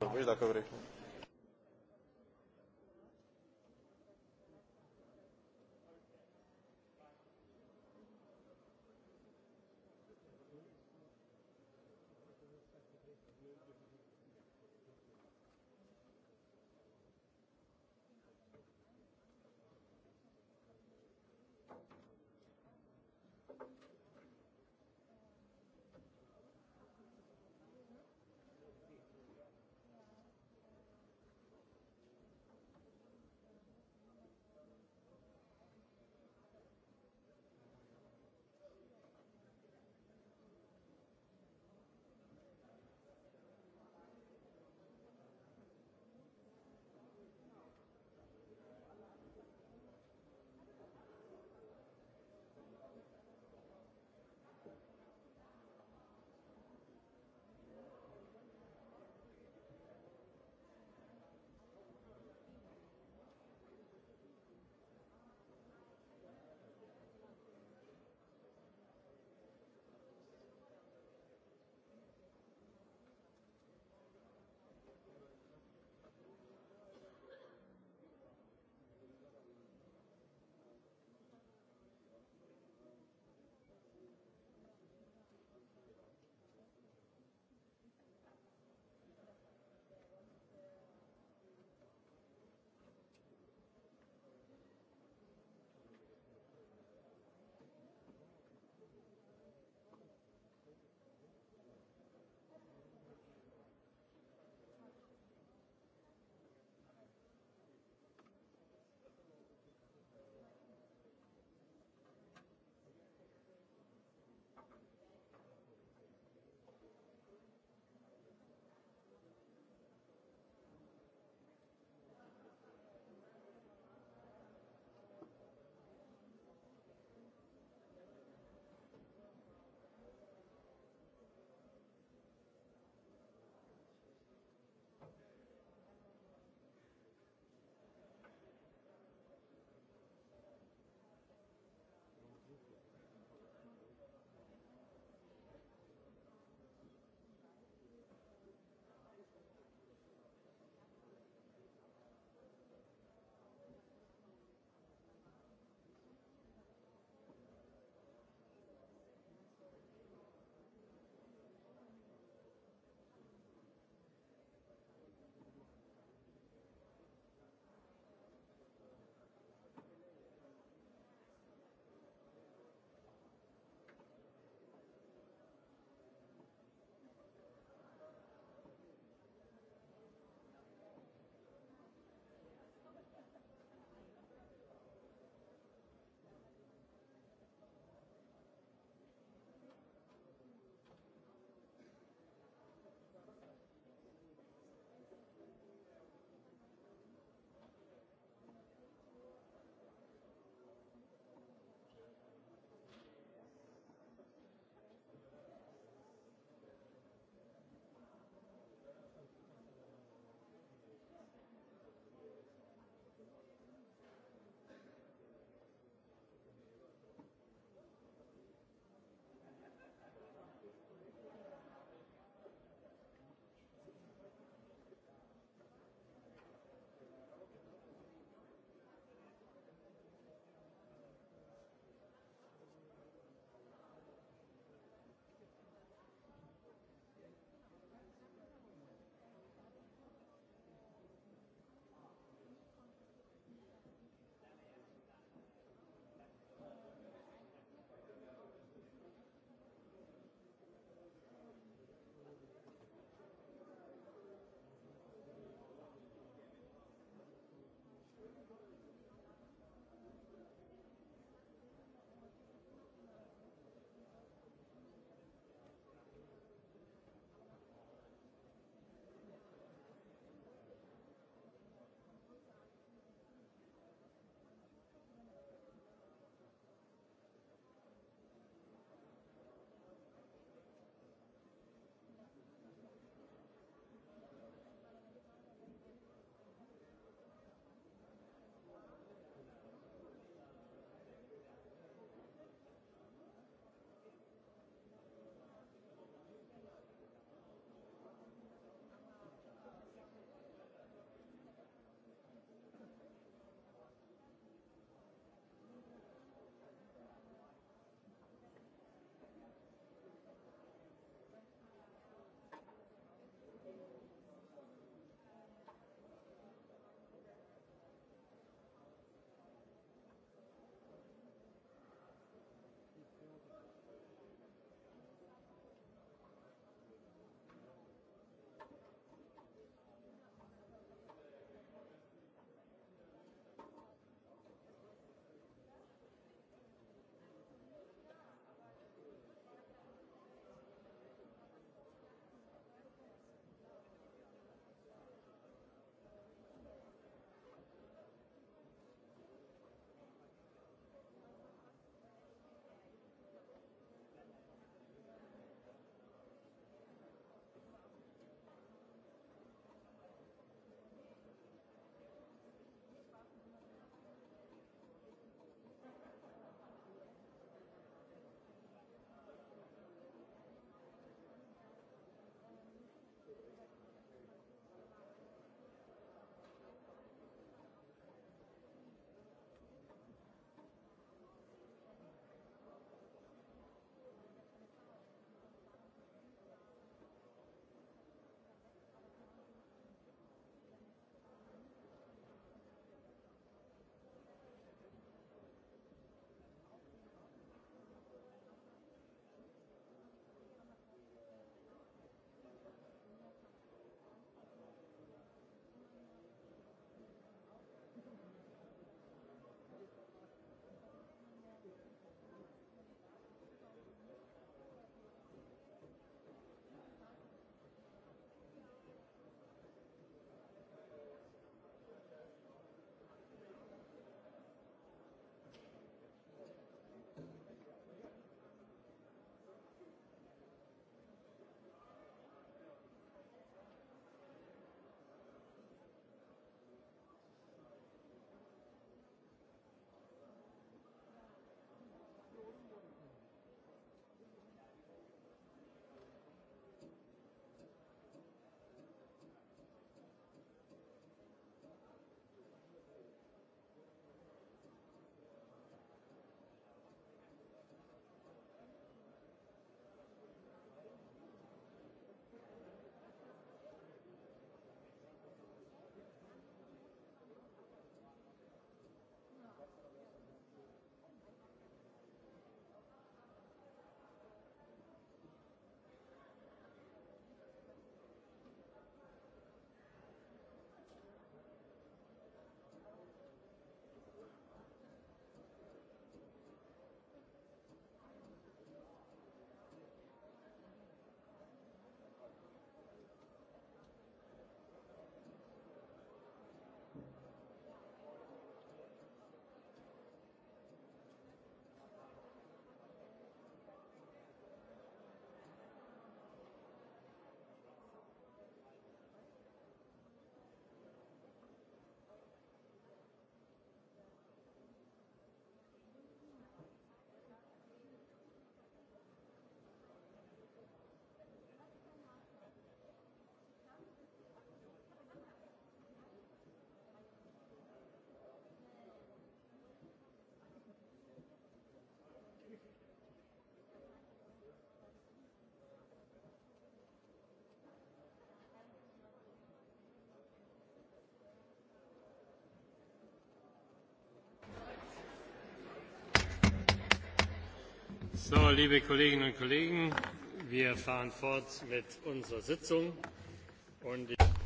Ναι, πες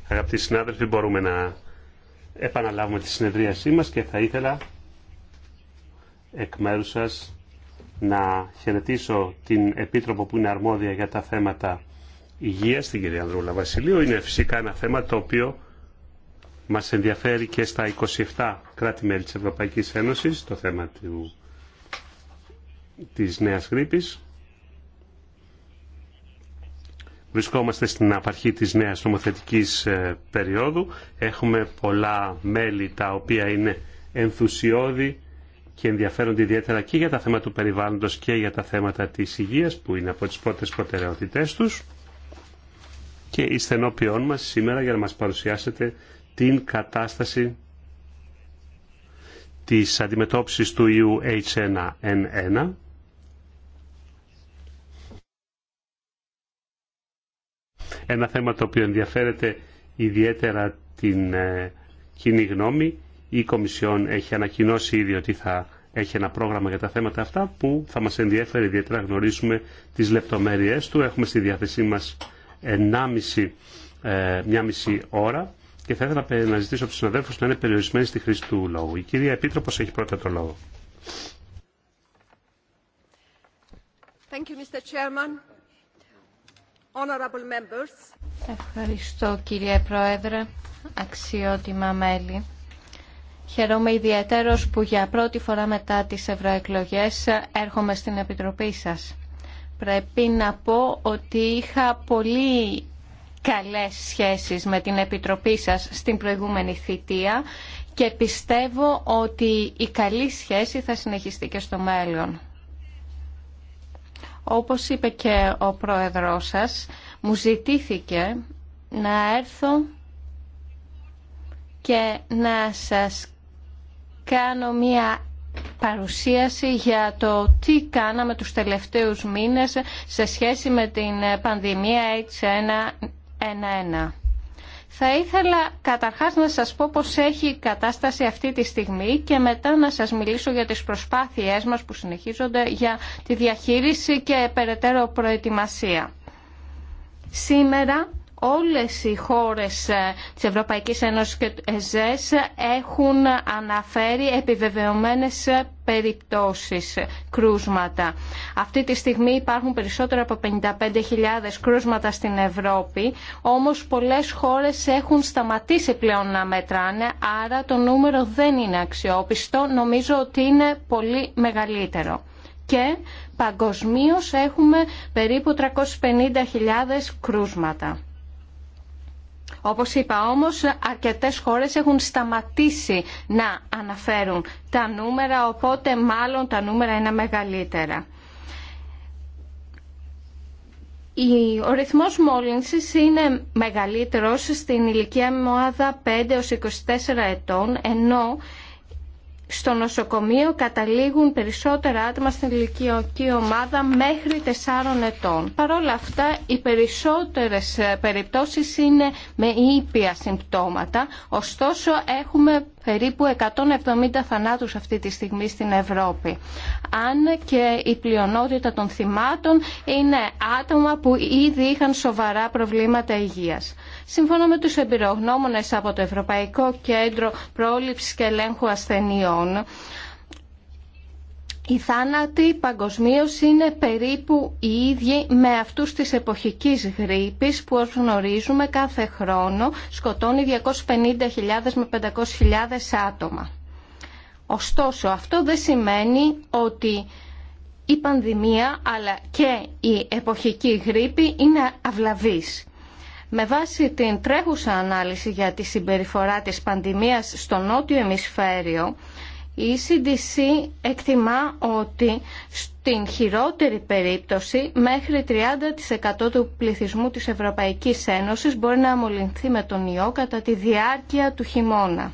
Αγαπητοί συνάδελφοι, μπορούμε να επαναλάβουμε τη συνεδρίασή μας και θα ήθελα εκ μέρους σας να χαιρετήσω την Επίτροπο που είναι αρμόδια για τα θέματα υγείας, την κυρία Ανδρούλα Βασιλείου. Είναι φυσικά ένα θέμα το οποίο μας ενδιαφέρει και στα 27 κράτη-μέλη της Ευρωπαϊκής Ένωσης, το θέμα του της νέας γρήπης. Βρισκόμαστε στην απαρχή της νέας νομοθετικής ε, περίοδου. Έχουμε πολλά μέλη τα οποία είναι ενθουσιώδη και ενδιαφέρονται ιδιαίτερα και για τα θέματα του περιβάλλοντος και για τα θέματα της υγείας που είναι από τις πρώτες προτεραιότητές τους και η στενόπιόν μας σήμερα για να μας παρουσιάσετε την κατάσταση της αντιμετώπισης του ιού H1N1 ένα θέμα το οποίο ενδιαφέρεται ιδιαίτερα την ε, κοινή γνώμη. Η Κομισιόν έχει ανακοινώσει ήδη ότι θα έχει ένα πρόγραμμα για τα θέματα αυτά που θα μας ενδιαφέρει ιδιαίτερα γνωρίσουμε τις λεπτομέρειές του. Έχουμε στη διάθεσή μας 1,5 ε, μια μισή ώρα και θα ήθελα να ζητήσω από τους συναδέλφους να είναι περιορισμένοι στη χρήση του λόγου. Η κυρία Επίτροπος έχει πρώτα το λόγο. Thank you, Mr. Chairman. Ευχαριστώ κύριε Πρόεδρε, αξιότιμα μέλη. Χαίρομαι ιδιαίτερος που για πρώτη φορά μετά τις ευρωεκλογέ έρχομαι στην Επιτροπή σας. Πρέπει να πω ότι είχα πολύ καλές σχέσεις με την Επιτροπή σας στην προηγούμενη θητεία και πιστεύω ότι η καλή σχέση θα συνεχιστεί και στο μέλλον. Όπως είπε και ο πρόεδρός σας, μου ζητήθηκε να έρθω και να σας κάνω μία παρουσίαση για το τι κάναμε τους τελευταίους μήνες σε σχέση με την πανδημία H1N1. Θα ήθελα καταρχάς να σας πω πως έχει η κατάσταση αυτή τη στιγμή και μετά να σας μιλήσω για τις προσπάθειές μας που συνεχίζονται για τη διαχείριση και περαιτέρω προετοιμασία. Σήμερα όλες οι χώρες ε, της Ευρωπαϊκής Ένωσης και του ΕΖΕΣ έχουν αναφέρει επιβεβαιωμένες ε, περιπτώσεις, ε, κρούσματα. Αυτή τη στιγμή υπάρχουν περισσότερα από 55.000 κρούσματα στην Ευρώπη, όμως πολλές χώρες έχουν σταματήσει πλέον να μετράνε, άρα το νούμερο δεν είναι αξιόπιστο, νομίζω ότι είναι πολύ μεγαλύτερο και παγκοσμίως έχουμε περίπου 350.000 κρούσματα. Όπως είπα όμως, αρκετές χώρες έχουν σταματήσει να αναφέρουν τα νούμερα, οπότε μάλλον τα νούμερα είναι μεγαλύτερα. Ο ρυθμός μόλυνσης είναι μεγαλύτερος στην ηλικία μοάδα 5 έως 24 ετών, ενώ στο νοσοκομείο καταλήγουν περισσότερα άτομα στην ηλικιακή ομάδα μέχρι 4 ετών. Παρ' όλα αυτά, οι περισσότερες ε, περιπτώσεις είναι με ήπια συμπτώματα, ωστόσο έχουμε περίπου 170 θανάτους αυτή τη στιγμή στην Ευρώπη. Αν και η πλειονότητα των θυμάτων είναι άτομα που ήδη είχαν σοβαρά προβλήματα υγείας. Σύμφωνα με τους εμπειρογνώμονες από το Ευρωπαϊκό Κέντρο Πρόληψης και Ελέγχου Ασθενειών, οι θάνατοι παγκοσμίω είναι περίπου οι ίδιοι με αυτούς της εποχικής γρήπης που όσο γνωρίζουμε κάθε χρόνο σκοτώνει 250.000 με 500.000 άτομα. Ωστόσο αυτό δεν σημαίνει ότι η πανδημία αλλά και η εποχική γρήπη είναι αυλαβής. Με βάση την τρέχουσα ανάλυση για τη συμπεριφορά της πανδημίας στο νότιο ημισφαίριο, η CDC e εκτιμά ότι στην χειρότερη περίπτωση μέχρι 30% του πληθυσμού της Ευρωπαϊκής Ένωσης μπορεί να αμολυνθεί με τον ιό κατά τη διάρκεια του χειμώνα.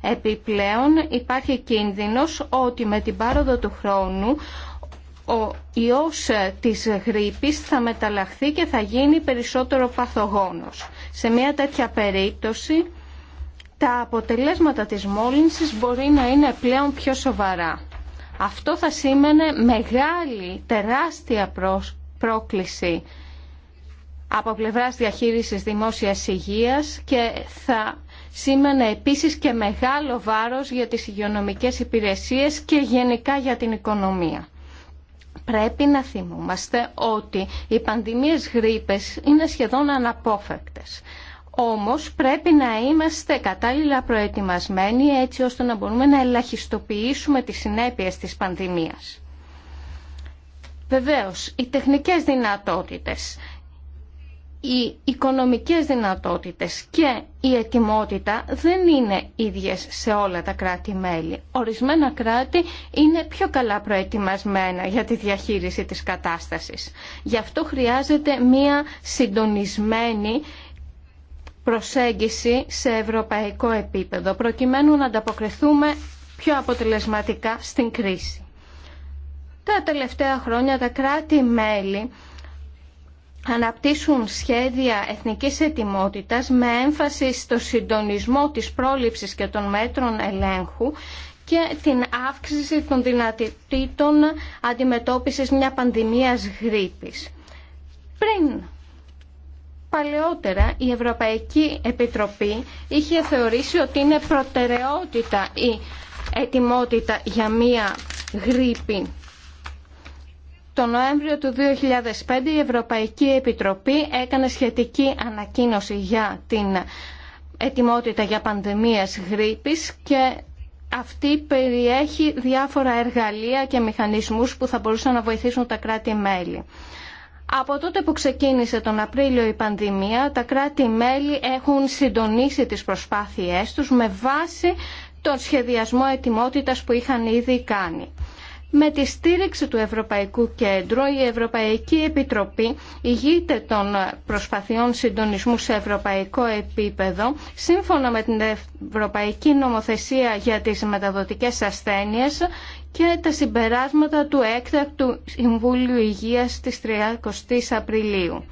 Επιπλέον υπάρχει κίνδυνος ότι με την πάροδο του χρόνου ο ιός ε, της γρήπης θα μεταλλαχθεί και θα γίνει περισσότερο παθογόνος. Σε μια τέτοια περίπτωση τα αποτελέσματα της μόλυνσης μπορεί να είναι πλέον πιο σοβαρά. Αυτό θα σήμαινε μεγάλη, τεράστια πρόκληση από πλευράς διαχείρισης δημόσιας υγείας και θα σήμαινε επίσης και μεγάλο βάρος για τις υγειονομικές υπηρεσίες και γενικά για την οικονομία. Πρέπει να θυμούμαστε ότι οι πανδημίες γρήπες είναι σχεδόν αναπόφευκτες. Όμως πρέπει να είμαστε κατάλληλα προετοιμασμένοι έτσι ώστε να μπορούμε να ελαχιστοποιήσουμε τις συνέπειες της πανδημίας. Βεβαίως, οι τεχνικές δυνατότητες οι οικονομικές δυνατότητες και η ετοιμότητα δεν είναι ίδιες σε όλα τα κράτη-μέλη. Ορισμένα κράτη είναι πιο καλά προετοιμασμένα για τη διαχείριση της κατάστασης. Γι' αυτό χρειάζεται μία συντονισμένη προσέγγιση σε ευρωπαϊκό επίπεδο, προκειμένου να ανταποκριθούμε πιο αποτελεσματικά στην κρίση. Τα τελευταία χρόνια τα κράτη-μέλη αναπτύσσουν σχέδια εθνικής ετοιμότητας με έμφαση στο συντονισμό της πρόληψης και των μέτρων ελέγχου και την αύξηση των δυνατοτήτων αντιμετώπισης μια πανδημίας γρήπης. Πριν παλαιότερα η Ευρωπαϊκή Επιτροπή είχε θεωρήσει ότι είναι προτεραιότητα η ετοιμότητα για μια γρήπη το Νοέμβριο του 2005 η Ευρωπαϊκή Επιτροπή έκανε σχετική ανακοίνωση για την ετοιμότητα για πανδημίες γρήπης και αυτή περιέχει διάφορα εργαλεία και μηχανισμούς που θα μπορούσαν να βοηθήσουν τα κράτη-μέλη. Από τότε που ξεκίνησε τον Απρίλιο η πανδημία, τα κράτη-μέλη έχουν συντονίσει τις προσπάθειές τους με βάση τον σχεδιασμό ετοιμότητας που είχαν ήδη κάνει. Με τη στήριξη του Ευρωπαϊκού Κέντρου, η Ευρωπαϊκή Επιτροπή ηγείται των προσπαθειών συντονισμού σε ευρωπαϊκό επίπεδο, σύμφωνα με την Ευρωπαϊκή Νομοθεσία για τις Μεταδοτικές Ασθένειες και τα συμπεράσματα του έκτακτου Συμβούλιου Υγείας της 30 Απριλίου.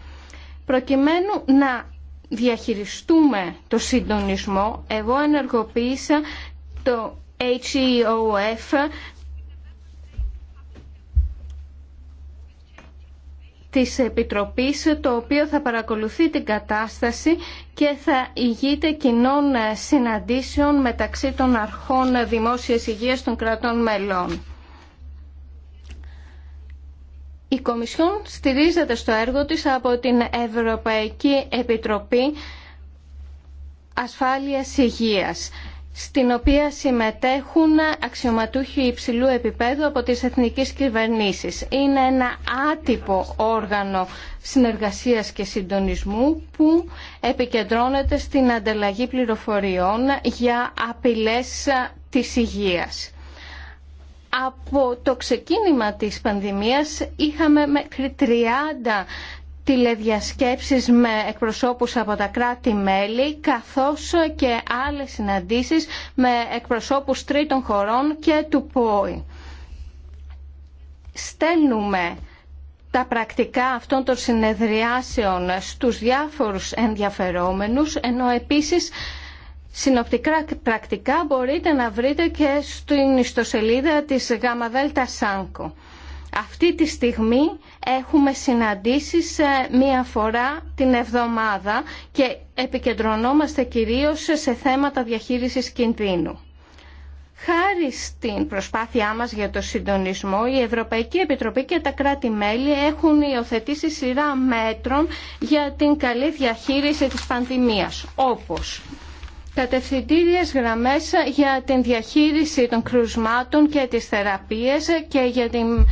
Προκειμένου να διαχειριστούμε το συντονισμό, εγώ ενεργοποίησα το HEOF της Επιτροπής, το οποίο θα παρακολουθεί την κατάσταση και θα ηγείται κοινών συναντήσεων μεταξύ των αρχών δημόσιας υγείας των κρατών μελών. Η Κομισιόν στηρίζεται στο έργο της από την Ευρωπαϊκή Επιτροπή Ασφάλειας Υγείας στην οποία συμμετέχουν αξιωματούχοι υψηλού επίπεδου από τις εθνικές κυβερνήσεις. Είναι ένα άτυπο όργανο συνεργασίας και συντονισμού που επικεντρώνεται στην ανταλλαγή πληροφοριών για απειλές της υγείας. Από το ξεκίνημα της πανδημίας είχαμε μέχρι 30 τηλεδιασκέψεις με εκπροσώπους από τα κράτη-μέλη καθώς και άλλες συναντήσεις με εκπροσώπους τρίτων χωρών και του ΠΟΗ. Στέλνουμε τα πρακτικά αυτών των συνεδριάσεων στους διάφορους ενδιαφερόμενους ενώ επίσης συνοπτικά πρακτικά μπορείτε να βρείτε και στην ιστοσελίδα της ΓΔ ΣΑΝΚΟ. Αυτή τη στιγμή έχουμε συναντήσεις ε, μία φορά την εβδομάδα και επικεντρωνόμαστε κυρίως σε θέματα διαχείρισης κινδύνου. Χάρη στην προσπάθειά μας για το συντονισμό, η Ευρωπαϊκή Επιτροπή και τα κράτη-μέλη έχουν υιοθετήσει σειρά μέτρων για την καλή διαχείριση της πανδημίας, όπως κατευθυντήριες γραμμές για την διαχείριση των κρουσμάτων και τις θεραπείες και για την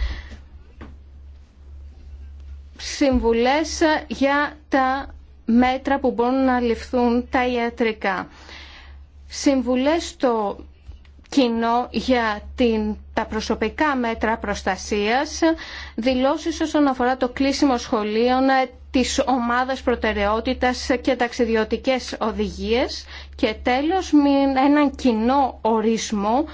συμβουλές για τα μέτρα που μπορούν να ληφθούν τα ιατρικά. Συμβουλές στο κοινό για την, τα προσωπικά μέτρα προστασίας, δηλώσεις όσον αφορά το κλείσιμο σχολείων, ε, της ομάδας προτεραιότητας και ταξιδιωτικές οδηγίες και τέλος έναν κοινό ορισμό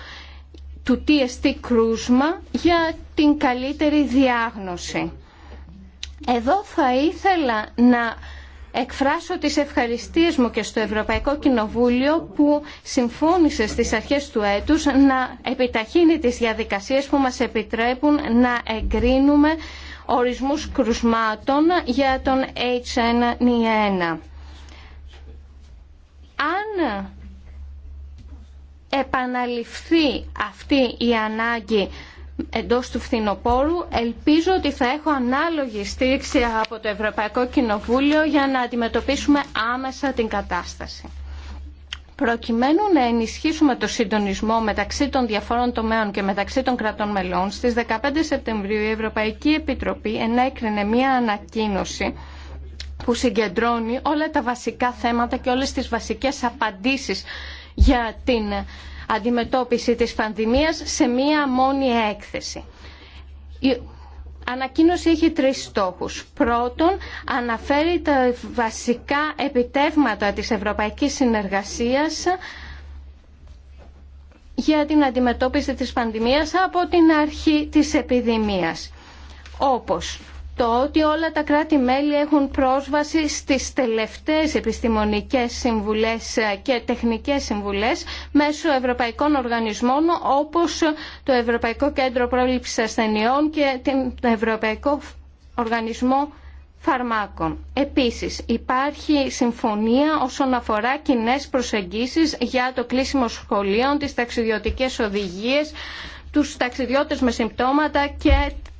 του TST κρούσμα για την καλύτερη διάγνωση. Εδώ θα ήθελα να εκφράσω τις ευχαριστίες μου και στο Ευρωπαϊκό Κοινοβούλιο που συμφώνησε στις αρχές του έτους να επιταχύνει τις διαδικασίες που μας επιτρέπουν να εγκρίνουμε ορισμούς κρουσμάτων για τον H1N1. Αν επαναληφθεί αυτή η ανάγκη εντός του φθινοπόρου. Ελπίζω ότι θα έχω ανάλογη στήριξη από το Ευρωπαϊκό Κοινοβούλιο για να αντιμετωπίσουμε άμεσα την κατάσταση. Προκειμένου να ενισχύσουμε το συντονισμό μεταξύ των διαφόρων τομέων και μεταξύ των κρατών μελών, στις 15 Σεπτεμβρίου η Ευρωπαϊκή Επιτροπή ενέκρινε μία ανακοίνωση που συγκεντρώνει όλα τα βασικά θέματα και όλες τις βασικές απαντήσεις για την αντιμετώπιση της πανδημίας σε μία μόνη έκθεση. Η ανακοίνωση έχει τρεις στόχους. Πρώτον, αναφέρει τα βασικά επιτεύγματα της ευρωπαϊκής συνεργασίας για την αντιμετώπιση της πανδημίας από την αρχή της επιδημίας. Όπως το ότι όλα τα κράτη-μέλη έχουν πρόσβαση στις τελευταίες επιστημονικές συμβουλές και τεχνικές συμβουλές μέσω ευρωπαϊκών οργανισμών όπως το Ευρωπαϊκό Κέντρο Πρόληψης Ασθενειών και τον Ευρωπαϊκό Οργανισμό Φαρμάκων. Επίσης, υπάρχει συμφωνία όσον αφορά κοινέ προσεγγίσεις για το κλείσιμο σχολείων, τις ταξιδιωτικές οδηγίες, τους ταξιδιώτες με συμπτώματα και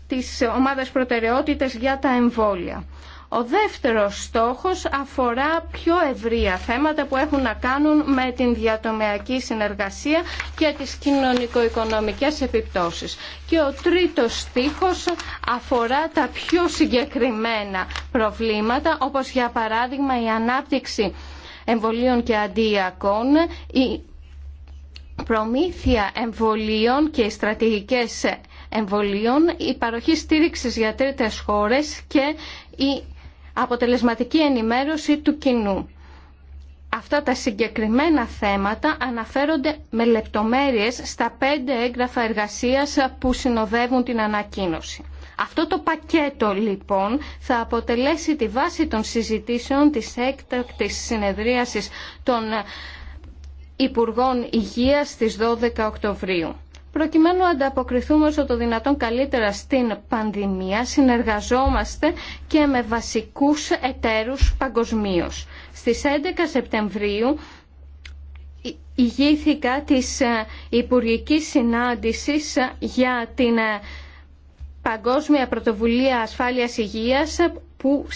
της ομάδας προτεραιότητες για τα εμβόλια. Ο δεύτερος στόχος αφορά πιο ευρεία θέματα που έχουν να κάνουν με την διατομεακή συνεργασία και τις κοινωνικο-οικονομικές επιπτώσεις. Και ο τρίτος στίχος αφορά τα πιο συγκεκριμένα προβλήματα, όπως για παράδειγμα η ανάπτυξη εμβολίων και αντιακών, η προμήθεια εμβολίων και οι στρατηγικές εμβολίων, η παροχή στήριξης για τρίτες χώρες και η αποτελεσματική ενημέρωση του κοινού. Αυτά τα συγκεκριμένα θέματα αναφέρονται με λεπτομέρειες στα πέντε έγγραφα εργασίας που συνοδεύουν την ανακοίνωση. Αυτό το πακέτο λοιπόν θα αποτελέσει τη βάση των συζητήσεων της έκτακτης συνεδρίασης των Υπουργών Υγείας στις 12 Οκτωβρίου. Προκειμένου να ανταποκριθούμε όσο το δυνατόν καλύτερα στην πανδημία, συνεργαζόμαστε και με βασικούς εταίρους παγκοσμίω. Στις 11 Σεπτεμβρίου ηγήθηκα της ε, Υπουργικής Συνάντησης ε, για την ε, Παγκόσμια Πρωτοβουλία Ασφάλειας Υγείας που,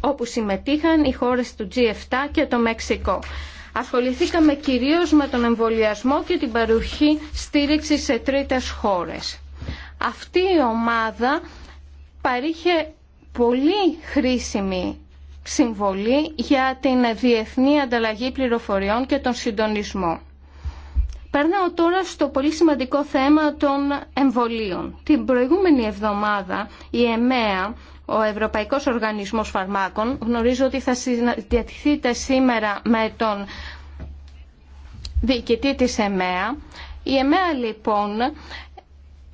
όπου συμμετείχαν οι χώρες του G7 και το Μεξικό. Ασχοληθήκαμε κυρίως με τον εμβολιασμό και την παροχή στήριξη σε τρίτες χώρες. Αυτή η ομάδα παρήχε πολύ χρήσιμη συμβολή για την διεθνή ανταλλαγή πληροφοριών και τον συντονισμό. Περνάω τώρα στο πολύ σημαντικό θέμα των εμβολίων. Την προηγούμενη εβδομάδα η ΕΜΕΑ ο Ευρωπαϊκός Οργανισμός Φαρμάκων γνωρίζω ότι θα συναντηθείτε σήμερα με τον διοικητή της ΕΜΕΑ. Η ΕΜΕΑ λοιπόν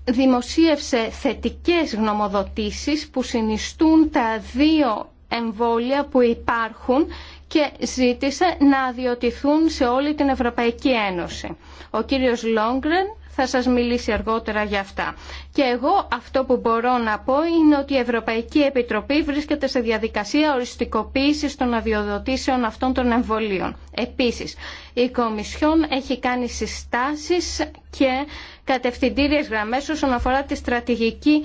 δημοσίευσε θετικές γνωμοδοτήσεις που συνιστούν τα δύο εμβόλια που υπάρχουν και ζήτησε να αδειοτηθούν σε όλη την Ευρωπαϊκή Ένωση. Ο κύριος Λόγκρεν θα σας μιλήσει αργότερα για αυτά. Και εγώ αυτό που μπορώ να πω είναι ότι η Ευρωπαϊκή Επιτροπή βρίσκεται σε διαδικασία οριστικοποίησης των αδειοδοτήσεων αυτών των εμβολίων. Επίσης, η Κομισιόν έχει κάνει συστάσεις και κατευθυντήριες γραμμές όσον αφορά τη στρατηγική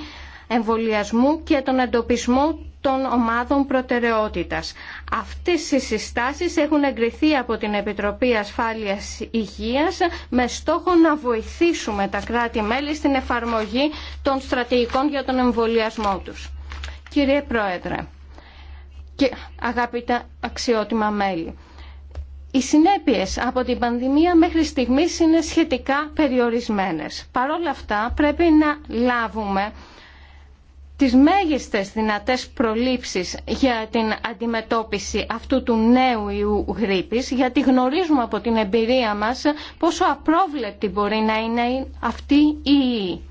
εμβολιασμού και τον εντοπισμό των ομάδων προτεραιότητας. Αυτές οι συστάσεις έχουν εγκριθεί από την Επιτροπή Ασφάλειας Υγείας με στόχο να βοηθήσουμε τα κράτη-μέλη στην εφαρμογή των στρατηγικών για τον εμβολιασμό τους. Κύριε Πρόεδρε και αγαπητά αξιότιμα μέλη, οι συνέπειες από την πανδημία μέχρι στιγμής είναι σχετικά περιορισμένες. Παρ' όλα αυτά πρέπει να λάβουμε τις μέγιστες δυνατές προλήψεις για την αντιμετώπιση αυτού του νέου ιού γρήπης, γιατί γνωρίζουμε από την εμπειρία μας πόσο απρόβλεπτη μπορεί να είναι αυτή η ιή.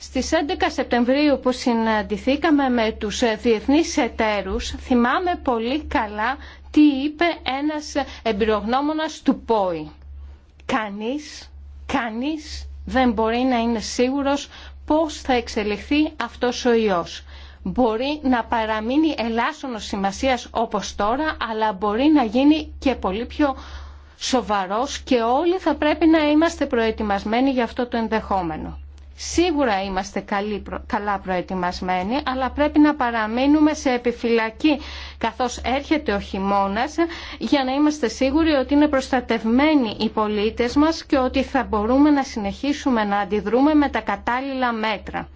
Στις 11 Σεπτεμβρίου που συναντηθήκαμε με τους διεθνείς εταίρους, θυμάμαι πολύ καλά τι είπε ένας εμπειρογνώμονας του ΠΟΗ. Κανείς, κανείς δεν μπορεί να είναι σίγουρος πώς θα εξελιχθεί αυτός ο ιός. Μπορεί να παραμείνει ελάσσονος σημασίας όπως τώρα, αλλά μπορεί να γίνει και πολύ πιο σοβαρός και όλοι θα πρέπει να είμαστε προετοιμασμένοι για αυτό το ενδεχόμενο. Σίγουρα είμαστε καλά προετοιμασμένοι, αλλά πρέπει να παραμείνουμε σε επιφυλακή καθώς έρχεται ο χειμώνας για να είμαστε σίγουροι ότι είναι προστατευμένοι οι πολίτες μας και ότι θα μπορούμε να συνεχίσουμε να αντιδρούμε με τα κατάλληλα μέτρα.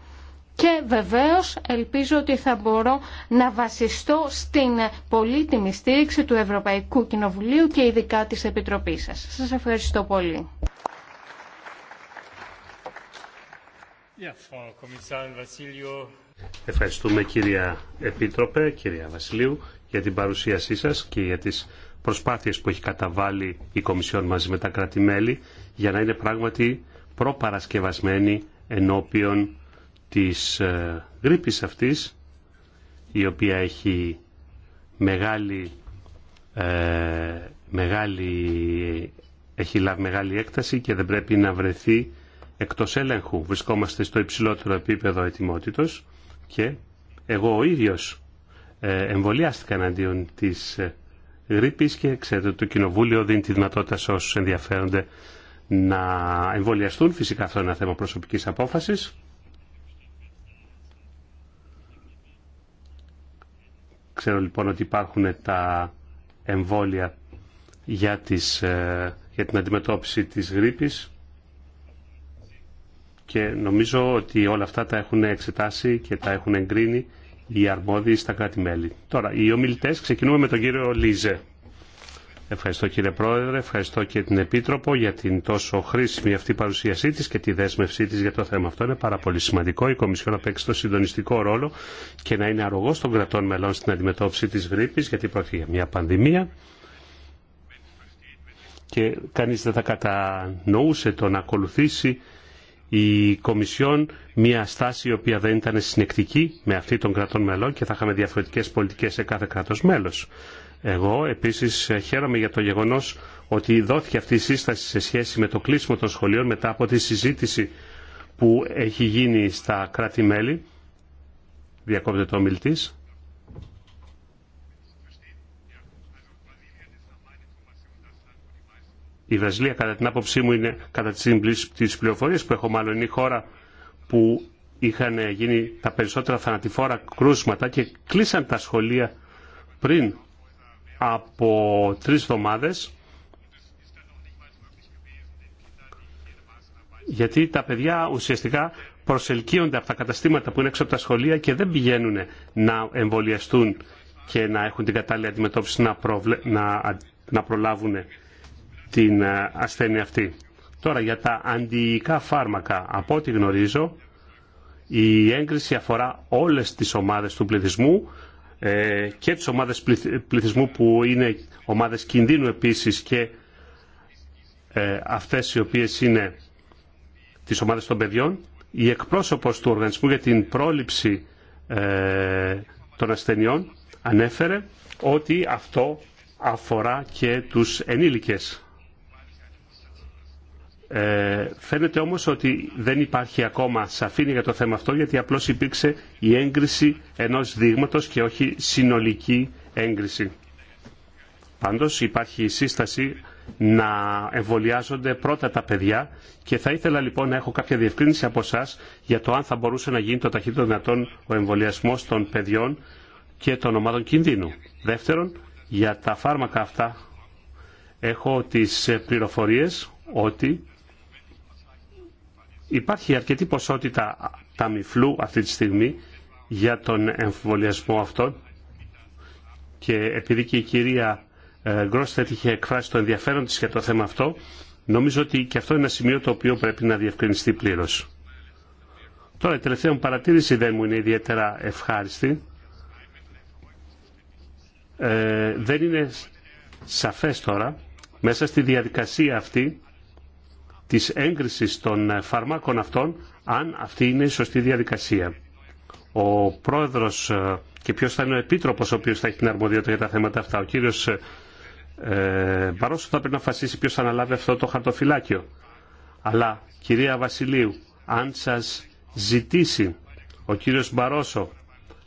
Και βεβαίως ελπίζω ότι θα μπορώ να βασιστώ στην πολύτιμη στήριξη του Ευρωπαϊκού Κοινοβουλίου και ειδικά της Επιτροπής σας. Σας ευχαριστώ πολύ. Ευχαριστούμε κυρία Επίτροπε, κυρία Βασιλείου, για την παρουσίασή σας και για τις προσπάθειες που έχει καταβάλει η Κομισιόν μαζί με τα κράτη-μέλη για να είναι πράγματι προπαρασκευασμένη ενώπιον της ε, γρήπης αυτής η οποία έχει μεγάλη, ε, μεγάλη, έχει λάβει μεγάλη έκταση και δεν πρέπει να βρεθεί εκτός έλεγχου βρισκόμαστε στο υψηλότερο επίπεδο ετοιμότητος και εγώ ο ίδιος ε, εμβολιάστηκα εναντίον της ε, γρήπης και ξέρετε το Κοινοβούλιο δίνει τη δυνατότητα σε όσους ενδιαφέρονται να εμβολιαστούν. Φυσικά αυτό είναι ένα θέμα προσωπικής απόφασης. Ξέρω λοιπόν ότι υπάρχουν τα εμβόλια για, τις, ε, για την αντιμετώπιση της γρήπης και νομίζω ότι όλα αυτά τα έχουν εξετάσει και τα έχουν εγκρίνει οι αρμόδιοι στα κράτη-μέλη. Τώρα, οι ομιλητέ ξεκινούμε με τον κύριο Λίζε. Ευχαριστώ κύριε Πρόεδρε, ευχαριστώ και την Επίτροπο για την τόσο χρήσιμη αυτή παρουσίασή της και τη δέσμευσή της για το θέμα αυτό. Είναι πάρα πολύ σημαντικό η Κομισιόν να παίξει το συντονιστικό ρόλο και να είναι αρρωγός των κρατών μελών στην αντιμετώπιση της γρήπης γιατί πρόκειται για μια πανδημία και κανεί δεν θα κατανοούσε το να ακολουθήσει η Κομισιόν μια στάση η οποία δεν ήταν συνεκτική με αυτή των κρατών μελών και θα είχαμε διαφορετικές πολιτικές σε κάθε κράτος μέλος. Εγώ επίσης χαίρομαι για το γεγονός ότι δόθηκε αυτή η σύσταση σε σχέση με το κλείσιμο των σχολείων μετά από τη συζήτηση που έχει γίνει στα κράτη-μέλη. διακόπτε το ομιλητής. Η Βραζιλία κατά την άποψή μου είναι κατά τις πληροφορίε που έχω μάλλον είναι η χώρα που είχαν γίνει τα περισσότερα θανατηφόρα κρούσματα και κλείσαν τα σχολεία πριν από τρεις εβδομάδε. γιατί τα παιδιά ουσιαστικά προσελκύονται από τα καταστήματα που είναι έξω από τα σχολεία και δεν πηγαίνουν να εμβολιαστούν και να έχουν την κατάλληλη αντιμετώπιση να, να... να προλάβουν την ε, ασθένεια αυτή. Τώρα για τα αντιϊκά φάρμακα, από ό,τι γνωρίζω, η έγκριση αφορά όλες τις ομάδες του πληθυσμού ε, και τις ομάδες πληθυσμού που είναι ομάδες κινδύνου επίσης και ε, αυτές οι οποίες είναι τις ομάδες των παιδιών. Η εκπρόσωπος του Οργανισμού για την Πρόληψη των Ασθενειών ανέφερε ότι αυτό αφορά και τους ενήλικες. Ε, φαίνεται όμως ότι δεν υπάρχει ακόμα σαφήνεια για το θέμα αυτό γιατί απλώς υπήρξε η έγκριση ενός δείγματος και όχι συνολική έγκριση. Πάντως υπάρχει η σύσταση να εμβολιάζονται πρώτα τα παιδιά και θα ήθελα λοιπόν να έχω κάποια διευκρίνηση από εσά για το αν θα μπορούσε να γίνει το ταχύτερο δυνατόν ο εμβολιασμό των παιδιών και των ομάδων κινδύνου. Δεύτερον, για τα φάρμακα αυτά έχω τις πληροφορίες ότι Υπάρχει αρκετή ποσότητα ταμιφλού αυτή τη στιγμή για τον εμφυβολιασμό αυτό και επειδή και η κυρία ε, Γκρόστατ είχε εκφράσει το ενδιαφέρον της για το θέμα αυτό, νομίζω ότι και αυτό είναι ένα σημείο το οποίο πρέπει να διευκρινιστεί πλήρως. Τώρα η τελευταία μου παρατήρηση δεν μου είναι ιδιαίτερα ευχάριστη. Ε, δεν είναι σαφές τώρα, μέσα στη διαδικασία αυτή, της έγκρισης των φαρμάκων αυτών, αν αυτή είναι η σωστή διαδικασία. Ο πρόεδρος ε, και ποιος θα είναι ο επίτροπος ο οποίος θα έχει την αρμοδιότητα για τα θέματα αυτά. Ο κύριος ε, ε, Μπαρόσο θα πρέπει να αποφασίσει ποιος θα αναλάβει αυτό το χαρτοφυλάκιο. Αλλά, κυρία Βασιλείου, αν σας ζητήσει ο κύριος Μπαρόσο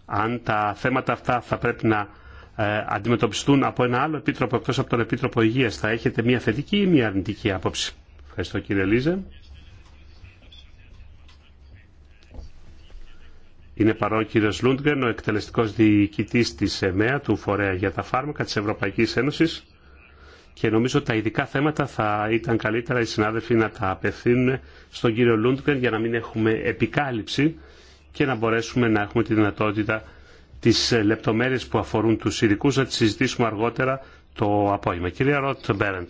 αν τα θέματα αυτά θα πρέπει να ε, αντιμετωπιστούν από ένα άλλο επίτροπο εκτός από τον Επίτροπο Υγείας, θα έχετε μια θετική ή μια αρνητική άποψη. Ευχαριστώ κύριε Λίζε. Είναι παρόν ο κύριο Λούντγκεν, ο εκτελεστικός διοικητή της ΕΜΕΑ, του Φορέα για τα Φάρμακα της Ευρωπαϊκής Ένωσης Και νομίζω τα ειδικά θέματα θα ήταν καλύτερα οι συνάδελφοι να τα απευθύνουν στον κύριο Λούντγκεν για να μην έχουμε επικάλυψη και να μπορέσουμε να έχουμε τη δυνατότητα τι λεπτομέρειε που αφορούν τους ειδικού να τις συζητήσουμε αργότερα το απόγευμα. Κυρία Ροτ Μπέρεντ.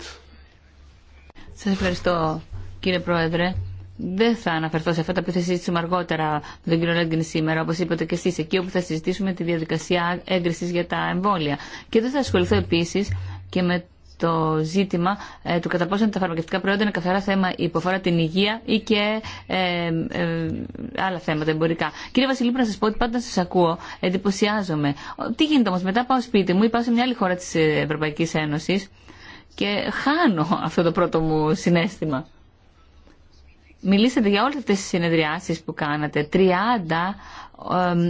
Σα ευχαριστώ κύριε Πρόεδρε. Δεν θα αναφερθώ σε αυτά τα που θα συζητήσουμε αργότερα με τον κύριο Λέγκριν σήμερα, όπω είπατε και εσεί, εκεί όπου θα συζητήσουμε τη διαδικασία έγκριση για τα εμβόλια. Και δεν θα ασχοληθώ επίση και με το ζήτημα ε, του κατά πόσο τα φαρμακευτικά προϊόντα είναι καθαρά θέμα υποφόρα την υγεία ή και ε, ε, άλλα θέματα εμπορικά. Κύριε πρέπει να σα πω ότι πάντα σα ακούω, εντυπωσιάζομαι. Τι γίνεται όμω, μετά πάω σπίτι μου ή πάω σε μια άλλη χώρα τη Ευρωπαϊκή Ένωση και χάνω αυτό το πρώτο μου συνέστημα. Μιλήσατε για όλες αυτές τις συνεδριάσεις που κάνατε, 30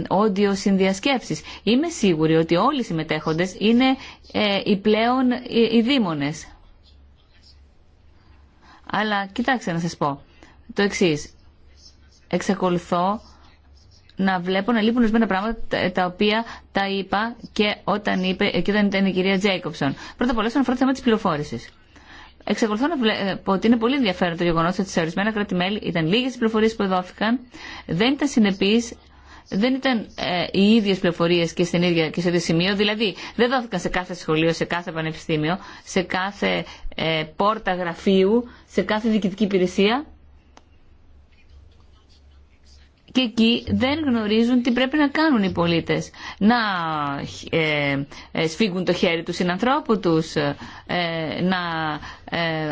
όντιο συνδιασκέψεις. Είμαι σίγουρη ότι όλοι οι συμμετέχοντες είναι ε, οι πλέον οι, οι δήμονες. Αλλά κοιτάξτε να σας πω το εξής. Εξακολουθώ να βλέπω να λείπουν ορισμένα πράγματα τα οποία τα είπα και όταν, είπε, και όταν ήταν η κυρία Τζέικοψον. Πρώτα απ' όλα, όσον αφορά το θέμα τη πληροφόρηση. Εξακολουθώ να βλέπω ότι είναι πολύ ενδιαφέρον το γεγονό ότι σε ορισμένα κράτη-μέλη ήταν λίγε οι πληροφορίε που δόθηκαν, δεν ήταν συνεπεί δεν ήταν ε, οι ίδιε πληροφορίε και, στην ίδια, και σε ίδιο σημείο. Δηλαδή, δεν δόθηκαν σε κάθε σχολείο, σε κάθε πανεπιστήμιο, σε κάθε ε, πόρτα γραφείου, σε κάθε διοικητική υπηρεσία και εκεί δεν γνωρίζουν τι πρέπει να κάνουν οι πολίτες. Να ε, ε σφίγγουν το χέρι του συνανθρώπου τους, ε, να ε,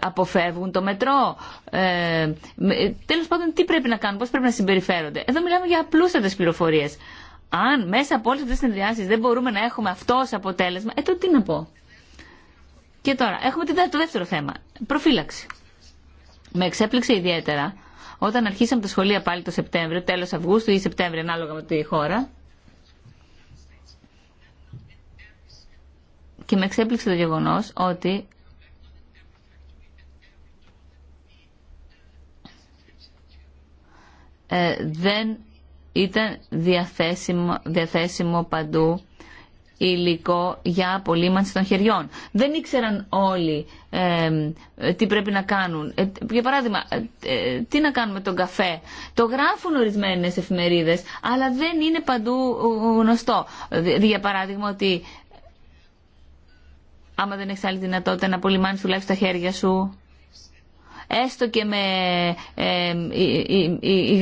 αποφεύγουν το μετρό. Τέλος πάντων, τι πρέπει να κάνουν, πώς πρέπει να συμπεριφέρονται. Εδώ μιλάμε για απλούστατες πληροφορίες. Αν μέσα από όλες αυτές τις συνδυάσεις δεν μπορούμε να έχουμε αυτό αποτέλεσμα, ε, τότε τι να πω. Και τώρα, έχουμε το δεύτερο θέμα, προφύλαξη. Με εξέπληξε ιδιαίτερα όταν αρχίσαμε τα σχολεία πάλι το Σεπτέμβριο, τέλος Αυγούστου ή Σεπτέμβριο ανάλογα με τη χώρα, και με εξέπληξε το γεγονός ότι ε, δεν ήταν διαθέσιμο, διαθέσιμο παντού υλικό για απολύμανση των χεριών. Δεν ήξεραν όλοι τι πρέπει να κάνουν. Ε, για παράδειγμα, ε, ε, τι να κάνουμε τον καφέ. Το γράφουν ορισμένε εφημερίδες, αλλά δεν είναι παντού γνωστό. Για παράδειγμα ότι άμα δεν έχει άλλη δυνατότητα να απολυμάνει τουλάχιστον τα χέρια σου, έστω και με ε, η,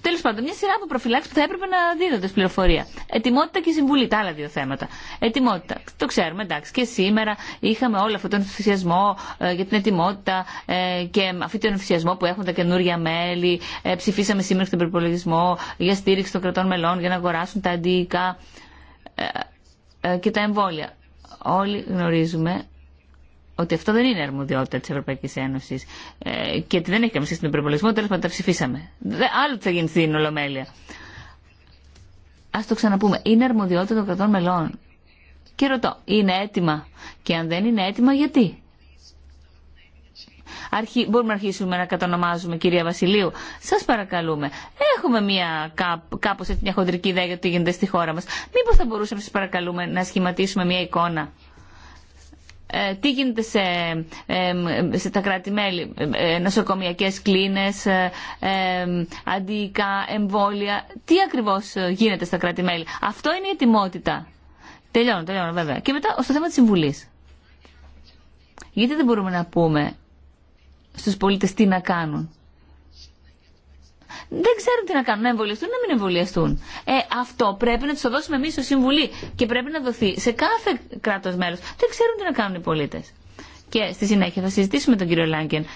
Τέλο πάντων, μια σειρά από προφυλάξει που θα έπρεπε να δίδονται πληροφορία. Ετοιμότητα και συμβουλή, τα άλλα δύο θέματα. Ετοιμότητα. Το ξέρουμε, εντάξει. Και σήμερα είχαμε όλο αυτόν τον ενθουσιασμό ε, για την ετοιμότητα ε, και αυτόν τον ενθουσιασμό που έχουν τα καινούργια μέλη. Ε, ψηφίσαμε σήμερα στον προπολογισμό για στήριξη των κρατών μελών για να αγοράσουν τα αντίοικα και τα εμβόλια. Όλοι γνωρίζουμε ότι αυτό δεν είναι αρμοδιότητα τη Ευρωπαϊκή Ένωση ε, και ότι δεν έχει καμία σχέση με τον προπολογισμό, τέλο πάντων τα ψηφίσαμε. Άλλο θα γίνει στην Ολομέλεια. Α το ξαναπούμε. Είναι αρμοδιότητα των κρατών μελών. Και ρωτώ, είναι έτοιμα. Και αν δεν είναι έτοιμα, γιατί. Αρχι... Μπορούμε να αρχίσουμε να κατονομάζουμε κυρία Βασιλείου. Σα παρακαλούμε. Έχουμε μια κάπω μια χοντρική ιδέα για το τι γίνεται στη χώρα μα. Μήπω θα μπορούσαμε, σα παρακαλούμε, να σχηματίσουμε μια εικόνα ε, τι γίνεται σε, σε τα κράτη-μέλη, ε, νοσοκομιακές κλίνες, ε, αντιϊκά εμβόλια, τι ακριβώς γίνεται στα κράτη-μέλη. Αυτό είναι η ετοιμότητα. Τελειώνω, τελειώνω βέβαια. Και μετά στο θέμα της Συμβουλής. Γιατί δεν μπορούμε να πούμε στους πολίτες τι να κάνουν δεν ξέρουν τι να κάνουν, να εμβολιαστούν ή να μην εμβολιαστούν. Ε, αυτό πρέπει να του το δώσουμε εμεί ω συμβουλή και πρέπει να δοθεί σε κάθε κράτο μέλο. Δεν ξέρουν τι να κάνουν οι πολίτε. Και στη συνέχεια θα συζητήσουμε τον κύριο Λάγκεν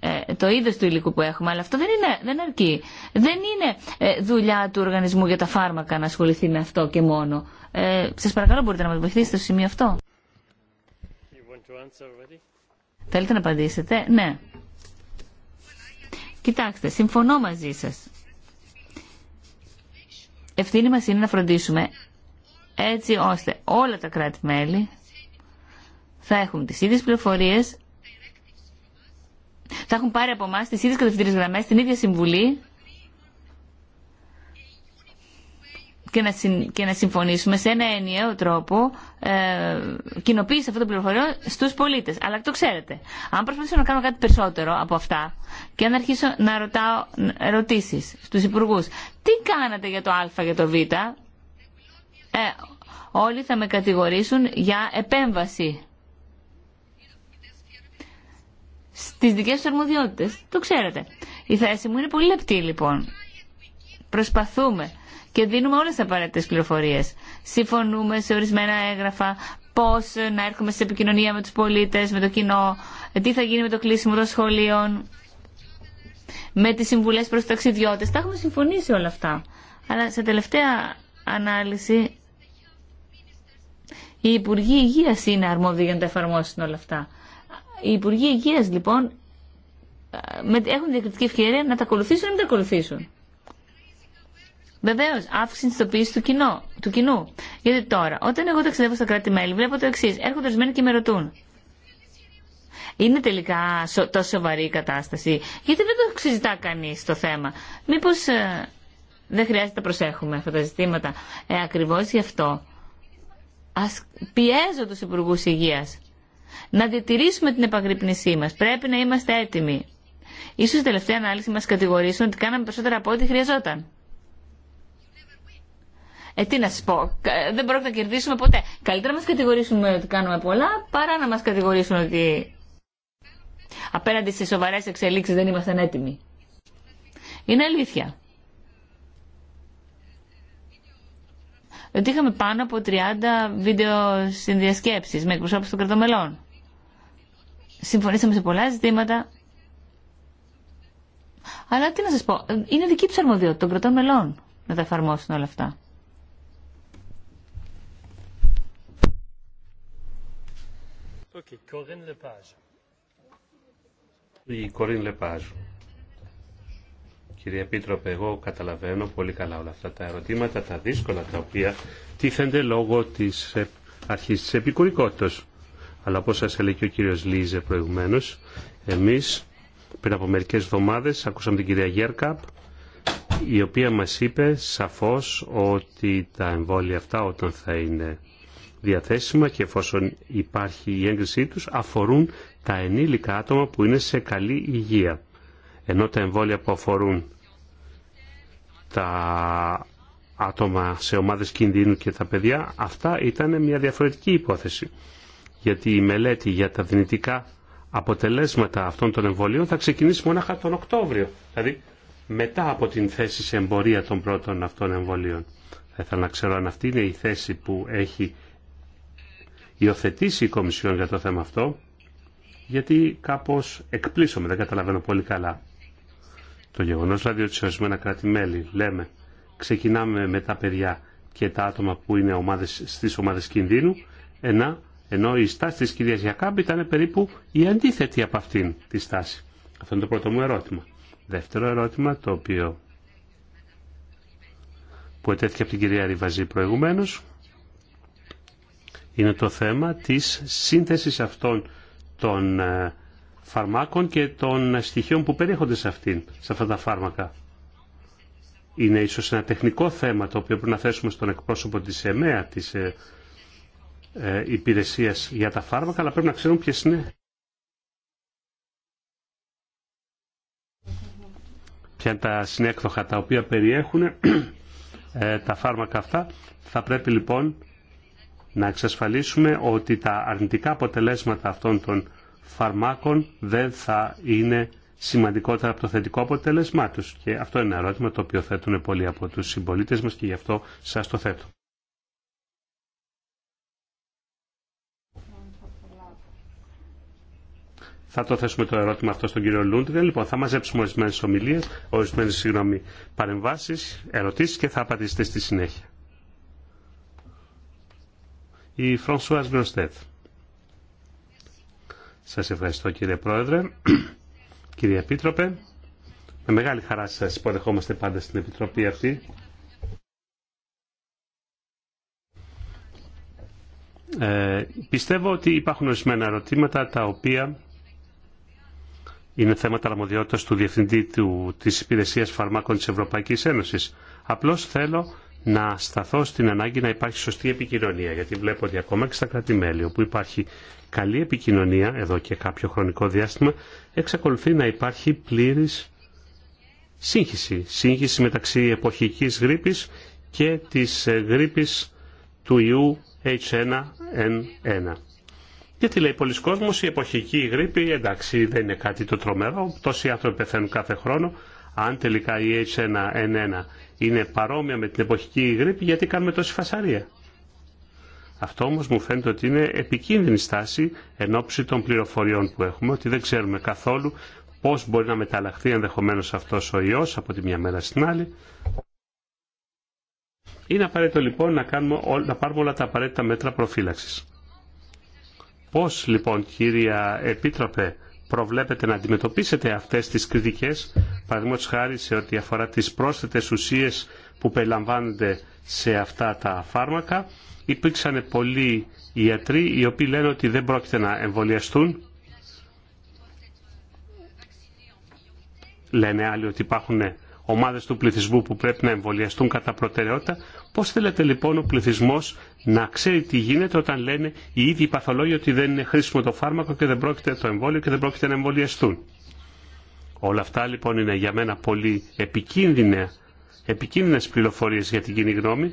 ε, το είδο του υλικού που έχουμε, αλλά αυτό δεν, είναι, δεν αρκεί. Δεν είναι ε, δουλειά του οργανισμού για τα φάρμακα να ασχοληθεί με αυτό και μόνο. Ε, σας παρακαλώ μπορείτε να μα βοηθήσετε στο σημείο αυτό. Θέλετε να απαντήσετε, ναι. Κοιτάξτε, συμφωνώ μαζί σας. Ευθύνη μας είναι να φροντίσουμε έτσι ώστε όλα τα κράτη-μέλη θα έχουν τις ίδιες πληροφορίες, θα έχουν πάρει από εμά τις ίδιες κατευθυντήρες γραμμές, την ίδια συμβουλή και να, συν, και να συμφωνήσουμε σε ένα ενιαίο τρόπο ε, κοινοποίηση αυτών των πληροφοριών στου πολίτε. Αλλά το ξέρετε. Αν προσπαθήσω να κάνω κάτι περισσότερο από αυτά και να αρχίσω να ρωτάω ερωτήσει στους υπουργού, τι κάνατε για το Α, για το Β, ε, όλοι θα με κατηγορήσουν για επέμβαση στις δικές του αρμοδιότητες. Το ξέρετε. Η θέση μου είναι πολύ λεπτή λοιπόν. Προσπαθούμε και δίνουμε όλες τις απαραίτητες πληροφορίες. Συμφωνούμε σε ορισμένα έγγραφα πώς να έρχομαι σε επικοινωνία με τους πολίτες, με το κοινό, τι θα γίνει με το κλείσιμο των σχολείων, με τις συμβουλές προς ταξιδιώτες. Τα έχουμε συμφωνήσει όλα αυτά. Αλλά σε τελευταία ανάλυση οι Υπουργοί υγεία είναι αρμόδιοι για να τα εφαρμόσουν όλα αυτά. Οι Υπουργοί υγεία, λοιπόν ε, έχουν διακριτική ευκαιρία να τα ακολουθήσουν ή να μην τα ακολουθήσουν. Βεβαίω, αύξηση τη τοποίηση του, του κοινού. Γιατί τώρα, όταν εγώ ταξιδεύω στα κράτη-μέλη, βλέπω το εξή. Έρχονται ορισμένοι και με ρωτούν. Είναι τελικά τόσο σοβαρή η κατάσταση. Γιατί δεν το συζητά κανεί το θέμα. Μήπω ε, δεν χρειάζεται να προσέχουμε αυτά τα ζητήματα. Ε, Ακριβώ γι' αυτό. Α πιέζω του υπουργού υγεία να διατηρήσουμε την επαγρύπνησή μα. Πρέπει να είμαστε έτοιμοι. σω τελευταία ανάλυση μα κατηγορήσουν ότι κάναμε περισσότερα από ό,τι χρειαζόταν. Ε, τι να σα πω, δεν μπορούμε να κερδίσουμε ποτέ. Καλύτερα να μα κατηγορήσουν ότι κάνουμε πολλά παρά να μα κατηγορήσουν ότι απέναντι στι σοβαρέ εξελίξει δεν ήμασταν έτοιμοι. Είναι αλήθεια. Ότι είχαμε πάνω από 30 βίντεο συνδιασκέψεις με εκπροσώπους των κρατομελών. Συμφωνήσαμε σε πολλά ζητήματα. Αλλά τι να σας πω, ε, είναι δική του αρμοδιότητα των κρατών μελών να τα εφαρμόσουν όλα αυτά. Κυρία Corinne Η Κορίν Λεπάζ. Κύριε Επίτροπε, εγώ καταλαβαίνω πολύ καλά όλα αυτά τα ερωτήματα, τα δύσκολα τα οποία τίθενται λόγω της ε, αρχής της επικουρικότητας. Αλλά όπως σας έλεγε και ο κύριος Λίζε προηγουμένως, εμείς πριν από μερικές εβδομάδες ακούσαμε την κυρία Γέρκαπ, η οποία μας είπε σαφώς ότι τα εμβόλια αυτά όταν θα είναι διαθέσιμα και εφόσον υπάρχει η έγκρισή τους αφορούν τα ενήλικα άτομα που είναι σε καλή υγεία. Ενώ τα εμβόλια που αφορούν τα άτομα σε ομάδες κινδύνου και τα παιδιά, αυτά ήταν μια διαφορετική υπόθεση. Γιατί η μελέτη για τα δυνητικά αποτελέσματα αυτών των εμβολίων θα ξεκινήσει μονάχα τον Οκτώβριο, δηλαδή μετά από την θέση σε εμπορία των πρώτων αυτών εμβολίων. Θα ήθελα να ξέρω αν αυτή είναι η θέση που έχει υιοθετήσει η Κομισιόν για το θέμα αυτό, γιατί κάπως με, δεν καταλαβαίνω πολύ καλά. Το γεγονός δηλαδή ότι σε ορισμένα κράτη-μέλη λέμε ξεκινάμε με τα παιδιά και τα άτομα που είναι ομάδες, στις ομάδες κινδύνου, ενώ, ενώ η στάση της κυρίας Γιακάμπη ήταν περίπου η αντίθετη από αυτήν τη στάση. Αυτό είναι το πρώτο μου ερώτημα. Δεύτερο ερώτημα το οποίο που ετέθηκε από την κυρία Ριβαζή προηγουμένως είναι το θέμα της σύνθεσης αυτών των ε, φαρμάκων και των στοιχείων που περιέχονται σε, αυτήν, σε αυτά τα φάρμακα. Είναι ίσως ένα τεχνικό θέμα το οποίο πρέπει να θέσουμε στον εκπρόσωπο της ΕΜΕΑ, της ε, ε, υπηρεσίας για τα φάρμακα, αλλά πρέπει να ξέρουμε ποιες είναι. Ποια είναι τα συνέκδοχα τα οποία περιέχουν τα φάρμακα αυτά. Θα πρέπει λοιπόν να εξασφαλίσουμε ότι τα αρνητικά αποτελέσματα αυτών των φαρμάκων δεν θα είναι σημαντικότερα από το θετικό αποτέλεσμά τους. Και αυτό είναι ένα ερώτημα το οποίο θέτουν πολλοί από τους συμπολίτε μας και γι' αυτό σας το θέτω. Θα το θέσουμε το ερώτημα αυτό στον κύριο Λούντρια. Λοιπόν, θα μαζέψουμε ορισμένε ομιλίε, ορισμένε παρεμβάσει, ερωτήσει και θα απαντήσετε στη συνέχεια η Γκροστέτ. Σας ευχαριστώ κύριε Πρόεδρε, κύριε Επίτροπε. Με μεγάλη χαρά σας υποδεχόμαστε πάντα στην Επιτροπή αυτή. Ε, πιστεύω ότι υπάρχουν ορισμένα ερωτήματα τα οποία είναι θέματα αρμοδιότητας του Διευθυντή του, της Υπηρεσίας Φαρμάκων της Ευρωπαϊκής Ένωσης. Απλώς θέλω να σταθώ στην ανάγκη να υπάρχει σωστή επικοινωνία, γιατί βλέπω ότι ακόμα και στα κρατημέλη όπου υπάρχει καλή επικοινωνία εδώ και κάποιο χρονικό διάστημα, εξακολουθεί να υπάρχει πλήρης σύγχυση. Σύγχυση μεταξύ εποχικής γρήπης και της ε, γρήπης του ιού H1N1. Γιατί λέει πολλοί κόσμοι η εποχική γρήπη εντάξει δεν είναι κάτι το τρομερό, τόσοι άνθρωποι πεθαίνουν κάθε χρόνο, αν τελικά η H1N1 είναι παρόμοια με την εποχική γρήπη γιατί κάνουμε τόση φασαρία. Αυτό όμως μου φαίνεται ότι είναι επικίνδυνη στάση εν ώψη των πληροφοριών που έχουμε, ότι δεν ξέρουμε καθόλου πώς μπορεί να μεταλλαχθεί ενδεχομένως αυτός ο ιός από τη μια μέρα στην άλλη. Είναι απαραίτητο λοιπόν να, κάνουμε, να πάρουμε όλα τα απαραίτητα μέτρα προφύλαξης. Πώς λοιπόν κύρια Επίτροπε προβλέπετε να αντιμετωπίσετε αυτές τις κριτικές, παραδείγματος χάρη σε ό,τι αφορά τις πρόσθετες ουσίες που περιλαμβάνονται σε αυτά τα φάρμακα. Υπήρξαν πολλοί ιατροί οι οποίοι λένε ότι δεν πρόκειται να εμβολιαστούν. Λένε άλλοι ότι υπάρχουν ομάδες του πληθυσμού που πρέπει να εμβολιαστούν κατά προτεραιότητα. Πώς θέλετε λοιπόν ο πληθυσμός να ξέρει τι γίνεται όταν λένε οι ίδιοι παθολόγοι ότι δεν είναι χρήσιμο το φάρμακο και δεν πρόκειται το εμβόλιο και δεν πρόκειται να εμβολιαστούν. Όλα αυτά λοιπόν είναι για μένα πολύ επικίνδυνα, επικίνδυνες πληροφορίες για την κοινή γνώμη,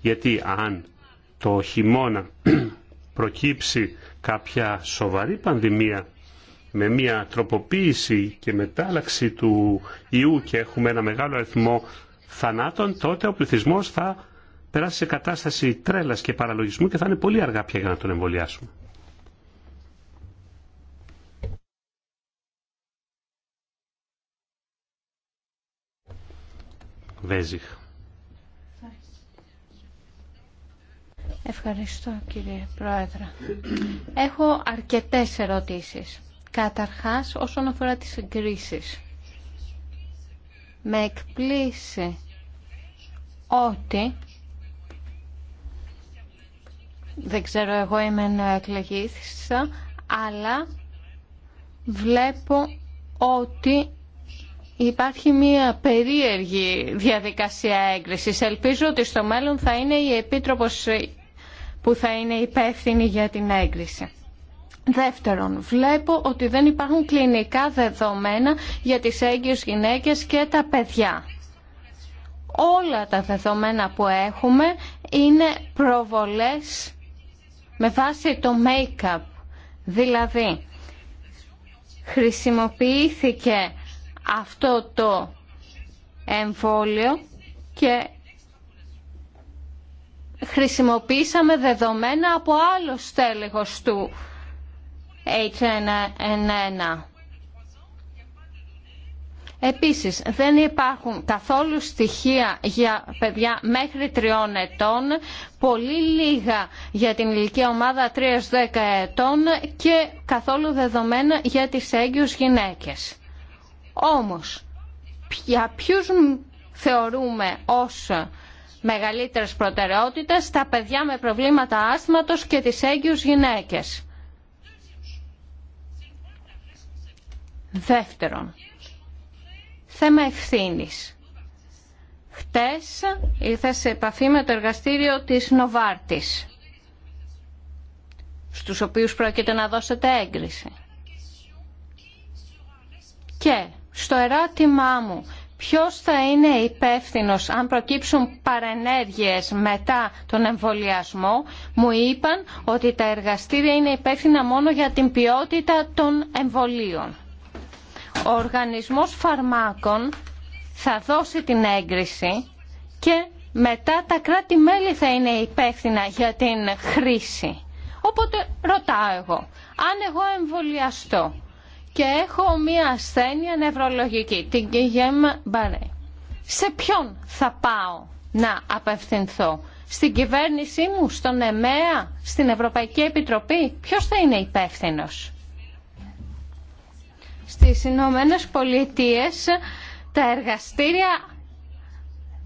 γιατί αν το χειμώνα προκύψει κάποια σοβαρή πανδημία με μια τροποποίηση και μετάλλαξη του ιού και έχουμε ένα μεγάλο αριθμό θανάτων, τότε ο πληθυσμός θα περάσει σε κατάσταση τρέλας και παραλογισμού και θα είναι πολύ αργά πια για να τον εμβολιάσουμε. Βέζιχ. Ευχαριστώ κύριε Πρόεδρε. Έχω αρκετές ερωτήσεις. Καταρχάς όσον αφορά τις εγκρίσεις. Με εκπλήσει ότι δεν ξέρω, εγώ είμαι εκλεγήθησα, αλλά βλέπω ότι Υπάρχει μια περίεργη διαδικασία έγκρισης. Ελπίζω ότι στο μέλλον θα είναι η Επίτροπος που θα είναι υπεύθυνη για την έγκριση. Δεύτερον, βλέπω ότι δεν υπάρχουν κλινικά δεδομένα για τις έγκυες γυναίκες και τα παιδιά. Όλα τα δεδομένα που έχουμε είναι προβολές με βάση το make-up. Δηλαδή, χρησιμοποιήθηκε αυτό το εμβόλιο και χρησιμοποίησαμε δεδομένα από άλλο στέλεχος του h n 1 Επίσης, δεν υπάρχουν καθόλου στοιχεία για παιδιά μέχρι τριών ετών, πολύ λίγα για την ηλικία ομάδα 3-10 ετών και καθόλου δεδομένα για τις έγκυους γυναίκες. Όμως, για ποιους θεωρούμε ως μεγαλύτερες προτεραιότητες τα παιδιά με προβλήματα άσθματος και τις έγκυους γυναίκες. Δεύτερον, θέμα ευθύνης. Χτες ήρθα σε επαφή με το εργαστήριο της Νοβάρτης, στους οποίους πρόκειται να δώσετε έγκριση. Και στο ερώτημά μου, ποιος θα είναι υπεύθυνο αν προκύψουν παρενέργειες μετά τον εμβολιασμό, μου είπαν ότι τα εργαστήρια είναι υπεύθυνα μόνο για την ποιότητα των εμβολίων ο οργανισμός φαρμάκων θα δώσει την έγκριση και μετά τα κράτη-μέλη θα είναι υπεύθυνα για την χρήση. Οπότε ρωτάω εγώ, αν εγώ εμβολιαστώ και έχω μία ασθένεια νευρολογική, την Κιγέμ Μπαρέ, σε ποιον θα πάω να απευθυνθώ, στην κυβέρνησή μου, στον ΕΜΕΑ, στην Ευρωπαϊκή Επιτροπή, ποιος θα είναι υπεύθυνος. Στις Ηνωμένε Πολιτείε τα εργαστήρια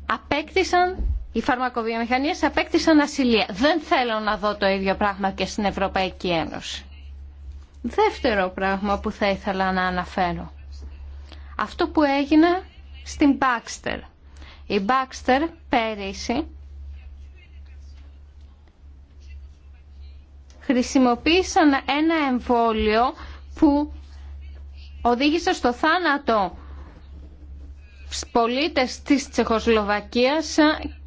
απέκτησαν οι φαρμακοβιομηχανίες απέκτησαν ασυλία. Δεν θέλω να δω το ίδιο πράγμα και στην Ευρωπαϊκή Ένωση. Δεύτερο πράγμα που θα ήθελα να αναφέρω. Αυτό που έγινε στην Baxter. Η Baxter πέρυσι χρησιμοποίησαν ένα εμβόλιο που οδήγησε στο θάνατο πολίτες της Τσεχοσλοβακίας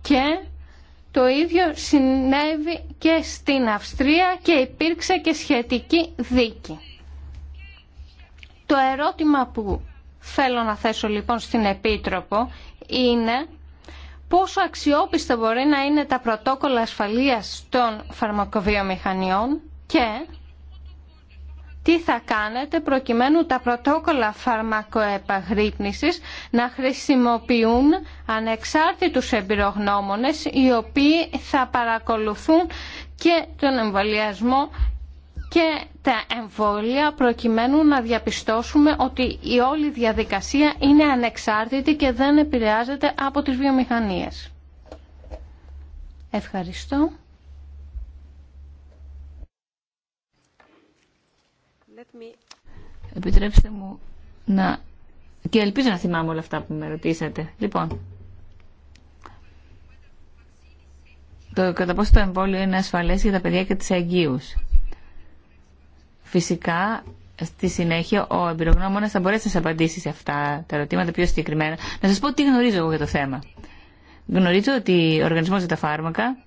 και το ίδιο συνέβη και στην Αυστρία και υπήρξε και σχετική δίκη. Το ερώτημα που θέλω να θέσω λοιπόν στην Επίτροπο είναι πόσο αξιόπιστα μπορεί να είναι τα πρωτόκολλα ασφαλείας των φαρμακοβιομηχανιών και τι θα κάνετε προκειμένου τα πρωτόκολλα φαρμακοεπαγρύπνησης να χρησιμοποιούν ανεξάρτητους εμπειρογνώμονες οι οποίοι θα παρακολουθούν και τον εμβολιασμό και τα εμβόλια προκειμένου να διαπιστώσουμε ότι η όλη διαδικασία είναι ανεξάρτητη και δεν επηρεάζεται από τις βιομηχανίες. Ευχαριστώ. Επιτρέψτε μου να... Και ελπίζω να θυμάμαι όλα αυτά που με ρωτήσατε. Λοιπόν, το κατά πόσο το εμβόλιο είναι ασφαλές για τα παιδιά και τις αγγείους. Φυσικά, στη συνέχεια, ο εμπειρογνώμονας θα μπορέσει να σας απαντήσει σε αυτά τα ερωτήματα πιο συγκεκριμένα. Να σας πω τι γνωρίζω εγώ για το θέμα. Γνωρίζω ότι ο Οργανισμός για τα Φάρμακα,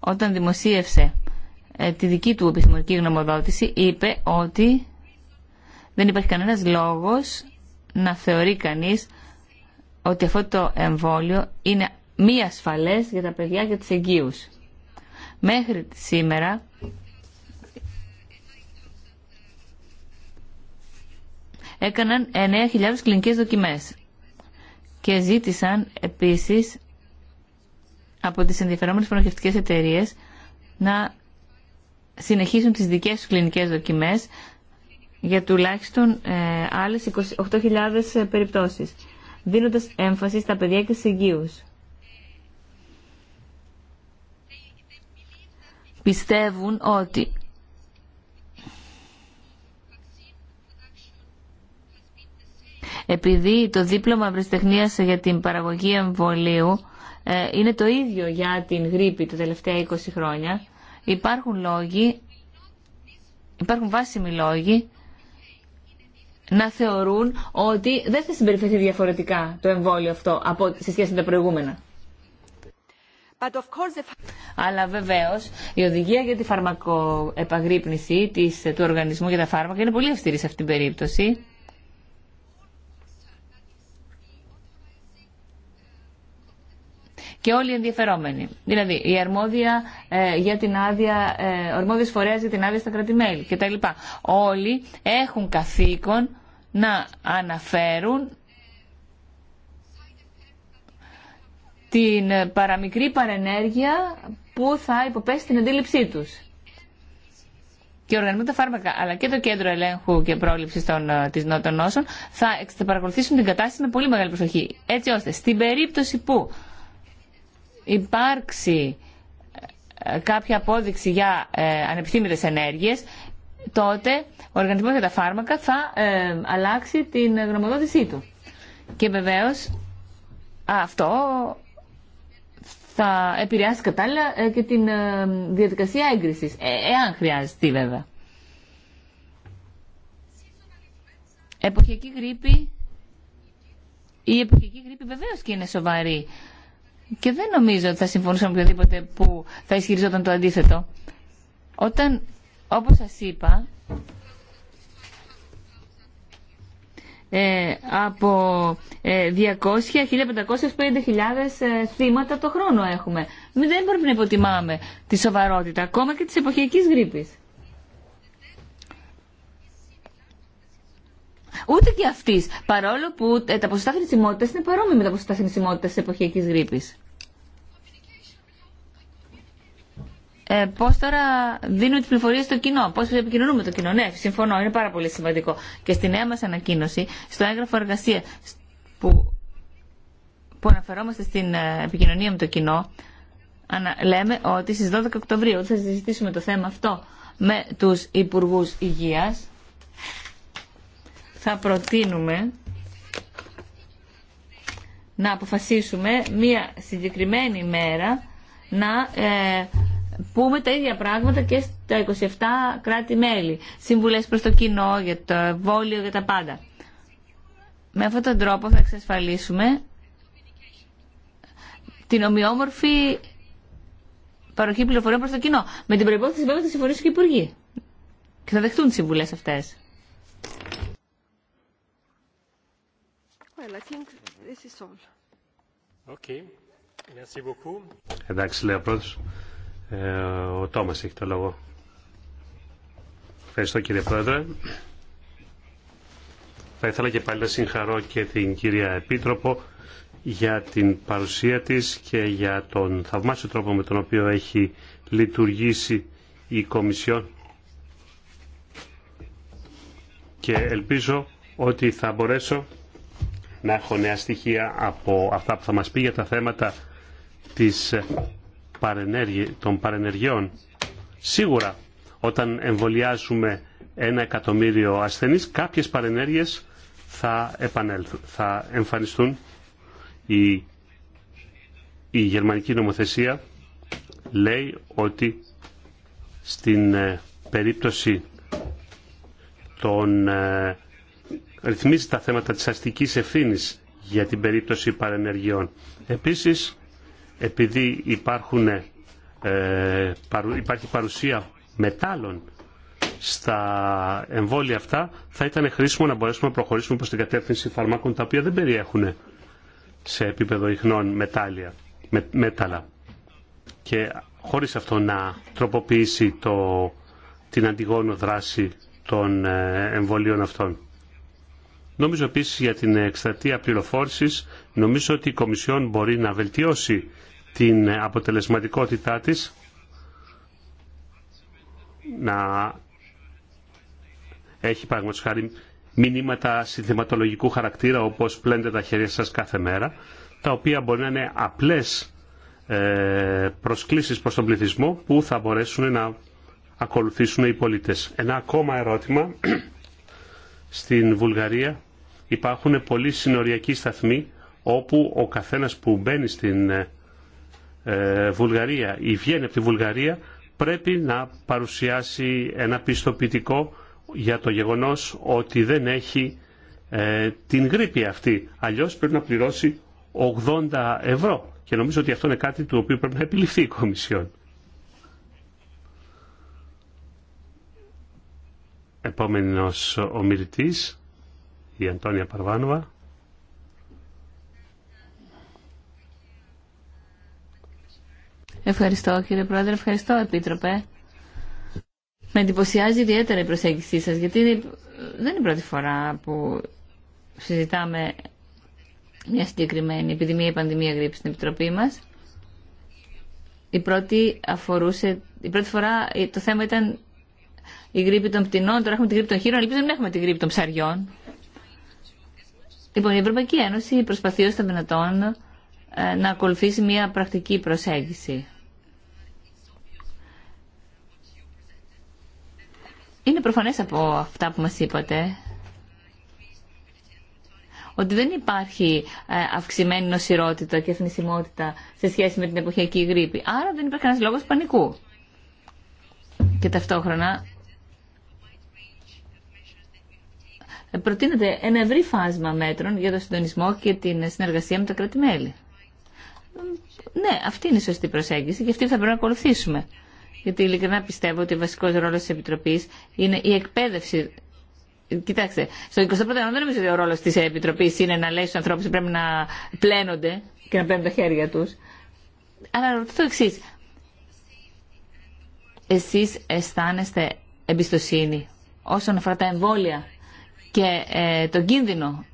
όταν δημοσίευσε ε, τη δική του επιστημονική γνωμοδότηση, είπε ότι δεν υπάρχει κανένας λόγος να θεωρεί κανείς ότι αυτό το εμβόλιο είναι μη ασφαλές για τα παιδιά και τις εγγύους. Μέχρι σήμερα έκαναν 9.000 κλινικές δοκιμές και ζήτησαν επίσης από τις ενδιαφερόμενες φαρμακευτικές εταιρείες να συνεχίσουν τις δικές τους κλινικές δοκιμές για τουλάχιστον ε, άλλες 28.000 ε, περιπτώσεις, δίνοντας έμφαση στα παιδιά και στους Πιστεύουν ότι επειδή το δίπλωμα ευρεσιτεχνία για την παραγωγή εμβολίου ε, είναι το ίδιο για την γρήπη τα τελευταία 20 χρόνια, υπάρχουν λόγοι, υπάρχουν βάσιμοι λόγοι να θεωρούν ότι δεν θα συμπεριφερθεί διαφορετικά το εμβόλιο αυτό από, σε σχέση με τα προηγούμενα. the... Αλλά βεβαίω η οδηγία για τη φαρμακοεπαγρύπνηση της, του οργανισμού για τα φάρμακα είναι πολύ αυστηρή σε αυτήν την περίπτωση. και όλοι οι ενδιαφερόμενοι. Δηλαδή, η αρμόδια ε, για την άδεια, ε, αρμόδιος φορέας για την άδεια στα κρατημέλη κτλ. Όλοι έχουν καθήκον να αναφέρουν την παραμικρή παρενέργεια που θα υποπέσει την αντίληψή τους. Και ο τα Φάρμακα αλλά και το Κέντρο Ελέγχου και Πρόληψη των, ε, νότων Νόσων θα, θα παρακολουθήσουν την κατάσταση με πολύ μεγάλη προσοχή. Έτσι ώστε στην περίπτωση που υπάρξει ε, κάποια απόδειξη για ε, ανεπιθύμητες ενέργειες, τότε ο Οργανισμός για τα Φάρμακα θα ε, αλλάξει την γνωμοδότησή του. Και βεβαίως αυτό θα επηρεάσει κατάλληλα και την διαδικασία έγκρισης, εάν χρειάζεται βέβαια. Εποχιακή γρήπη. Η εποχιακή γρήπη βεβαίως και είναι σοβαρή και δεν νομίζω ότι θα συμφωνούσα με οποιοδήποτε που θα ισχυριζόταν το αντίθετο. Όταν, όπως σας είπα, ε, από ε, 200, ε, θύματα το χρόνο έχουμε. δεν πρέπει να υποτιμάμε τη σοβαρότητα ακόμα και της εποχιακής γρήπης. ούτε και αυτή. Παρόλο που ε, τα ποσοστά θνησιμότητα είναι παρόμοια με τα ποσοστά θνησιμότητα τη εποχιακή γρήπη. Ε, πώ τώρα δίνουμε τι πληροφορίε στο κοινό, πώ επικοινωνούμε το κοινό. Ναι, συμφωνώ, είναι πάρα πολύ σημαντικό. Και στη νέα μα ανακοίνωση, στο έγγραφο εργασία που, που αναφερόμαστε στην ε, επικοινωνία με το κοινό, λέμε ότι στι 12 Οκτωβρίου θα συζητήσουμε το θέμα αυτό με τους Υπουργού Υγεία θα προτείνουμε να αποφασίσουμε μία συγκεκριμένη μέρα, να ε, πούμε τα ίδια πράγματα και στα 27 κράτη-μέλη. Συμβουλές προς το κοινό, για το βόλιο, για τα πάντα. Με αυτόν τον τρόπο θα εξασφαλίσουμε την ομοιόμορφη παροχή πληροφοριών προς το κοινό. Με την προϋπόθεση βέβαια θα συμφωνήσουν και οι υπουργοί και θα δεχτούν τις συμβουλές αυτές. Well, I think this is all. Okay. Merci beaucoup. Εντάξει, λέει ο ε, ο Τόμας έχει το λόγο. Ευχαριστώ κύριε πρόεδρε. Θα ήθελα και πάλι να συγχαρώ και την κυρία Επίτροπο για την παρουσία της και για τον θαυμάσιο τρόπο με τον οποίο έχει λειτουργήσει η Κομισιόν και ελπίζω ότι θα μπορέσω να έχω νέα στοιχεία από αυτά που θα μας πει για τα θέματα της ε, των παρενεργειών. Σίγουρα όταν εμβολιάζουμε ένα εκατομμύριο ασθενείς κάποιες παρενέργειες θα επανέλθουν, θα εμφανιστούν. Η, η γερμανική νομοθεσία λέει ότι στην ε, περίπτωση των ε, ρυθμίζει τα θέματα της αστικής ευθύνης για την περίπτωση παρενεργειών. Επίσης, επειδή υπάρχουν, ε, υπάρχει παρουσία μετάλλων στα εμβόλια αυτά, θα ήταν χρήσιμο να μπορέσουμε να προχωρήσουμε προς την κατεύθυνση φαρμάκων τα οποία δεν περιέχουν σε επίπεδο ιχνών μετάλλια, με, μέταλλα. Και χωρίς αυτό να τροποποιήσει το, την αντιγόνο δράση των ε, εμβολίων αυτών. Νομίζω επίση για την εκστρατεία πληροφόρηση, νομίζω ότι η Κομισιόν μπορεί να βελτιώσει την αποτελεσματικότητά της, να έχει παραγματικά χάρη μηνύματα συνθηματολογικού χαρακτήρα όπως πλένετε τα χέρια σας κάθε μέρα, τα οποία μπορεί να είναι απλές ε, προσκλήσεις προς τον πληθυσμό που θα μπορέσουν να ακολουθήσουν οι πολίτες. Ένα ακόμα ερώτημα στην Βουλγαρία υπάρχουν πολλοί συνοριακοί σταθμοί όπου ο καθένας που μπαίνει στην ε, ε, Βουλγαρία ή βγαίνει από τη Βουλγαρία πρέπει να παρουσιάσει ένα πιστοποιητικό για το γεγονός ότι δεν έχει ε, την γρήπη αυτή. Αλλιώς πρέπει να πληρώσει 80 ευρώ. Και νομίζω ότι αυτό είναι κάτι του οποίου πρέπει να επιληφθεί η Κομισιόν. Επόμενος ομιλητής η Αντώνια Παρβάνουα. Ευχαριστώ κύριε Πρόεδρε, ευχαριστώ Επίτροπε. Με εντυπωσιάζει ιδιαίτερα η προσέγγιση σας, γιατί δεν είναι η πρώτη φορά που συζητάμε μια συγκεκριμένη επιδημία ή πανδημία γρήπη στην Επιτροπή μας. Η πρώτη, αφορούσε, η πρώτη φορά το θέμα ήταν η γρήπη των πτηνών, τώρα έχουμε τη γρήπη των χείρων, ελπίζω να μην έχουμε την γρήπη των ψαριών. Λοιπόν, η Ευρωπαϊκή Ένωση προσπαθεί ως τα δυνατόν ε, να ακολουθήσει μια πρακτική προσέγγιση. Είναι προφανές από αυτά που μας είπατε ότι δεν υπάρχει ε, αυξημένη νοσηρότητα και θνησιμότητα σε σχέση με την εποχιακή γρήπη. Άρα δεν υπάρχει κανένας λόγος πανικού. Και ταυτόχρονα προτείνεται ένα ευρύ φάσμα μέτρων για τον συντονισμό και την συνεργασία με τα κράτη-μέλη. Ναι, αυτή είναι η σωστή προσέγγιση και αυτή θα πρέπει να ακολουθήσουμε. Γιατί ειλικρινά πιστεύω ότι ο βασικό ρόλο τη Επιτροπή είναι η εκπαίδευση. Κοιτάξτε, στο 21ο αιώνα δεν νομίζω ότι ο ρόλο τη Επιτροπή είναι να λέει στου ανθρώπου ότι πρέπει να πλένονται και να παίρνουν τα χέρια του. Αλλά ρωτώ το εξή. Εσεί αισθάνεστε εμπιστοσύνη όσον αφορά τα εμβόλια και ε, το κίνδυνο.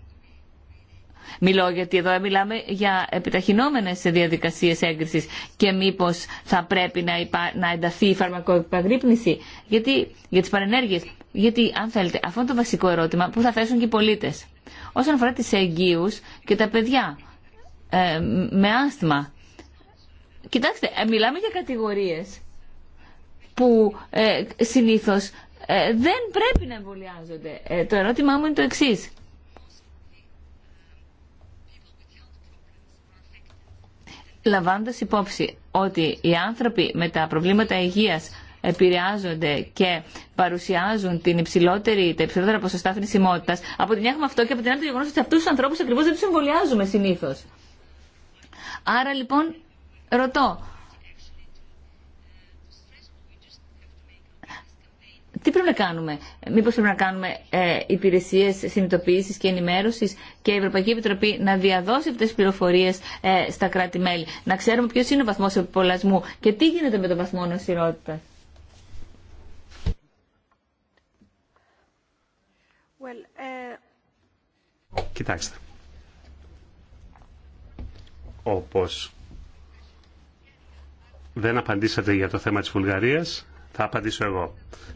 Μιλώ γιατί εδώ μιλάμε για επιταχυνόμενες διαδικασίες έγκρισης και μήπως θα πρέπει να, να ενταθεί η φαρμακοεπαγρύπνηση γιατί... για τις παρενέργειες. Γιατί αν θέλετε αυτό είναι το βασικό ερώτημα που θα θέσουν και οι πολίτες. Όσον αφορά τις εγγύους και τα παιδιά ε, με άσθημα, Κοιτάξτε, ε, μιλάμε για κατηγορίες που συνήθως ε, δεν πρέπει να εμβολιάζονται. Ε, το ερώτημά μου είναι το εξής. Λαμβάνοντας υπόψη ότι οι άνθρωποι με τα προβλήματα υγείας επηρεάζονται και παρουσιάζουν την υψηλότερη, τα υψηλότερα ποσοστά θνησιμότητα. Από την έχουμε αυτό και από την άλλη το γεγονός ότι αυτού του ανθρώπου ακριβώ δεν του εμβολιάζουμε συνήθω. Άρα λοιπόν ρωτώ, τι πρέπει να κάνουμε. Μήπω πρέπει να κάνουμε ε, υπηρεσίε συνειδητοποίηση και ενημέρωση και η Ευρωπαϊκή Επιτροπή να διαδώσει αυτέ τι πληροφορίε ε, στα κράτη-μέλη. Να ξέρουμε ποιο είναι ο βαθμό επιπολασμού και τι γίνεται με τον βαθμό νοσηρότητα. Well, ε, Κοιτάξτε. Όπως δεν απαντήσατε για το θέμα της Βουλγαρίας, θα απαντήσω εγώ.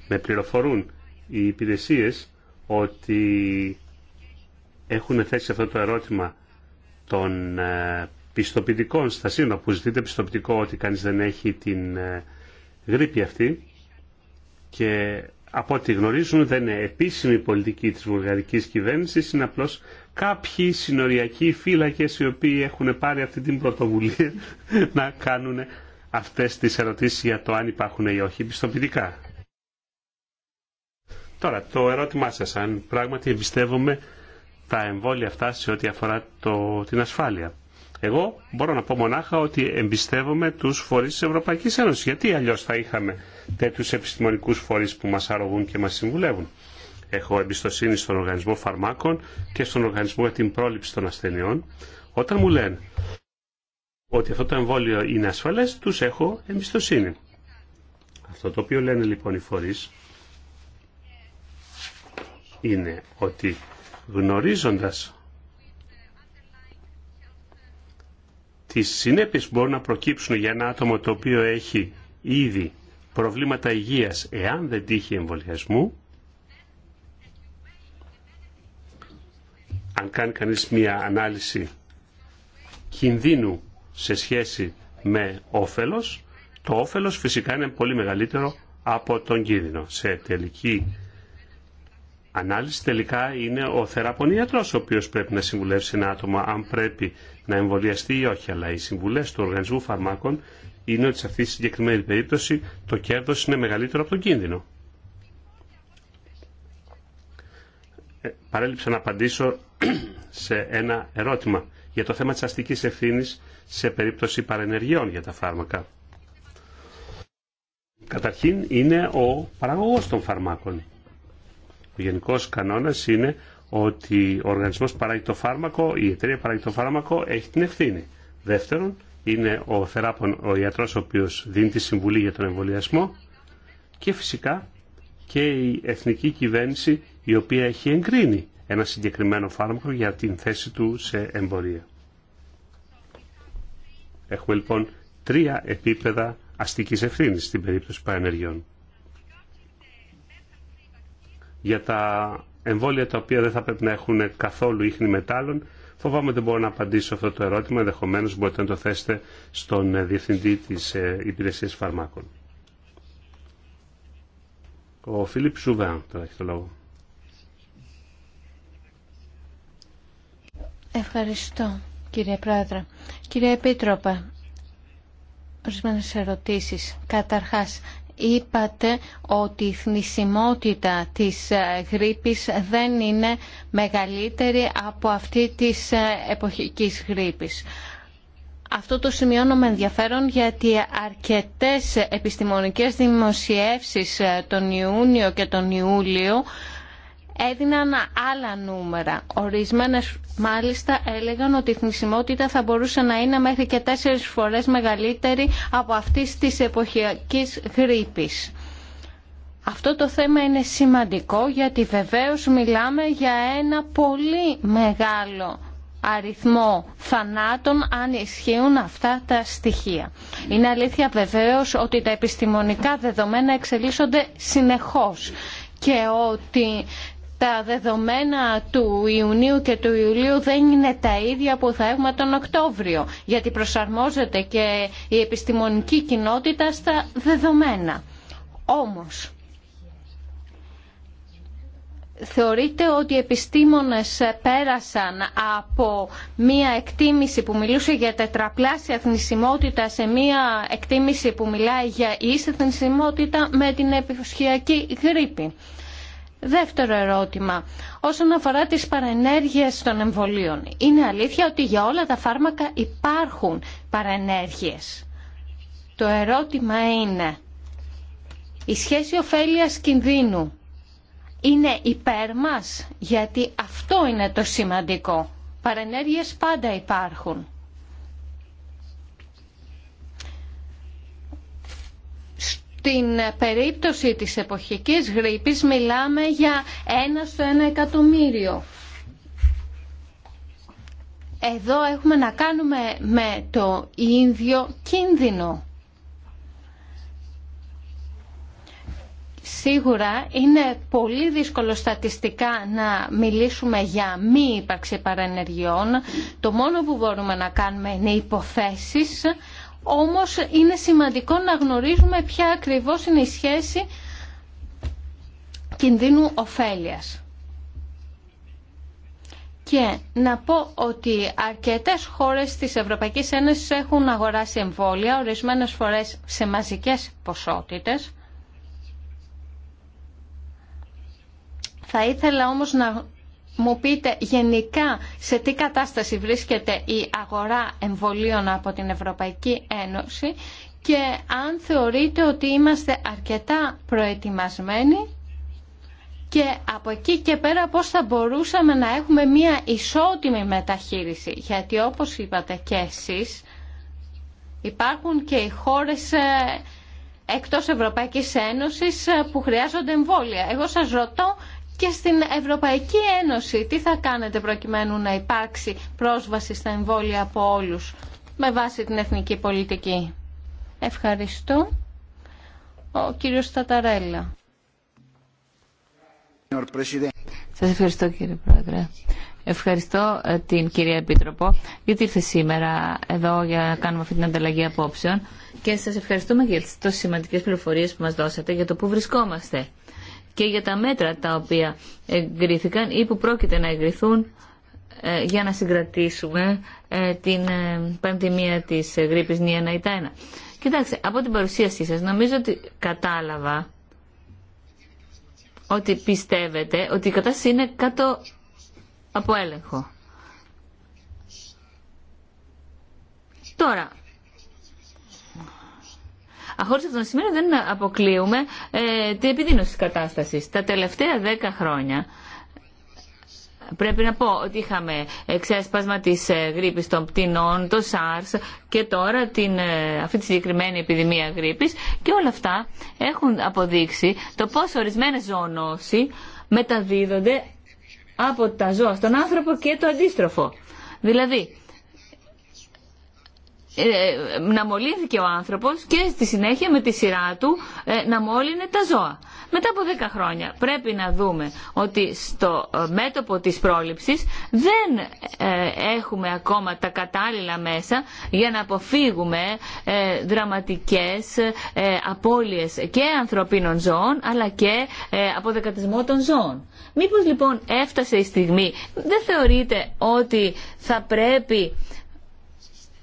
Με πληροφορούν οι υπηρεσίες ότι έχουν θέσει αυτό το ερώτημα των ε, πιστοποιητικών στα σύνορα που ζητείται πιστοποιητικό ότι κανείς δεν έχει την ε, γρήπη αυτή και από ό,τι γνωρίζουν δεν είναι επίσημη πολιτική της βουλγαρικής κυβέρνησης, είναι απλώς κάποιοι συνοριακοί φύλακες οι οποίοι έχουν πάρει αυτή την πρωτοβουλία να κάνουν αυτές τις ερωτήσεις για το αν υπάρχουν ή όχι πιστοποιητικά. Τώρα, το ερώτημά σας, αν πράγματι εμπιστεύομαι τα εμβόλια αυτά σε ό,τι αφορά το, την ασφάλεια. Εγώ μπορώ να πω μονάχα ότι εμπιστεύομαι τους φορείς της Ευρωπαϊκής Ένωσης. Γιατί αλλιώς θα είχαμε τέτοιους επιστημονικούς φορείς που μας αρρωγούν και μας συμβουλεύουν. Έχω εμπιστοσύνη στον Οργανισμό Φαρμάκων και στον Οργανισμό για την Πρόληψη των Ασθενειών. Όταν μου λένε ότι αυτό το εμβόλιο είναι ασφαλές, τους έχω εμπιστοσύνη. Αυτό το οποίο λένε λοιπόν οι φορείς είναι ότι γνωρίζοντας τις συνέπειες που μπορούν να προκύψουν για ένα άτομο το οποίο έχει ήδη προβλήματα υγείας εάν δεν τύχει εμβολιασμού, αν κάνει κανείς μία ανάλυση κινδύνου σε σχέση με όφελος, το όφελος φυσικά είναι πολύ μεγαλύτερο από τον κίνδυνο. Σε τελική ανάλυση τελικά είναι ο θεραπονίατρος ο οποίος πρέπει να συμβουλεύσει ένα άτομο αν πρέπει να εμβολιαστεί ή όχι. Αλλά οι συμβουλές του Οργανισμού Φαρμάκων είναι ότι σε αυτή τη συγκεκριμένη περίπτωση το κέρδος είναι μεγαλύτερο από τον κίνδυνο. Ε, παρέλειψα να απαντήσω σε ένα ερώτημα για το θέμα της αστικής ευθύνης σε περίπτωση παρενεργειών για τα φάρμακα. Καταρχήν είναι ο παραγωγός των φαρμάκων. Ο γενικός κανόνας είναι ότι ο οργανισμός παράγει το φάρμακο, η εταιρεία παράγει το φάρμακο, έχει την ευθύνη. Δεύτερον, είναι ο θεράπον, ο ιατρός ο οποίος δίνει τη συμβουλή για τον εμβολιασμό και φυσικά και η εθνική κυβέρνηση η οποία έχει εγκρίνει ένα συγκεκριμένο φάρμακο για την θέση του σε εμπορία. Έχουμε λοιπόν τρία επίπεδα αστικής ευθύνης στην περίπτωση παρενεργειών. Για τα εμβόλια τα οποία δεν θα πρέπει να έχουν καθόλου ίχνη μετάλλων, φοβάμαι δεν μπορώ να απαντήσω αυτό το ερώτημα, ενδεχομένω μπορείτε να το θέσετε στον ε, Διευθυντή της ε, Υπηρεσίας Φαρμάκων. Ο Φίλιπ Σουβά τώρα έχει το λόγο. Ευχαριστώ κύριε Πρόεδρε. Κύριε Επίτροπε, ορισμένε ερωτήσεις. Καταρχάς, είπατε ότι η θνησιμότητα της ε, γρήπης δεν είναι μεγαλύτερη από αυτή της ε, εποχικής γρήπης. Αυτό το σημειώνω με ενδιαφέρον γιατί αρκετές επιστημονικές δημοσιεύσεις ε, τον Ιούνιο και τον Ιούλιο έδιναν άλλα νούμερα. Ορισμένε μάλιστα έλεγαν ότι η θνησιμότητα θα μπορούσε να είναι μέχρι και τέσσερι φορές μεγαλύτερη από αυτή της εποχιακής γρήπη. Αυτό το θέμα είναι σημαντικό γιατί βεβαίως μιλάμε για ένα πολύ μεγάλο αριθμό θανάτων αν ισχύουν αυτά τα στοιχεία. Είναι αλήθεια βεβαίως ότι τα επιστημονικά δεδομένα εξελίσσονται συνεχώς και ότι τα δεδομένα του Ιουνίου και του Ιουλίου δεν είναι τα ίδια που θα έχουμε τον Οκτώβριο, γιατί προσαρμόζεται και η επιστημονική κοινότητα στα δεδομένα. Όμως, θεωρείτε ότι οι επιστήμονες πέρασαν από μία εκτίμηση που μιλούσε για τετραπλάσια θνησιμότητα σε μία εκτίμηση που μιλάει για ίση θνησιμότητα με την επιφυσιακή γρήπη. Δεύτερο ερώτημα, όσον αφορά τις παρενέργειες των εμβολίων. Είναι αλήθεια ότι για όλα τα φάρμακα υπάρχουν παρενέργειες. Το ερώτημα είναι, η σχέση ωφέλειας κινδύνου είναι υπέρ μας, γιατί αυτό είναι το σημαντικό. Παρενέργειες πάντα υπάρχουν. την περίπτωση της εποχικής γρήπης μιλάμε για ένα στο ένα εκατομμύριο. Εδώ έχουμε να κάνουμε με το ίδιο κίνδυνο. Σίγουρα είναι πολύ δύσκολο στατιστικά να μιλήσουμε για μη ύπαρξη παρενεργειών. Το μόνο που μπορούμε να κάνουμε είναι υποθέσεις όμως είναι σημαντικό να γνωρίζουμε ποια ακριβώς είναι η σχέση κινδύνου ωφέλειας. Και να πω ότι αρκετές χώρες της Ευρωπαϊκής Ένωσης έχουν αγοράσει εμβόλια, ορισμένες φορές σε μαζικές ποσότητες. Θα ήθελα όμως να μου πείτε γενικά σε τι κατάσταση βρίσκεται η αγορά εμβολίων από την Ευρωπαϊκή Ένωση και αν θεωρείτε ότι είμαστε αρκετά προετοιμασμένοι και από εκεί και πέρα πώς θα μπορούσαμε να έχουμε μια ισότιμη μεταχείριση. Γιατί όπως είπατε και εσείς υπάρχουν και οι χώρες ε, εκτός Ευρωπαϊκής Ένωσης ε, που χρειάζονται εμβόλια. Εγώ σας ρωτώ και στην Ευρωπαϊκή Ένωση τι θα κάνετε προκειμένου να υπάρξει πρόσβαση στα εμβόλια από όλους με βάση την εθνική πολιτική. Ευχαριστώ. Ο κύριος Σταταρέλα. Σας ευχαριστώ κύριε Πρόεδρε. Ευχαριστώ ε, την κυρία Επίτροπο γιατί ήρθε σήμερα εδώ για να κάνουμε αυτή την ανταλλαγή απόψεων και σας ευχαριστούμε για τις τόσο σημαντικές πληροφορίες που μας δώσατε για το που βρισκόμαστε και για τα μέτρα τα οποία εγκρίθηκαν ή που πρόκειται να εγκριθούν ε, για να συγκρατήσουμε ε, την ε, πανδημία της γρήπης ΝΙΑΝΑΙΤΑΕΝΑ. Κοιτάξτε, από την παρουσίασή σας νομίζω ότι κατάλαβα ότι πιστεύετε ότι η κατάσταση είναι κάτω από έλεγχο. Τώρα, Χωρί αυτό σημείο δεν αποκλείουμε ε, την επιδείνωση τη κατάσταση. Τα τελευταία δέκα χρόνια πρέπει να πω ότι είχαμε ξέσπασμα τη ε, γρήπη των πτηνών, το SARS και τώρα την, ε, αυτή τη συγκεκριμένη επιδημία γρήπης και όλα αυτά έχουν αποδείξει το πόσο ορισμένες ζωονόσοι μεταδίδονται από τα ζώα στον άνθρωπο και το αντίστροφο. Δηλαδή, ε, ε, να μολύνθηκε ο άνθρωπος και στη συνέχεια με τη σειρά του ε, να μόλυνε τα ζώα. Μετά από 10 χρόνια πρέπει να δούμε ότι στο μέτωπο της πρόληψης δεν έχουμε ακόμα τα κατάλληλα μέσα για να αποφύγουμε δραματικές απώλειες και ανθρωπίνων ζώων αλλά και αποδεκατισμό των ζώων. Μήπως λοιπόν έφτασε η στιγμή, δεν θεωρείτε ότι θα πρέπει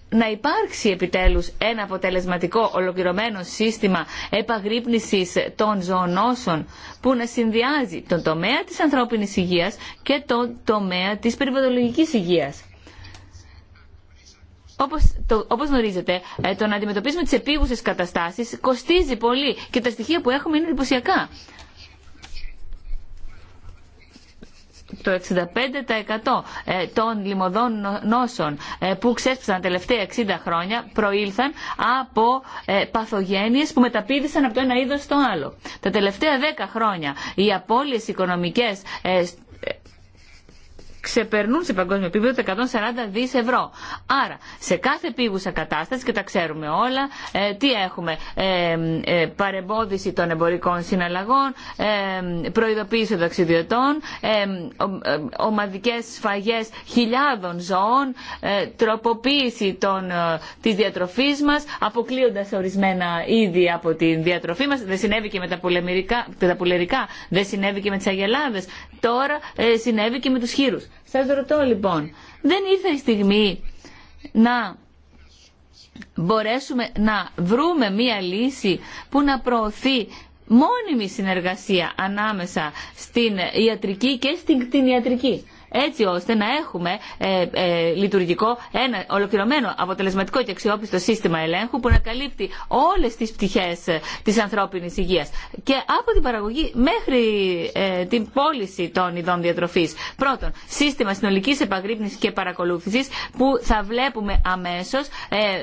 να υπάρξει επιτέλους ένα αποτελεσματικό ολοκληρωμένο σύστημα επαγρύπνησης των ζωονόσων που να συνδυάζει τον τομέα της ανθρώπινης υγείας και τον τομέα της περιβαλλοντικής υγείας. Όπως, το, όπως γνωρίζετε, ε, το να αντιμετωπίσουμε τις επίγουσες καταστάσεις κοστίζει πολύ και τα στοιχεία που έχουμε είναι εντυπωσιακά. το 65% ε, των λιμωδών νόσων ε, που ξέσπασαν τα τελευταία 60 χρόνια προήλθαν από ε, παθογένειες που μεταπίδησαν από το ένα είδος στο άλλο. Τα τελευταία 10 χρόνια οι απώλειες οικονομικές ξεπερνούν σε παγκόσμιο επίπεδο τα 140 δις ευρώ. Άρα, σε κάθε επίγουσα κατάσταση, και τα ξέρουμε όλα, ε, τι έχουμε, ε, ε, παρεμπόδιση των εμπορικών συναλλαγών, ε, προειδοποίηση των ταξιδιωτών, ε, ε ομαδικές σφαγές χιλιάδων ζώων, ε, τροποποίηση των, της διατροφής μας, αποκλείοντας ορισμένα είδη από τη διατροφή μας. Δεν συνέβη και με τα, τα πουλερικά, δεν συνέβη και με τις αγελάδες, τώρα συνέβη και με τους χείρους. Σα ρωτώ λοιπόν, δεν ήρθε η στιγμή να μπορέσουμε να βρούμε μία λύση που να προωθεί μόνιμη συνεργασία ανάμεσα στην ιατρική και στην κτηνιατρική έτσι ώστε να έχουμε ε, ε, λειτουργικό, ένα ολοκληρωμένο, αποτελεσματικό και αξιόπιστο σύστημα ελέγχου που να καλύπτει όλε τι πτυχέ ε, τη ανθρώπινη υγεία. Και από την παραγωγή μέχρι την πώληση των ειδών διατροφή. Πρώτον, σύστημα συνολική επαγρύπνηση και παρακολούθηση που θα βλέπουμε αμέσω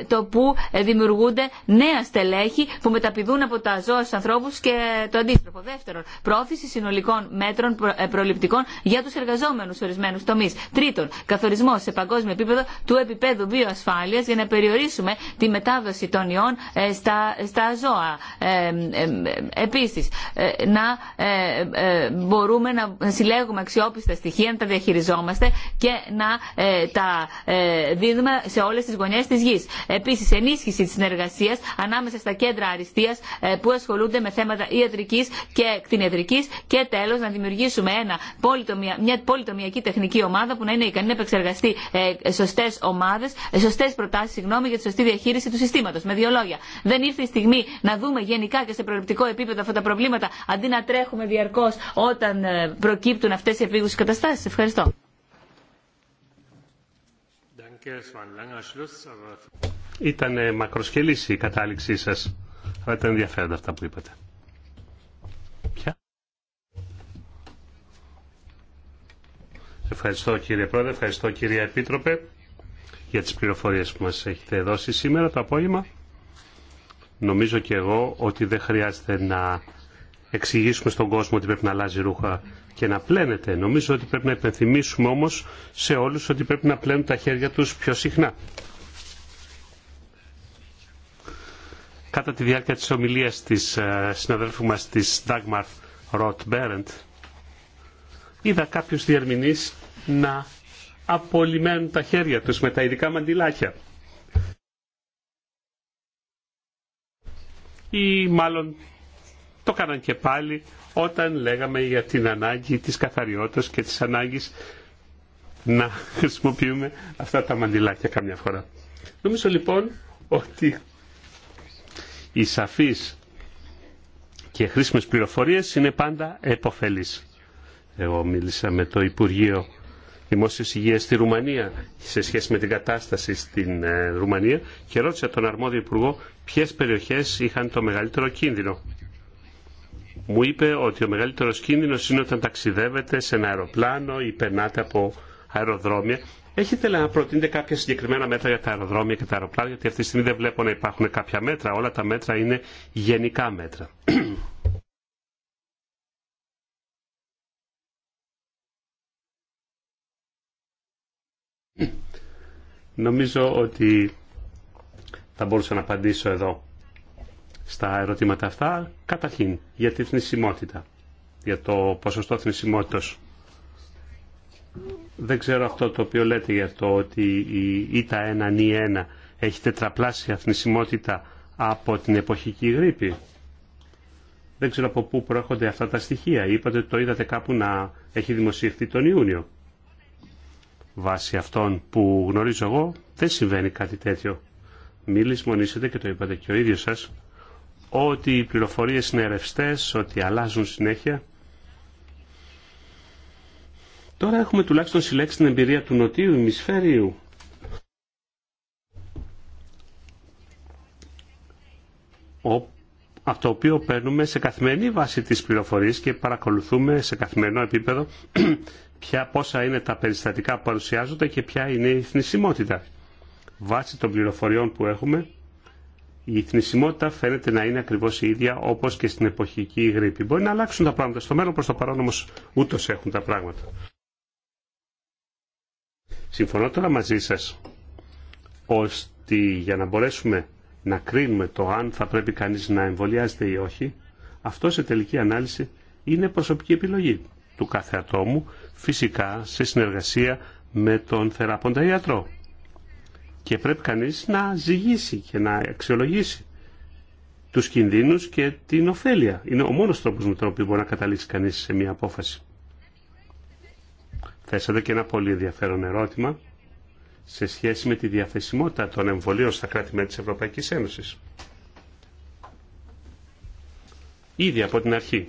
το που δημιουργούνται νέα στελέχη που μεταπηδούν από τα ζώα στου ανθρώπου και το αντίστροφο. Δεύτερον, πρόθεση συνολικών μέτρων προληπτικών για του εργαζόμενου σε ορισμένου Τρίτον, καθορισμό σε παγκόσμιο επίπεδο του επίπεδου βιοασφάλεια για να περιορίσουμε τη μετάδοση των ιών ε, στα, στα ζώα. Ε, ε, ε Επίση, ε, να μπορούμε να συλλέγουμε αξιόπιστα στοιχεία, να τα διαχειριζόμαστε και να τα δίνουμε σε όλε τι γωνιέ τη γη. Επίση, ενίσχυση τη συνεργασία ανάμεσα στα κέντρα αριστεία που ασχολούνται με θέματα ιατρική και κτηνιατρική και τέλο να δημιουργήσουμε ένα μια πολυτομιακή τεχνική ομάδα που να είναι ικανή να επεξεργαστεί σωστέ ομάδε, σωστέ ε, προτάσει, συγγνώμη, για τη σωστή διαχείριση του συστήματο. Με δύο λόγια. Δεν ήρθε η στιγμή να δούμε γενικά και σε προληπτικό επίπεδο αυτά τα προβλήματα, αντί να τρέχουμε διαρκώ όταν ε, προκύπτουν αυτέ οι επίγουσε καταστάσει. Ευχαριστώ. Ήταν μακροσχελής η κατάληξή σας, αλλά ήταν ενδιαφέροντα αυτά που είπατε. Ευχαριστώ κύριε Πρόεδρε, ευχαριστώ κυρία Επίτροπε για τις πληροφορίες που μας έχετε δώσει σήμερα το απόγευμα. Νομίζω και εγώ ότι δεν χρειάζεται να εξηγήσουμε στον κόσμο ότι πρέπει να αλλάζει ρούχα και να πλένεται. Νομίζω ότι πρέπει να υπενθυμίσουμε όμως σε όλους ότι πρέπει να πλένουν τα χέρια τους πιο συχνά. Κατά τη διάρκεια της ομιλίας της ε, συναδέλφου μας της Dagmar Roth Berend είδα κάποιους διερμηνείς να απολυμμένουν τα χέρια τους με τα ειδικά μαντιλάκια. Ή μάλλον το κάναν και πάλι όταν λέγαμε για την ανάγκη της καθαριότητας και της ανάγκης να χρησιμοποιούμε αυτά τα μαντιλάκια καμιά φορά. Νομίζω λοιπόν ότι οι σαφείς και χρήσιμες πληροφορίες είναι πάντα επωφελείς. Εγώ μίλησα με το Υπουργείο Δημόσιας Υγείας στη Ρουμανία σε σχέση με την κατάσταση στην ε, Ρουμανία και ρώτησα τον αρμόδιο υπουργό ποιες περιοχές είχαν το μεγαλύτερο κίνδυνο. Μου είπε ότι ο μεγαλύτερος κίνδυνος είναι όταν ταξιδεύετε σε ένα αεροπλάνο ή περνάτε από αεροδρόμια. Έχετε να προτείνετε κάποια συγκεκριμένα μέτρα για τα αεροδρόμια και τα αεροπλάνα, γιατί αυτή τη στιγμή δεν βλέπω να υπάρχουν κάποια μέτρα. Όλα τα μέτρα είναι γενικά μέτρα. Νομίζω ότι θα μπορούσα να απαντήσω εδώ στα ερωτήματα αυτά. Καταρχήν, για τη θνησιμότητα, για το ποσοστό θνησιμότητος. Δεν ξέρω αυτό το οποίο λέτε για το ότι η ΙΤΑ 1 1 έχει τετραπλάσια θνησιμότητα από την εποχική γρήπη. Δεν ξέρω από πού προέρχονται αυτά τα στοιχεία. Είπατε ότι το είδατε κάπου να έχει δημοσιευτεί τον Ιούνιο. Βάσει αυτών που γνωρίζω εγώ δεν συμβαίνει κάτι τέτοιο. Μην λησμονήσετε και το είπατε και ο ίδιος σας ότι οι πληροφορίες είναι ρευστέ, ότι αλλάζουν συνέχεια. Τώρα έχουμε τουλάχιστον συλλέξει την εμπειρία του νοτίου ημισφαίριου από το οποίο παίρνουμε σε καθημερινή βάση τις πληροφορίες και παρακολουθούμε σε καθημερινό επίπεδο ποια, πόσα είναι τα περιστατικά που παρουσιάζονται και ποια είναι η θνησιμότητα. Βάσει των πληροφοριών που έχουμε, η θνησιμότητα φαίνεται να είναι ακριβώς η ίδια όπως και στην εποχική γρήπη. Μπορεί να αλλάξουν τα πράγματα στο μέλλον, προ το παρόν όμω ούτω έχουν τα πράγματα. Συμφωνώ τώρα μαζί σα ώστε για να μπορέσουμε να κρίνουμε το αν θα πρέπει κανείς να εμβολιάζεται ή όχι, αυτό σε τελική ανάλυση είναι προσωπική επιλογή του κάθε ατόμου, φυσικά σε συνεργασία με τον θεράποντα ιατρό. Και πρέπει κανείς να ζυγίσει και να αξιολογήσει τους κινδύνους και την ωφέλεια. Είναι ο μόνος τρόπος με τον οποίο μπορεί να καταλήξει κανείς σε μια απόφαση. Θέσατε και ένα πολύ ενδιαφέρον ερώτημα σε σχέση με τη διαθεσιμότητα των εμβολίων στα κράτη-μέλη της Ευρωπαϊκής Ένωσης. Ήδη από την αρχή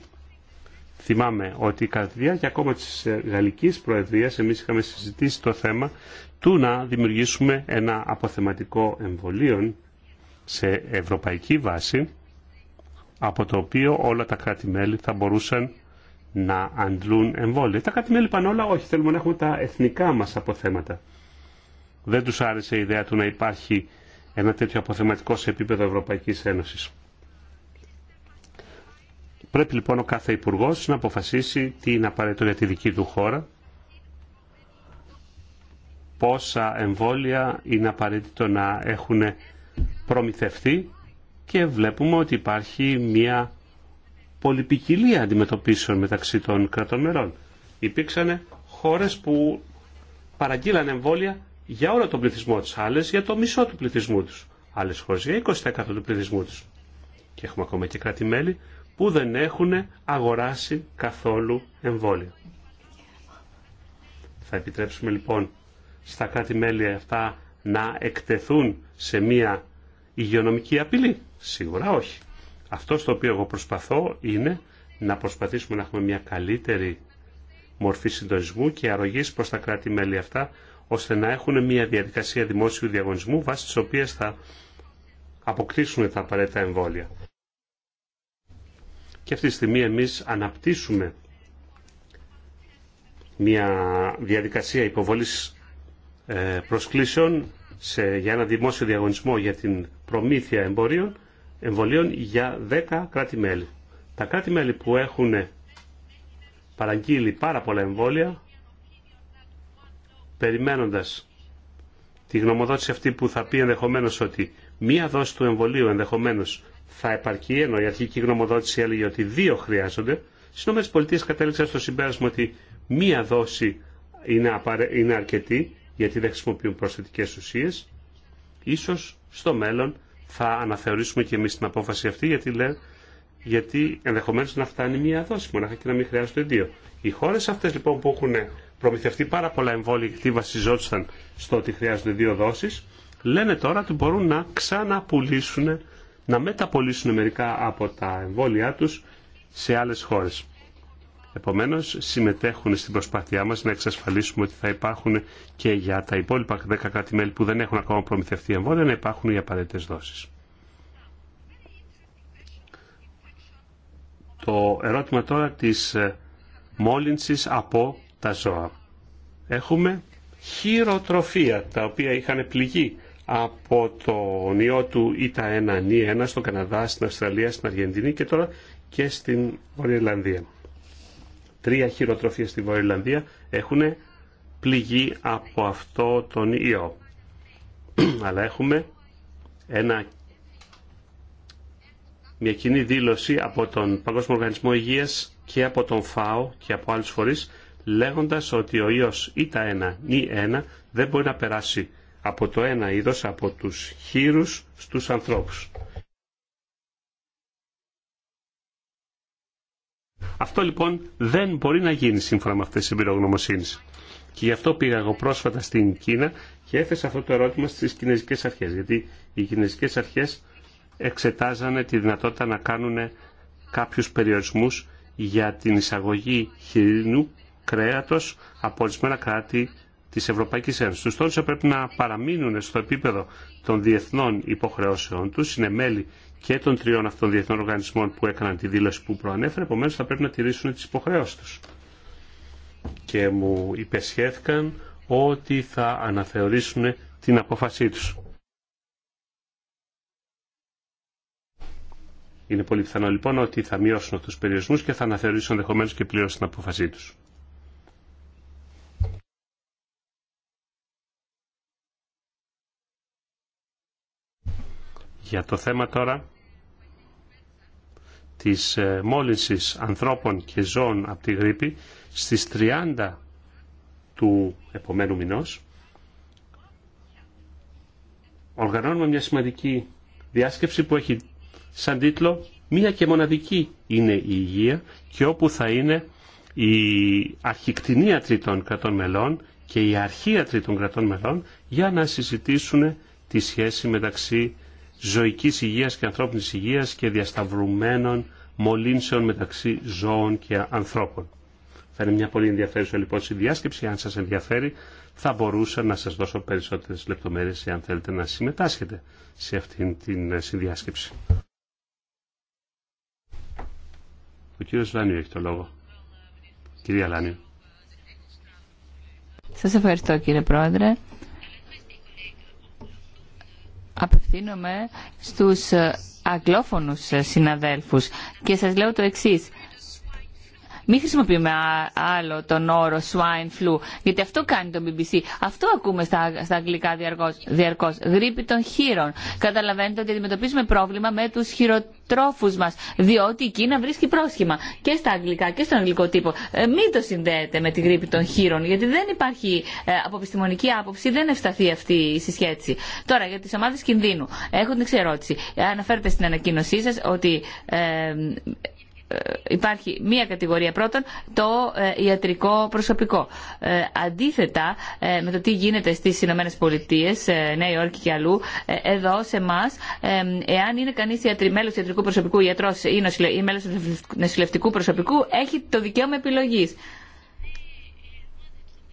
θυμάμαι ότι κατά τη διάρκεια ακόμα της Γαλλικής Προεδρίας εμείς είχαμε συζητήσει το θέμα του να δημιουργήσουμε ένα αποθεματικό εμβολίων σε ευρωπαϊκή βάση από το οποίο όλα τα κράτη-μέλη θα μπορούσαν να αντλούν εμβόλια. Τα κράτη-μέλη είπαν όλα όχι, θέλουμε να έχουμε τα εθνικά μας αποθέματα δεν τους άρεσε η ιδέα του να υπάρχει ένα τέτοιο αποθεματικό σε επίπεδο Ευρωπαϊκής Ένωσης. Πρέπει λοιπόν ο κάθε υπουργό να αποφασίσει τι είναι απαραίτητο για τη δική του χώρα, πόσα εμβόλια είναι απαραίτητο να έχουν προμηθευτεί και βλέπουμε ότι υπάρχει μια πολυπικιλία αντιμετωπίσεων μεταξύ των κρατών μερών. Υπήρξαν χώρες που παραγγείλαν εμβόλια για όλο τον πληθυσμό τους, άλλες για το μισό του πληθυσμού τους, άλλες χώρες για 20% του πληθυσμού τους. Και έχουμε ακόμα και κράτη-μέλη που δεν έχουν αγοράσει καθόλου εμβόλια. Θα επιτρέψουμε λοιπόν στα κράτη-μέλη αυτά να εκτεθούν σε μία υγειονομική απειλή. Σίγουρα όχι. Αυτό στο οποίο εγώ προσπαθώ είναι να προσπαθήσουμε να έχουμε μια καλύτερη μορφή συντονισμού και αρρωγής προς τα κράτη-μέλη αυτά ώστε να έχουν μια διαδικασία δημόσιου διαγωνισμού βάσει της οποίας θα αποκτήσουν τα απαραίτητα εμβόλια. Και αυτή τη στιγμή εμείς αναπτύσσουμε μια διαδικασία υποβολής ε, προσκλήσεων σε, για ένα δημόσιο διαγωνισμό για την προμήθεια εμπορίων, εμβολίων για 10 κράτη-μέλη. Τα κράτη-μέλη που έχουν παραγγείλει πάρα πολλά εμβόλια περιμένοντας τη γνωμοδότηση αυτή που θα πει ενδεχομένω ότι μία δόση του εμβολίου ενδεχομένω θα επαρκεί, ενώ η αρχική γνωμοδότηση έλεγε ότι δύο χρειάζονται, στι ΗΠΑ κατέληξαν στο συμπέρασμα ότι μία δόση είναι, είναι αρκετή, γιατί δεν χρησιμοποιούν προσθετικές ουσίες. Ίσως στο μέλλον θα αναθεωρήσουμε και εμείς την απόφαση αυτή, γιατί, λέ... γιατί ενδεχομένως να φτάνει μία δόση μονάχα και να μην χρειάζονται δύο. Οι χώρε αυτές λοιπόν που έχουν προμηθευτεί πάρα πολλά εμβόλια γιατί βασιζόντουσαν στο ότι χρειάζονται δύο δόσεις, λένε τώρα ότι μπορούν να ξαναπουλήσουν, να μεταπολίσουν μερικά από τα εμβόλια τους σε άλλες χώρες. Επομένως, συμμετέχουν στην προσπάθειά μας να εξασφαλίσουμε ότι θα υπάρχουν και για τα υπόλοιπα 10 κράτη-μέλη που δεν έχουν ακόμα προμηθευτεί εμβόλια να υπάρχουν οι απαραίτητε δόσει. Το ερώτημα τώρα της ε, μόλυνσης από τα ζώα. Έχουμε χειροτροφία, τα οποία είχαν πληγεί από τον ιό του ΙΤΑ 1 νι 1 στον Καναδά, στην Αυστραλία, στην Αργεντινή και τώρα και στην Βορειοελλανδία. Τρία χειροτροφία στη Βορειοελλανδία έχουν πληγεί από αυτό τον ιό. Αλλά έχουμε ένα, μια κοινή δήλωση από τον Παγκόσμιο Οργανισμό Υγείας και από τον ΦΑΟ και από άλλους φορείς λέγοντας ότι ο ιός ή τα ένα ή ένα δεν μπορεί να περάσει από το ένα είδος, από τους χείρους στους ανθρώπους. Αυτό λοιπόν δεν μπορεί να γίνει σύμφωνα με αυτές τις εμπειρογνωμοσύνες. Και γι' αυτό πήγα εγώ πρόσφατα στην Κίνα και έθεσα αυτό το ερώτημα στις κινέζικες αρχές. Γιατί οι κινέζικες αρχές εξετάζανε τη δυνατότητα να κάνουν κάποιους περιορισμούς για την εισαγωγή χοιρινού κρέατος από ορισμένα κράτη της Ευρωπαϊκής Ένωσης. Τους θα πρέπει να παραμείνουν στο επίπεδο των διεθνών υποχρεώσεων τους, είναι μέλη και των τριών αυτών διεθνών οργανισμών που έκαναν τη δήλωση που προανέφερε, επομένως θα πρέπει να τηρήσουν τις υποχρεώσεις τους. Και μου υπεσχέθηκαν ότι θα αναθεωρήσουν την απόφασή τους. Είναι πολύ πιθανό λοιπόν ότι θα μειώσουν τους περιορισμούς και θα αναθεωρήσουν ενδεχομένω και πλήρω την απόφασή του. Για το θέμα τώρα της ε, μόλυνσης ανθρώπων και ζώων από τη γρήπη στις 30 του επομένου μηνός οργανώνουμε μια σημαντική διάσκεψη που έχει σαν τίτλο «Μία και μοναδική είναι η υγεία» και όπου θα είναι η αρχικτινία τρίτων κρατών μελών και η αρχή των κρατών μελών για να συζητήσουν τη σχέση μεταξύ ζωικής υγείας και ανθρώπινης υγείας και διασταυρουμένων μολύνσεων μεταξύ ζώων και ανθρώπων. Θα είναι μια πολύ ενδιαφέρουσα λοιπόν συνδιάσκεψη. Αν σας ενδιαφέρει θα μπορούσα να σας δώσω περισσότερες λεπτομέρειες εάν θέλετε να συμμετάσχετε σε αυτήν την ε, συνδιάσκεψη. Ο κύριος Λάνιου έχει το λόγο. Κυρία Λάνιου. Σας ευχαριστώ κύριε Πρόεδρε απευθύνομαι στους ε, αγγλόφωνους ε, συναδέλφους και σας λέω το εξής μην χρησιμοποιούμε άλλο τον όρο swine flu, γιατί αυτό κάνει το BBC. Αυτό ακούμε στα, στα αγγλικά διαρκώ. Γρήπη των χείρων. Καταλαβαίνετε ότι αντιμετωπίζουμε πρόβλημα με του χειροτρόφου μα, διότι η Κίνα βρίσκει πρόσχημα και στα αγγλικά και στον αγγλικό τύπο. Ε, μην το συνδέετε με τη γρήπη των χείρων, γιατί δεν υπάρχει αποπιστημονική ε, από άποψη, δεν ευσταθεί αυτή η συσχέτιση. Τώρα, για τι ομάδε κινδύνου. Έχω την εξαιρώτηση. Αναφέρετε στην ανακοίνωσή σα ότι. Ε, ε, υπάρχει μία κατηγορία πρώτον το ε, ιατρικό προσωπικό. Ε, αντίθετα με το τι γίνεται στις Ηνωμένε Πολιτείε, Νέα Υόρκη και αλλού, εδώ σε εμά, εάν είναι κανεί μέλο ιατρικού προσωπικού, ιατρό ή μέλο νοσηλευτικού προσωπικού, έχει το δικαίωμα επιλογής.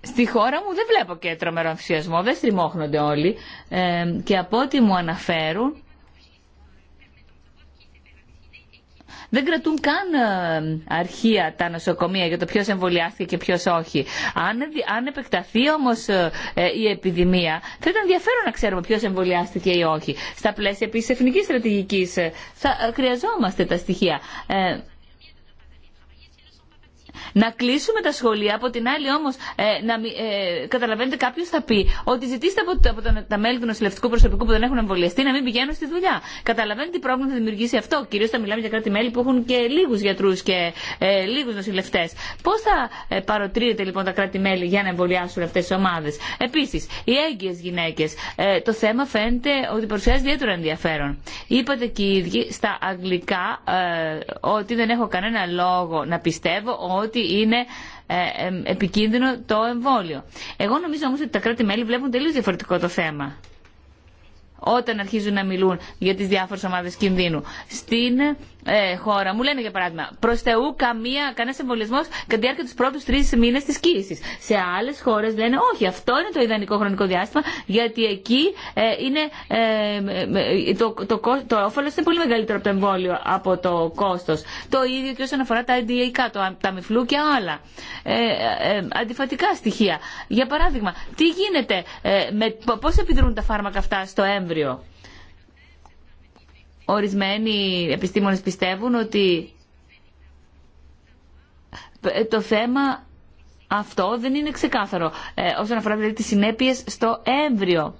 Στη χώρα μου δεν βλέπω και τρομερό ενθουσιασμό, δεν στριμώχνονται όλοι και από ό,τι μου αναφέρουν Δεν κρατούν καν ε, αρχεία τα νοσοκομεία για το ποιο εμβολιάστηκε και ποιο όχι. Αν, επεκταθεί όμω ε, ε, η επιδημία, θα ήταν ενδιαφέρον να ξέρουμε ποιο εμβολιάστηκε ή όχι. Στα πλαίσια επίση εθνική στρατηγική θα χρειαζόμαστε τα στοιχεία. Να κλείσουμε τα σχολεία, από την άλλη όμω, ε, να, ε, καταλαβαίνετε κάποιος θα πει ότι ζητήστε από, από τον, τα μέλη του νοσηλευτικού προσωπικού που δεν έχουν εμβολιαστεί να μην πηγαίνουν στη δουλειά. Καταλαβαίνετε τι πρόβλημα θα δημιουργήσει αυτό, Κυρίω θα μιλάμε για κράτη-μέλη που έχουν και λίγου γιατρού και ε, λίγους νοσηλευτές. Πώς θα ε, παροτρύνετε λοιπόν τα κράτη-μέλη για να εμβολιάσουν αυτέ τι ομάδε. Επίση, οι έγκυε γυναίκε. Ε, το θέμα φαίνεται ότι παρουσιάζει ιδιαίτερο ενδιαφέρον. Είπατε και οι ίδιοι στα αγγλικά ε, ότι δεν έχω κανένα λόγο να πιστεύω ότι ότι είναι ε, επικίνδυνο το εμβόλιο. Εγώ νομίζω όμως ότι τα κράτη-μέλη βλέπουν τελείως διαφορετικό το θέμα όταν αρχίζουν να μιλούν για τις διάφορες ομάδες κινδύνου. Στην ε, χώρα μου λένε για παράδειγμα προ Θεού κανένα εμβολιασμό κατά τη διάρκεια του πρώτου τρει μήνε τη κοίηση. Σε άλλε χώρε λένε όχι, αυτό είναι το ιδανικό χρονικό διάστημα γιατί εκεί ε, είναι, ε, ε, το, το, το, το όφελο είναι πολύ μεγαλύτερο από το εμβόλιο από το κόστο. Το ίδιο και όσον αφορά τα NDAK, τα μυφλού και άλλα. Ε, ε, ε, αντιφατικά στοιχεία. Για παράδειγμα, τι γίνεται, ε, με, πώς επιδρούν τα φάρμακα αυτά στο έμβριο Ορισμένοι επιστήμονες πιστεύουν ότι το θέμα αυτό δεν είναι ξεκάθαρο ε, όσον αφορά δηλαδή τις συνέπειες στο έμβριο.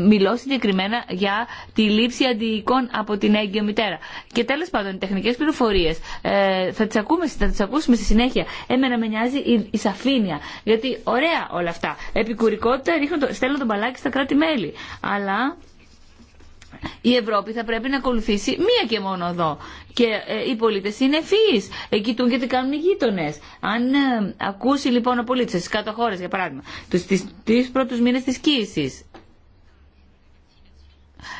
Μιλώ συγκεκριμένα για τη λήψη αντιοικών από την έγκυο μητέρα. Και τέλο πάντων, οι τεχνικέ πληροφορίε ε, θα τι ακούμε, θα τις ακούσουμε στη συνέχεια. Εμένα με νοιάζει η, η σαφήνεια. Γιατί ωραία όλα αυτά. Επικουρικότητα, ρίχνω το, στέλνω τον μπαλάκι στα κράτη-μέλη. Αλλά η Ευρώπη θα πρέπει να ακολουθήσει μία και μόνο εδώ. Και ε, οι πολίτε είναι ευφυεί. εκεί κοιτούν και τι κάνουν οι γείτονε. Αν ε, ακούσει λοιπόν ο πολίτη στι κάτω χώρε, για παράδειγμα, του τρει πρώτου μήνε τη κοίηση,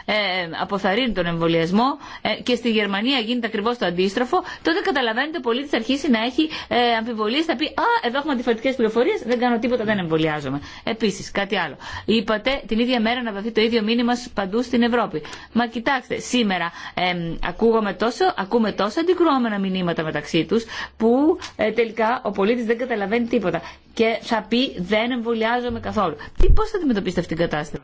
ε, αποθαρρύνει τον εμβολιασμό ε, και στη Γερμανία γίνεται ακριβώ το αντίστροφο, τότε καταλαβαίνετε ο πολίτη αρχίσει να έχει ε, αμφιβολίε, θα πει Α, εδώ έχουμε αντιφατικέ πληροφορίε, δεν κάνω τίποτα, δεν εμβολιάζομαι. Επίση, κάτι άλλο. Είπατε την ίδια μέρα να βαθεί το ίδιο μήνυμα παντού στην Ευρώπη. Μα κοιτάξτε, σήμερα ε, τόσο, ακούμε τόσο αντικρουόμενα μηνύματα μεταξύ του, που ε, τελικά ο πολίτη δεν καταλαβαίνει τίποτα. Και θα πει δεν εμβολιάζομαι καθόλου. Τι, πώ θα αντιμετωπίσετε αυτή την κατάσταση.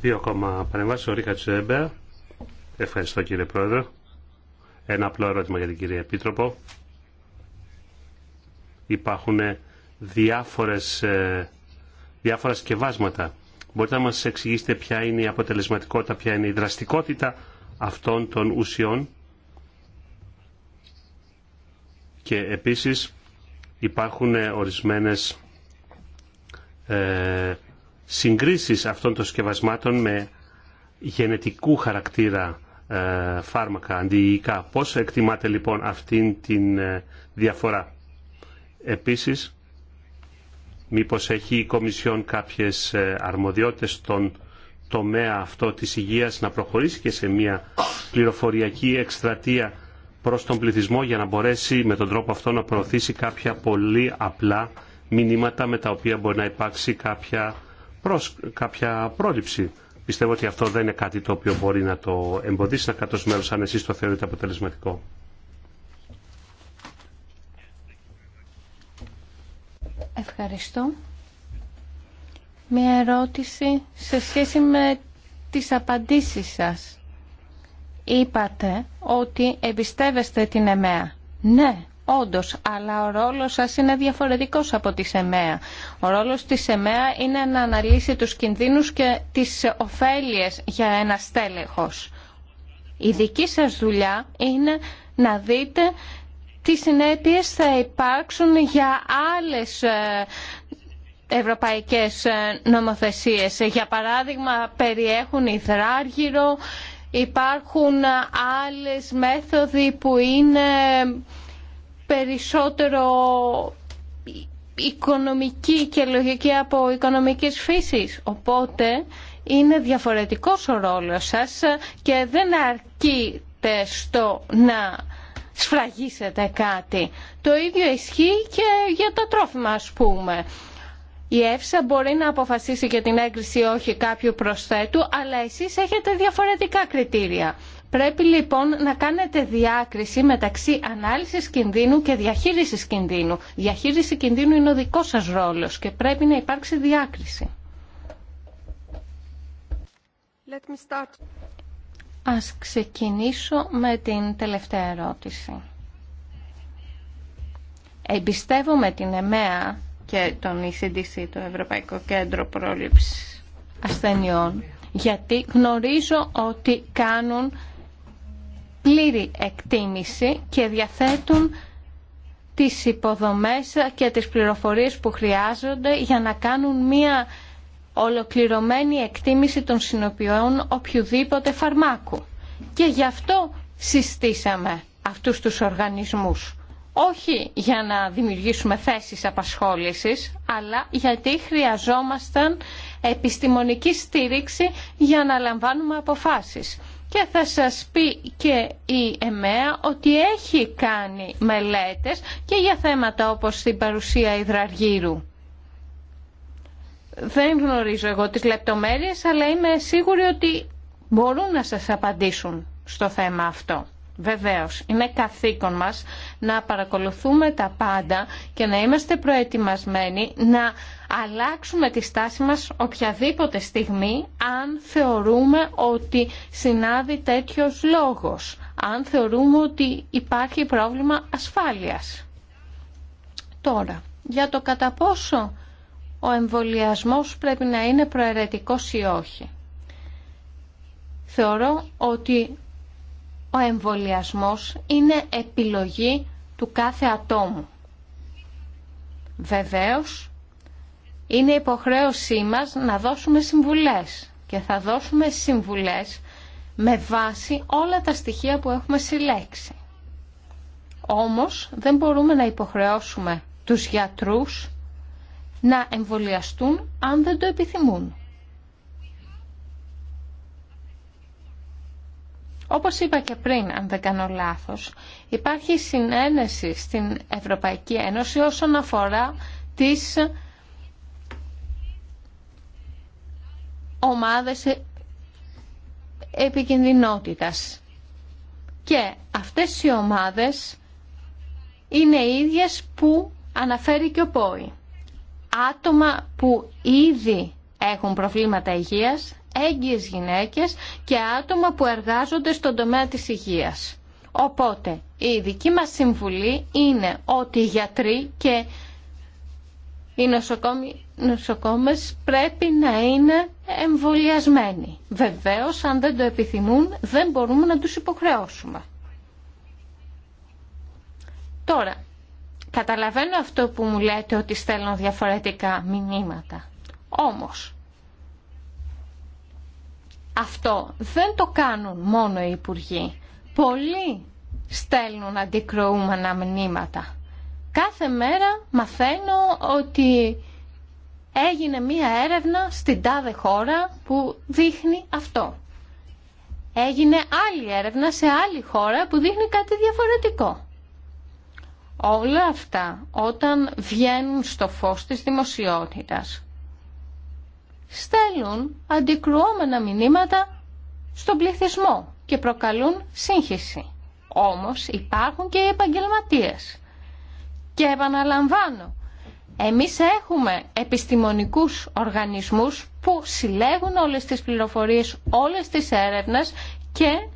Δύο ακόμα παρεμβάσει. Ο Ρίχα Τσέμπερ. Ευχαριστώ κύριε Πρόεδρε. Ένα απλό ερώτημα για την κυρία Επίτροπο. Υπάρχουν ε, διάφορες, ε, διάφορα σκευάσματα. Μπορείτε να μας εξηγήσετε ποια είναι η αποτελεσματικότητα, ποια είναι η δραστικότητα αυτών των ουσιών. Και επίσης υπάρχουν ε, ορισμένες ε, συγκρίσεις αυτών των σκευασμάτων με γενετικού χαρακτήρα ε, φάρμακα αντιϊκά. Πώς εκτιμάτε λοιπόν αυτήν την ε, διαφορά. Επίσης, μήπως έχει η Κομισιόν κάποιες ε, αρμοδιότητες στον τομέα αυτό της υγείας να προχωρήσει και σε μια πληροφοριακή εκστρατεία προς τον πληθυσμό για να μπορέσει με τον τρόπο αυτό να προωθήσει κάποια πολύ απλά μηνύματα με τα οποία μπορεί να υπάρξει κάποια προς κάποια πρόληψη. Πιστεύω ότι αυτό δεν είναι κάτι το οποίο μπορεί να το εμποδίσει να κάτω μέλος αν εσείς το θεωρείτε αποτελεσματικό. Ευχαριστώ. Μια ερώτηση σε σχέση με τις απαντήσεις σας. Είπατε ότι εμπιστεύεστε την ΕΜΕΑ. Ναι, Όντως, αλλά ο ρόλος σας είναι διαφορετικός από τη ΣΕΜΕΑ. Ο ρόλος της ΕΜΕΑ είναι να αναλύσει τους κινδύνους και τις ωφέλειες για ένα στέλεχος. Η δική σας δουλειά είναι να δείτε τι συνέπειες θα υπάρξουν για άλλες ε, ευρωπαϊκές ε, νομοθεσίες. Για παράδειγμα, περιέχουν υδράργυρο, υπάρχουν άλλες μέθοδοι που είναι περισσότερο οικονομική και λογική από οικονομικής φύσης. Οπότε είναι διαφορετικός ο ρόλος σας και δεν αρκείτε στο να σφραγίσετε κάτι. Το ίδιο ισχύει και για το τρόφιμα ας πούμε. Η ΕΦΣΑ μπορεί να αποφασίσει για την έγκριση όχι κάποιου προσθέτου, αλλά εσείς έχετε διαφορετικά κριτήρια. Πρέπει λοιπόν να κάνετε διάκριση μεταξύ ανάλυσης κινδύνου και διαχείρισης κινδύνου. Διαχείριση κινδύνου είναι ο δικός σας ρόλος και πρέπει να υπάρξει διάκριση. Let Ας ξεκινήσω με την τελευταία ερώτηση. Εμπιστεύομαι την ΕΜΕΑ και τον ECDC, το Ευρωπαϊκό Κέντρο Πρόληψης Ασθενειών, γιατί γνωρίζω ότι κάνουν πλήρη εκτίμηση και διαθέτουν τις υποδομές και τις πληροφορίες που χρειάζονται για να κάνουν μία ολοκληρωμένη εκτίμηση των συνοποιών οποιοδήποτε φαρμάκου. Και γι' αυτό συστήσαμε αυτούς τους οργανισμούς. Όχι για να δημιουργήσουμε θέσεις απασχόλησης, αλλά γιατί χρειαζόμασταν επιστημονική στήριξη για να λαμβάνουμε αποφάσεις και θα σας πει και η ΕΜΕΑ ότι έχει κάνει μελέτες και για θέματα όπως την παρουσία υδραργύρου. Δεν γνωρίζω εγώ τις λεπτομέρειες, αλλά είμαι σίγουρη ότι μπορούν να σας απαντήσουν στο θέμα αυτό. Βεβαίως, είναι καθήκον μας να παρακολουθούμε τα πάντα και να είμαστε προετοιμασμένοι να αλλάξουμε τη στάση μας οποιαδήποτε στιγμή αν θεωρούμε ότι συνάδει τέτοιος λόγος, αν θεωρούμε ότι υπάρχει πρόβλημα ασφάλειας. Τώρα, για το κατά πόσο ο εμβολιασμός πρέπει να είναι προαιρετικός ή όχι. Θεωρώ ότι ο εμβολιασμός είναι επιλογή του κάθε ατόμου. Βεβαίως, είναι υποχρέωσή μας να δώσουμε συμβουλές και θα δώσουμε συμβουλές με βάση όλα τα στοιχεία που έχουμε συλλέξει. Όμως δεν μπορούμε να υποχρεώσουμε τους γιατρούς να εμβολιαστούν αν δεν το επιθυμούν. Όπως είπα και πριν, αν δεν κάνω λάθος, υπάρχει συνένεση στην Ευρωπαϊκή Ένωση όσον αφορά τις ομάδες επικινδυνότητας. Και αυτές οι ομάδες είναι οι ίδιες που αναφέρει και ο ΠΟΗ. Άτομα που ήδη έχουν προβλήματα υγείας έγκυες γυναίκες και άτομα που εργάζονται στον τομέα της υγείας. Οπότε, η δική μας συμβουλή είναι ότι οι γιατροί και οι νοσοκόμες πρέπει να είναι εμβολιασμένοι. Βεβαίως, αν δεν το επιθυμούν, δεν μπορούμε να τους υποχρεώσουμε. Τώρα, καταλαβαίνω αυτό που μου λέτε ότι στέλνω διαφορετικά μηνύματα. Όμως, αυτό δεν το κάνουν μόνο οι Υπουργοί. Πολλοί στέλνουν αντικροούμενα μνήματα. Κάθε μέρα μαθαίνω ότι έγινε μία έρευνα στην τάδε χώρα που δείχνει αυτό. Έγινε άλλη έρευνα σε άλλη χώρα που δείχνει κάτι διαφορετικό. Όλα αυτά όταν βγαίνουν στο φως της δημοσιότητας στέλνουν αντικρουόμενα μηνύματα στον πληθυσμό και προκαλούν σύγχυση. Όμως υπάρχουν και οι επαγγελματίες. Και επαναλαμβάνω, εμείς έχουμε επιστημονικούς οργανισμούς που συλλέγουν όλες τις πληροφορίες, όλες τις έρευνες και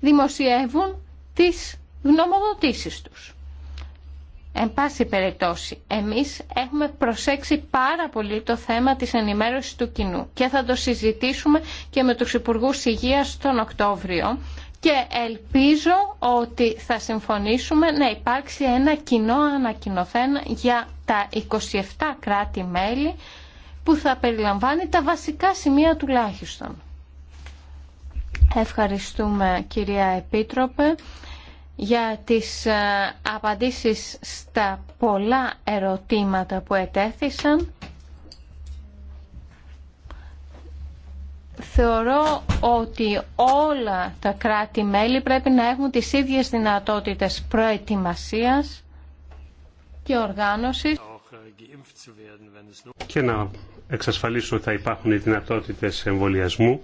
δημοσιεύουν τις γνωμοδοτήσεις τους. Εν πάση περιπτώσει, εμείς έχουμε προσέξει πάρα πολύ το θέμα της ενημέρωσης του κοινού και θα το συζητήσουμε και με τους Υπουργούς Υγείας τον Οκτώβριο και ελπίζω ότι θα συμφωνήσουμε να υπάρξει ένα κοινό ανακοινοθέν για τα 27 κράτη-μέλη που θα περιλαμβάνει τα βασικά σημεία τουλάχιστον. Ευχαριστούμε κυρία Επίτροπε για τις ε, απαντήσεις στα πολλά ερωτήματα που ετέθησαν. Θεωρώ ότι όλα τα κράτη-μέλη πρέπει να έχουν τις ίδιες δυνατότητες προετοιμασίας και οργάνωσης και να εξασφαλίσουν ότι θα υπάρχουν οι δυνατότητες εμβολιασμού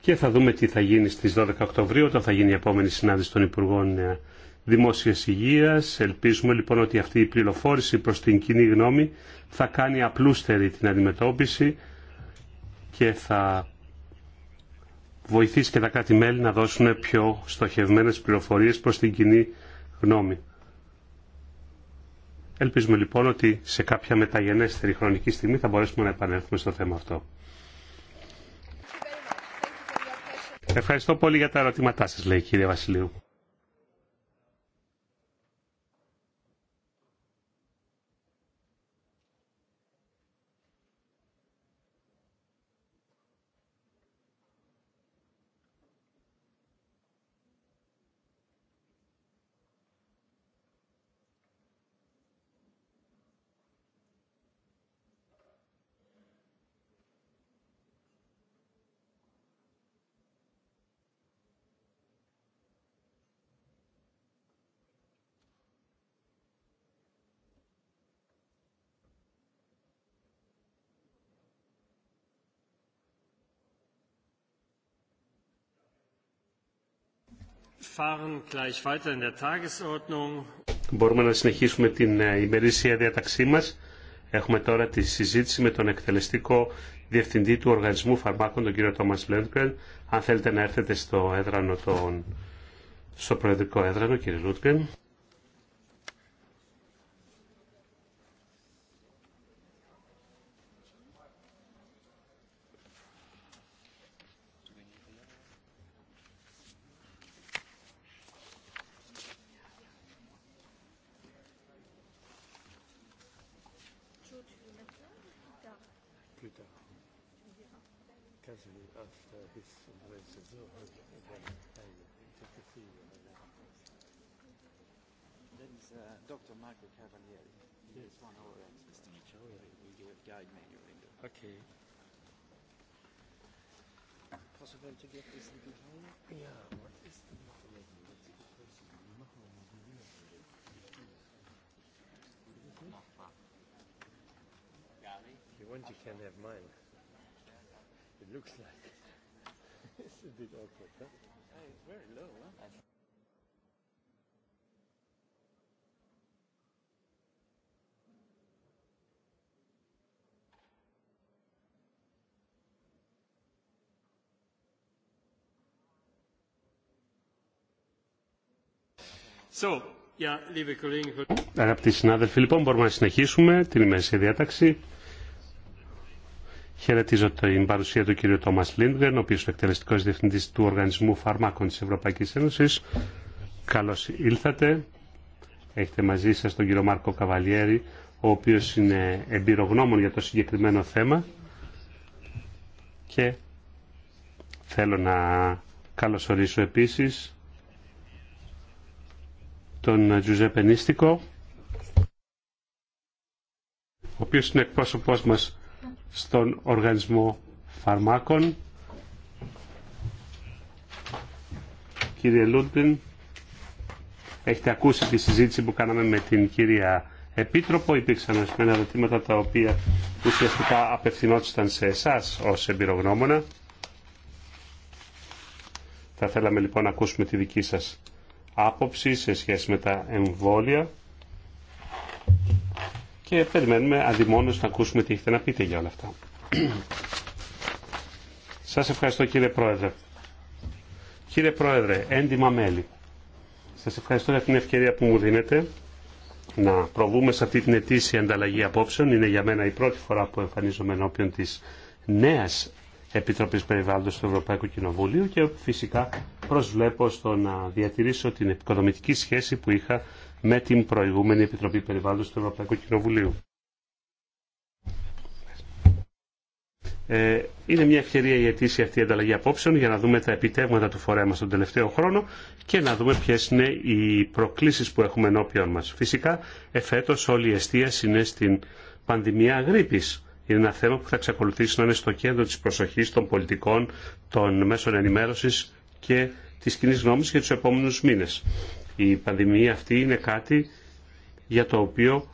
και θα δούμε τι θα γίνει στις 12 Οκτωβρίου όταν θα γίνει η επόμενη συνάντηση των Υπουργών ε, Δημόσιας Υγείας. Ελπίζουμε λοιπόν ότι αυτή η πληροφόρηση προς την κοινή γνώμη θα κάνει απλούστερη την αντιμετώπιση και θα βοηθήσει και τα κάτι μελη να δώσουν πιο στοχευμένες πληροφορίες προς την κοινή γνώμη. Ελπίζουμε λοιπόν ότι σε κάποια μεταγενέστερη χρονική στιγμή θα μπορέσουμε να επανέλθουμε στο θέμα αυτό. Ευχαριστώ πολύ για τα ερωτήματά σας, λέει η κυρία Βασιλείου. Μπορούμε να συνεχίσουμε την ε, ημερήσια διαταξή μα. Έχουμε τώρα τη συζήτηση με τον εκτελεστικό διευθυντή του Οργανισμού Φαρμάκων, τον κύριο Τόμας Λέντγκρεν. Αν θέλετε να έρθετε στο, έδρανο των στο προεδρικό έδρανο, κύριε Αγαπητοί συνάδελφοι, λοιπόν, μπορούμε να συνεχίσουμε την ημερήσια διάταξη. Χαιρετίζω την παρουσία του κ. Τόμα Λίντγκεν, ο οποίο είναι εκτελεστικό διευθυντή του Οργανισμού Φαρμάκων τη Ευρωπαϊκή Ένωση. Καλώ ήλθατε. Έχετε μαζί σα τον κύριο Μάρκο Καβαλιέρη, ο οποίο είναι εμπειρογνώμων για το συγκεκριμένο θέμα. Και θέλω να καλωσορίσω επίσης τον Τζουζέπε Νίστικο, ο οποίος είναι εκπρόσωπός μας στον Οργανισμό Φαρμάκων. Κύριε Λούντιν, έχετε ακούσει τη συζήτηση που κάναμε με την κυρία Επίτροπο. Υπήρξαν ορισμένα ερωτήματα τα οποία ουσιαστικά απευθυνόταν σε εσά ως εμπειρογνώμονα. Θα θέλαμε λοιπόν να ακούσουμε τη δική σας άποψη σε σχέση με τα εμβόλια και περιμένουμε αντιμόνως να ακούσουμε τι έχετε να πείτε για όλα αυτά. Σας ευχαριστώ κύριε Πρόεδρε. Κύριε Πρόεδρε, έντιμα μέλη. Σας ευχαριστώ για την ευκαιρία που μου δίνετε να προβούμε σε αυτή την ετήσια ανταλλαγή απόψεων. Είναι για μένα η πρώτη φορά που εμφανίζομαι ενώπιον της νέας Επιτροπής Περιβάλλοντος του Ευρωπαϊκού Κοινοβουλίου και φυσικά προσβλέπω στο να διατηρήσω την επικοδομητική σχέση που είχα με την προηγούμενη Επιτροπή Περιβάλλοντος του Ευρωπαϊκού Κοινοβουλίου. Ε, είναι μια ευκαιρία η αιτήσια αυτή η ανταλλαγή απόψεων για να δούμε τα επιτεύγματα του φορέα μας τον τελευταίο χρόνο και να δούμε ποιες είναι οι προκλήσεις που έχουμε ενώπιον μας. Φυσικά, εφέτος όλη η αιστεία είναι στην πανδημία γρήπης. Είναι ένα θέμα που θα εξακολουθήσει να είναι στο κέντρο της προσοχής των πολιτικών, των μέσων ενημέρωσης και της κοινή γνώμη για τους επόμενους μήνες. Η πανδημία αυτή είναι κάτι για το οποίο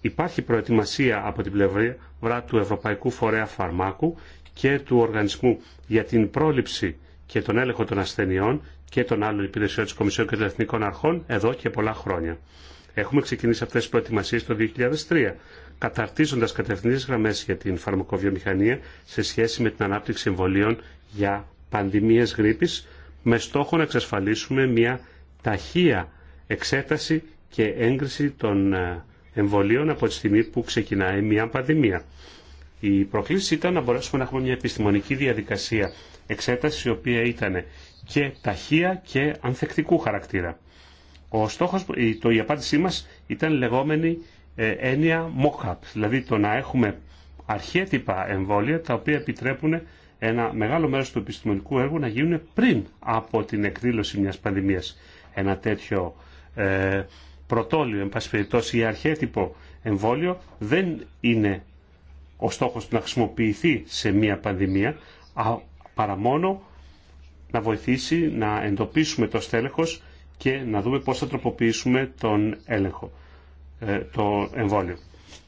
υπάρχει προετοιμασία από την πλευρά του Ευρωπαϊκού Φορέα Φαρμάκου και του Οργανισμού για την πρόληψη και τον έλεγχο των ασθενειών και των άλλων υπηρεσιών της Κομισιόν και των Εθνικών Αρχών εδώ και πολλά χρόνια. Έχουμε ξεκινήσει αυτές τις προετοιμασίες το 2003, καταρτίζοντας κατευθυντές γραμμές για την φαρμακοβιομηχανία σε σχέση με την ανάπτυξη εμβολίων για πανδημίες γρήπης, με στόχο να εξασφαλίσουμε μια ταχεία εξέταση και έγκριση των ε, εμβολίων από τη στιγμή που ξεκινάει μια πανδημία. Η προκλήση ήταν να μπορέσουμε να έχουμε μια επιστημονική διαδικασία εξέταση η οποία ήταν και ταχεία και ανθεκτικού χαρακτήρα. Ο στόχος, το, η απάντησή μας ήταν λεγόμενη ε, έννοια mock-up, δηλαδή το να έχουμε αρχέτυπα εμβόλια τα οποία επιτρέπουν ένα μεγάλο μέρος του επιστημονικού έργου να γίνουν πριν από την εκδήλωση μιας πανδημίας. Ένα τέτοιο ε, πρωτόλιο, εν πάση περιπτώσει, ή αρχέτυπο εμβόλιο δεν είναι ο στόχος να χρησιμοποιηθεί σε μια πανδημία, παρά μόνο να βοηθήσει να εντοπίσουμε το στέλεχος και να δούμε πώς θα τροποποιήσουμε τον έλεγχο, ε, το εμβόλιο.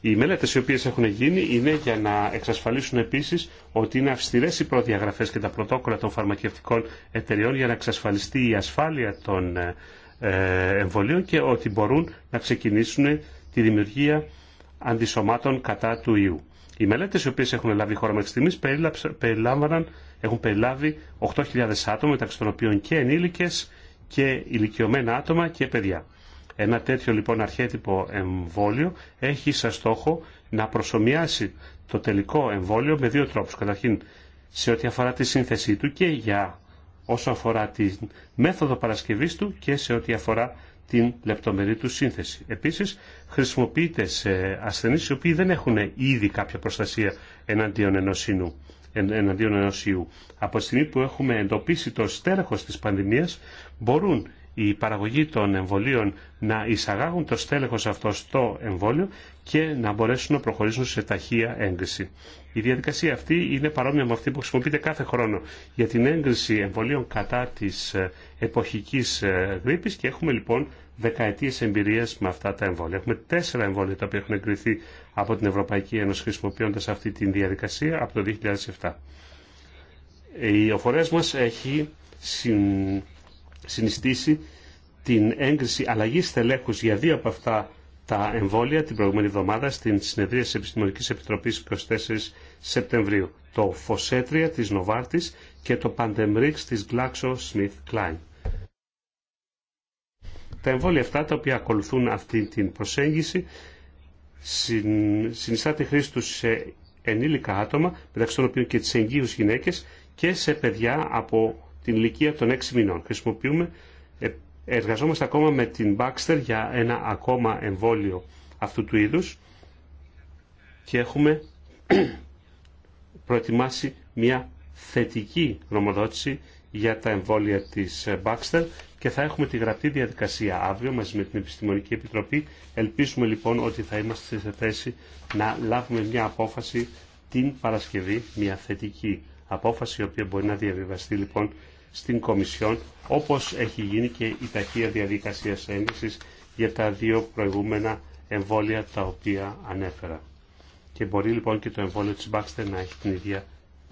Οι μελέτε οι οποίε έχουν γίνει είναι για να εξασφαλίσουν επίση ότι είναι αυστηρέ οι προδιαγραφέ και τα πρωτόκολλα των φαρμακευτικών εταιριών για να εξασφαλιστεί η ασφάλεια των ε, εμβολίων και ότι μπορούν να ξεκινήσουν τη δημιουργία αντισωμάτων κατά του ιού. Οι μελέτε οι οποίε έχουν λάβει η χώρα μέχρι στιγμή έχουν περιλάβει 8.000 άτομα μεταξύ των οποίων και ενήλικε και ηλικιωμένα άτομα και παιδιά. Ένα τέτοιο λοιπόν αρχέτυπο εμβόλιο έχει σαν στόχο να προσωμιάσει το τελικό εμβόλιο με δύο τρόπους. Καταρχήν σε ό,τι αφορά τη σύνθεσή του και για όσο αφορά τη μέθοδο παρασκευής του και σε ό,τι αφορά την λεπτομερή του σύνθεση. Επίσης χρησιμοποιείται σε ασθενείς οι οποίοι δεν έχουν ήδη κάποια προστασία εναντίον ενός εναντίον ιού. Από τη στιγμή που έχουμε εντοπίσει το στέρεχος της πανδημίας, μπορούν η παραγωγή των εμβολίων να εισαγάγουν το στέλεχος αυτό στο εμβόλιο και να μπορέσουν να προχωρήσουν σε ταχεία έγκριση. Η διαδικασία αυτή είναι παρόμοια με αυτή που χρησιμοποιείται κάθε χρόνο για την έγκριση εμβολίων κατά της ε, εποχικής ε, γρήπης και έχουμε λοιπόν δεκαετίες εμπειρίες με αυτά τα εμβόλια. Έχουμε τέσσερα εμβόλια τα οποία έχουν εγκριθεί από την Ευρωπαϊκή Ένωση χρησιμοποιώντας αυτή τη διαδικασία από το 2007. Ο φορέας μας έχει συν συνιστήσει την έγκριση αλλαγή θελέχους για δύο από αυτά τα εμβόλια την προηγούμενη εβδομάδα στην συνεδρία της Επιστημονικής Επιτροπής 24 Σεπτεμβρίου. Το Φωσέτρια της Νοβάρτης και το Παντεμρίξ της Γκλάξο Σμιθ Κλάιν. Τα εμβόλια αυτά τα οποία ακολουθούν αυτή την προσέγγιση συνιστά τη χρήση τους σε ενήλικα άτομα, μεταξύ των οποίων και τις εγγύους γυναίκες και σε παιδιά από την ηλικία των 6 μηνών. Χρησιμοποιούμε, ε, εργαζόμαστε ακόμα με την Baxter για ένα ακόμα εμβόλιο αυτού του είδους και έχουμε προετοιμάσει μια θετική γνωμοδότηση για τα εμβόλια της ε, Baxter και θα έχουμε τη γραπτή διαδικασία αύριο μαζί με την Επιστημονική Επιτροπή. Ελπίζουμε λοιπόν ότι θα είμαστε σε θέση να λάβουμε μια απόφαση την Παρασκευή, μια θετική απόφαση η οποία μπορεί να διαβιβαστεί λοιπόν στην Κομισιόν, όπως έχει γίνει και η ταχεία διαδικασία έγκρισης για τα δύο προηγούμενα εμβόλια τα οποία ανέφερα. Και μπορεί λοιπόν και το εμβόλιο της Μπάξτερ να έχει την ίδια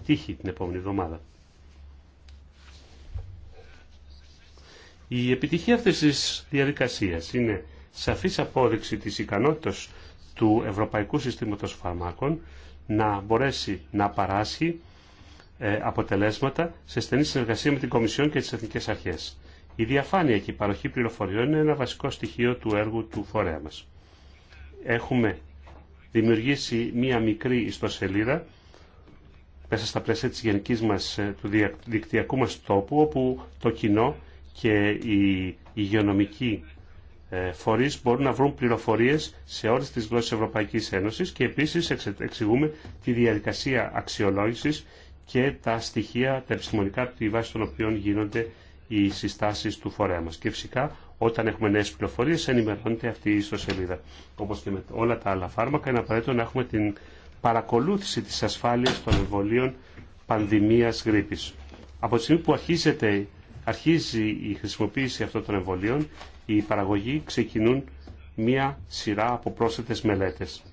τύχη την επόμενη εβδομάδα. Η επιτυχία αυτής της διαδικασίας είναι σαφής απόδειξη της ικανότητας του Ευρωπαϊκού Συστήματος Φαρμάκων να μπορέσει να παράσχει ε, αποτελέσματα σε στενή συνεργασία με την Κομισιόν και τις Εθνικές Αρχές. Η διαφάνεια και η παροχή πληροφοριών είναι ένα βασικό στοιχείο του έργου του φορέα μας. Έχουμε δημιουργήσει μία μικρή ιστοσελίδα μέσα στα πλαίσια της γενικής μας, ε, του δικτυακού μας τόπου, όπου το κοινό και οι υγειονομικοί ε, φορείς μπορούν να βρουν πληροφορίες σε όλες τις γλώσσες Ευρωπαϊκής Ένωσης και επίσης εξηγούμε τη διαδικασία αξιολόγησης και τα στοιχεία, τα επιστημονικά, του τη βάση των οποίων γίνονται οι συστάσεις του φορέα μας. Και φυσικά όταν έχουμε νέες πληροφορίες ενημερώνεται αυτή η ιστοσελίδα. Όπως και με όλα τα άλλα φάρμακα είναι απαραίτητο να έχουμε την παρακολούθηση της ασφάλειας των εμβολίων πανδημίας γρήπης. Από τη στιγμή που αρχίζεται, αρχίζει η χρησιμοποίηση αυτών των εμβολίων, οι παραγωγοί ξεκινούν μία σειρά από πρόσθετες μελέτες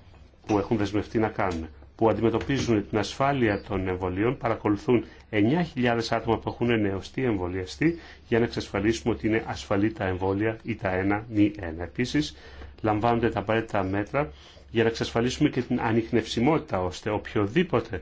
που έχουν δεσμευτεί να κάνουν που αντιμετωπίζουν την ασφάλεια των εμβολίων παρακολουθούν 9.000 άτομα που έχουν νεωστεί εμβολιαστεί για να εξασφαλίσουμε ότι είναι ασφαλή τα εμβόλια ή τα ένα μη ένα. Επίσης, λαμβάνονται τα απαραίτητα μέτρα για να εξασφαλίσουμε και την ανιχνευσιμότητα ώστε οποιοδήποτε,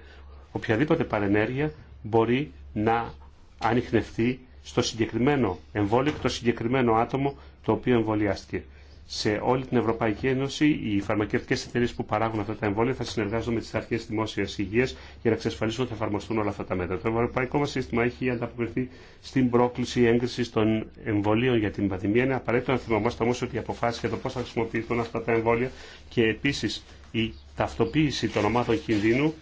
οποιαδήποτε παρενέργεια μπορεί να ανιχνευτεί στο συγκεκριμένο εμβόλιο και το συγκεκριμένο άτομο το οποίο εμβολιάστηκε σε όλη την Ευρωπαϊκή Ένωση οι φαρμακευτικές εταιρείε που παράγουν αυτά τα εμβόλια θα συνεργάζονται με τις αρχές δημόσιας υγείας για να εξασφαλίσουν ότι θα εφαρμοστούν όλα αυτά τα μέτρα. Το ευρωπαϊκό μας σύστημα έχει ανταποκριθεί στην πρόκληση έγκριση των εμβολίων για την πανδημία. Είναι απαραίτητο να θυμόμαστε όμως ότι οι αποφάσεις για το πώς θα χρησιμοποιηθούν αυτά τα εμβόλια και επίσης η ταυτοποίηση των ομάδων κινδύνου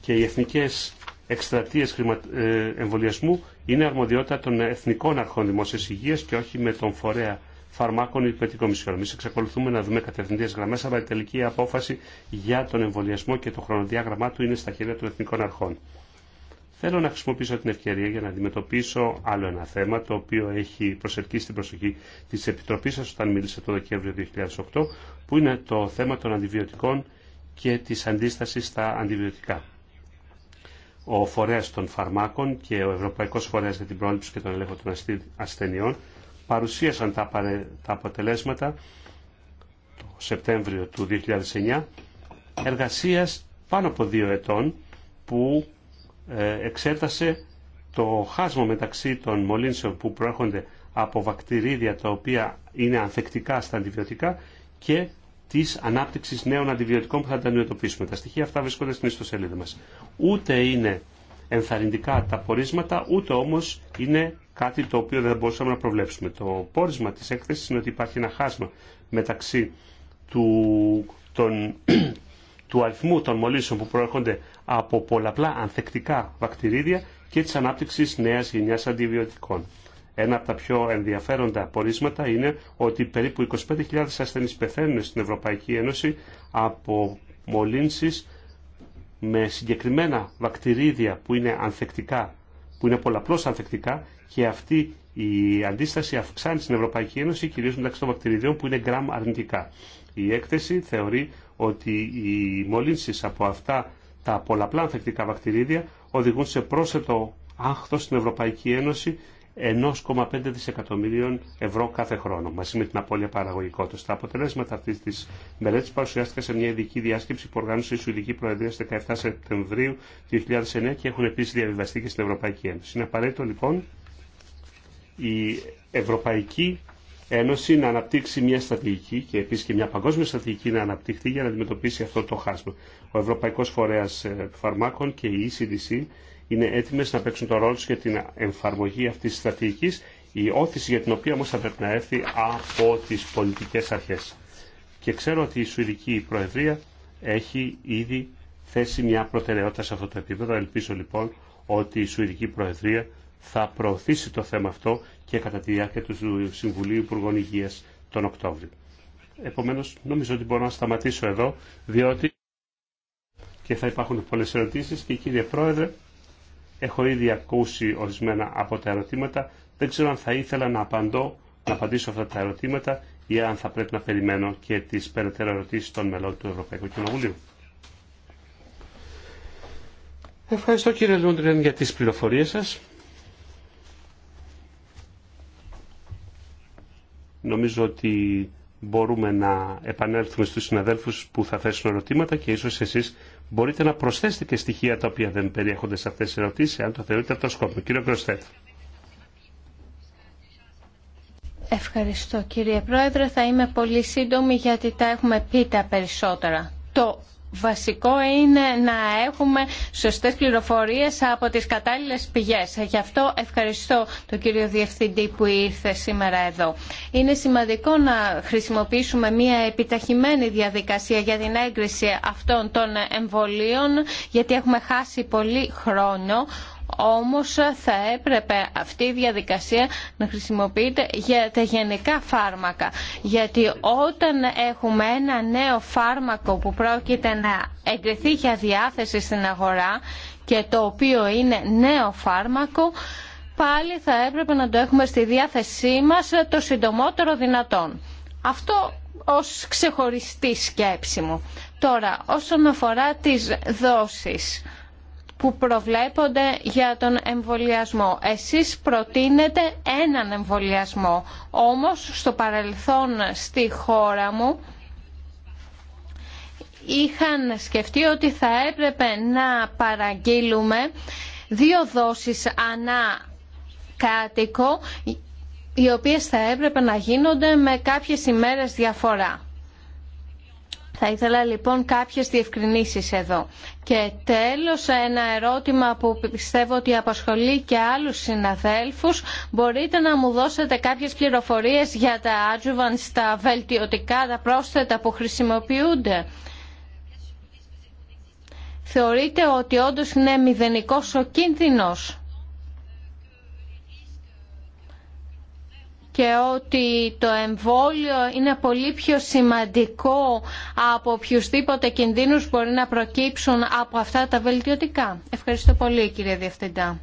και οι εθνικές εκστρατείε ε, εμβολιασμού είναι αρμοδιότητα των εθνικών αρχών δημόσια υγεία και όχι με τον φορέα φαρμάκων υπηρετικών μισθών. Εμεί εξακολουθούμε να δούμε κατευθυντέ γραμμέ, αλλά η τελική απόφαση για τον εμβολιασμό και το χρονοδιάγραμμά του είναι στα χέρια των εθνικών αρχών. Θέλω να χρησιμοποιήσω την ευκαιρία για να αντιμετωπίσω άλλο ένα θέμα το οποίο έχει προσελκύσει την προσοχή τη Επιτροπή σα όταν μίλησε το Δεκέμβριο 2008, που είναι το θέμα των αντιβιωτικών και τη αντίσταση στα αντιβιωτικά. Ο φορέα των φαρμάκων και ο Ευρωπαϊκό Φορέα για την Πρόληψη και τον Ελέγχο των Ασθενειών παρουσίασαν τα αποτελέσματα το Σεπτέμβριο του 2009 εργασίας πάνω από δύο ετών που ε, εξέτασε το χάσμα μεταξύ των μολύνσεων που προέρχονται από βακτηρίδια τα οποία είναι ανθεκτικά στα αντιβιωτικά και τη ανάπτυξη νέων αντιβιωτικών που θα τα αντιμετωπίσουμε. Τα στοιχεία αυτά βρίσκονται στην ιστοσελίδα μα. Ούτε είναι ενθαρρυντικά τα πορίσματα, ούτε όμως είναι κάτι το οποίο δεν μπορούσαμε να προβλέψουμε. Το πόρισμα της έκθεσης είναι ότι υπάρχει ένα χάσμα μεταξύ του, των, του αριθμού των μολύσεων που προέρχονται από πολλαπλά ανθεκτικά βακτηρίδια και της ανάπτυξης νέας γενιάς αντιβιωτικών. Ένα από τα πιο ενδιαφέροντα πορίσματα είναι ότι περίπου 25.000 ασθενείς πεθαίνουν στην Ευρωπαϊκή Ένωση από μολύνσεις με συγκεκριμένα βακτηρίδια που είναι ανθεκτικά, που είναι πολλαπλώς ανθεκτικά και αυτή η αντίσταση αυξάνει στην Ευρωπαϊκή Ένωση κυρίως μεταξύ των βακτηριδιών που είναι γκραμ αρνητικά. Η έκθεση θεωρεί ότι οι μολύνσεις από αυτά τα πολλαπλά ανθεκτικά βακτηρίδια οδηγούν σε πρόσθετο άγχος στην Ευρωπαϊκή Ένωση 1,5 δισεκατομμυρίων ευρώ κάθε χρόνο, μαζί με την απώλεια παραγωγικότητα. Τα αποτελέσματα αυτή τη μελέτη παρουσιάστηκαν σε μια ειδική διάσκεψη που οργάνωσε η Σουηδική Προεδρία στι 17 Σεπτεμβρίου 2009 και έχουν επίση διαβιβαστεί και στην Ευρωπαϊκή Ένωση. Είναι απαραίτητο λοιπόν η Ευρωπαϊκή Ένωση να αναπτύξει μια στρατηγική και επίση και μια παγκόσμια στρατηγική να αναπτυχθεί για να αντιμετωπίσει αυτό το χάσμα. Ο Ευρωπαϊκό Φορέα ε, Φαρμάκων και η ECDC είναι έτοιμε να παίξουν το ρόλο του για την εφαρμογή αυτή τη στρατηγική, η όθηση για την οποία όμω θα πρέπει να έρθει από τι πολιτικέ αρχέ. Και ξέρω ότι η Σουηδική Προεδρία έχει ήδη θέσει μια προτεραιότητα σε αυτό το επίπεδο. Ελπίζω λοιπόν ότι η Σουηδική Προεδρία θα προωθήσει το θέμα αυτό και κατά τη διάρκεια του Συμβουλίου Υπουργών Υγεία τον Οκτώβριο. Επομένω, νομίζω ότι μπορώ να σταματήσω εδώ, διότι και θα υπάρχουν πολλές ερωτήσεις και κύριε Πρόεδρε, Έχω ήδη ακούσει ορισμένα από τα ερωτήματα. Δεν ξέρω αν θα ήθελα να απαντώ, να απαντήσω αυτά τα ερωτήματα ή αν θα πρέπει να περιμένω και τις περαιτέρω ερωτήσεις των μελών του Ευρωπαϊκού Κοινοβουλίου. Ευχαριστώ κύριε Λούντριεν για τις πληροφορίες σας. Νομίζω ότι μπορούμε να επανέλθουμε στους συναδέλφους που θα θέσουν ερωτήματα και ίσως εσείς μπορείτε να προσθέσετε και στοιχεία τα οποία δεν περιέχονται σε αυτές τις ερωτήσεις, αν το θεωρείτε αυτό σκόπιμο. Κύριε Κροστέτ. Ευχαριστώ κύριε Πρόεδρε. Θα είμαι πολύ σύντομη γιατί τα έχουμε πει τα περισσότερα. Το Βασικό είναι να έχουμε σωστές πληροφορίες από τις κατάλληλες πηγές. Γι' αυτό ευχαριστώ τον κύριο Διευθυντή που ήρθε σήμερα εδώ. Είναι σημαντικό να χρησιμοποιήσουμε μια επιταχυμένη διαδικασία για την έγκριση αυτών των εμβολίων, γιατί έχουμε χάσει πολύ χρόνο όμως θα έπρεπε αυτή η διαδικασία να χρησιμοποιείται για τα γενικά φάρμακα. Γιατί όταν έχουμε ένα νέο φάρμακο που πρόκειται να εγκριθεί για διάθεση στην αγορά και το οποίο είναι νέο φάρμακο, πάλι θα έπρεπε να το έχουμε στη διάθεσή μας το συντομότερο δυνατόν. Αυτό ως ξεχωριστή σκέψη μου. Τώρα, όσον αφορά τις δόσεις, που προβλέπονται για τον εμβολιασμό. Εσείς προτείνετε έναν εμβολιασμό. Όμως στο παρελθόν στη χώρα μου είχαν σκεφτεί ότι θα έπρεπε να παραγγείλουμε δύο δόσεις ανά κάτοικο οι οποίες θα έπρεπε να γίνονται με κάποιες ημέρες διαφορά. Θα ήθελα λοιπόν κάποιες διευκρινήσεις εδώ. Και τέλος ένα ερώτημα που πιστεύω ότι απασχολεί και άλλους συναδέλφους. Μπορείτε να μου δώσετε κάποιες πληροφορίες για τα adjuvants, τα βελτιωτικά, τα πρόσθετα που χρησιμοποιούνται. Θεωρείτε ότι όντως είναι μηδενικός ο κίνδυνος. και ότι το εμβόλιο είναι πολύ πιο σημαντικό από οποιουσδήποτε κινδύνους μπορεί να προκύψουν από αυτά τα βελτιωτικά. Ευχαριστώ πολύ κύριε Διευθυντά.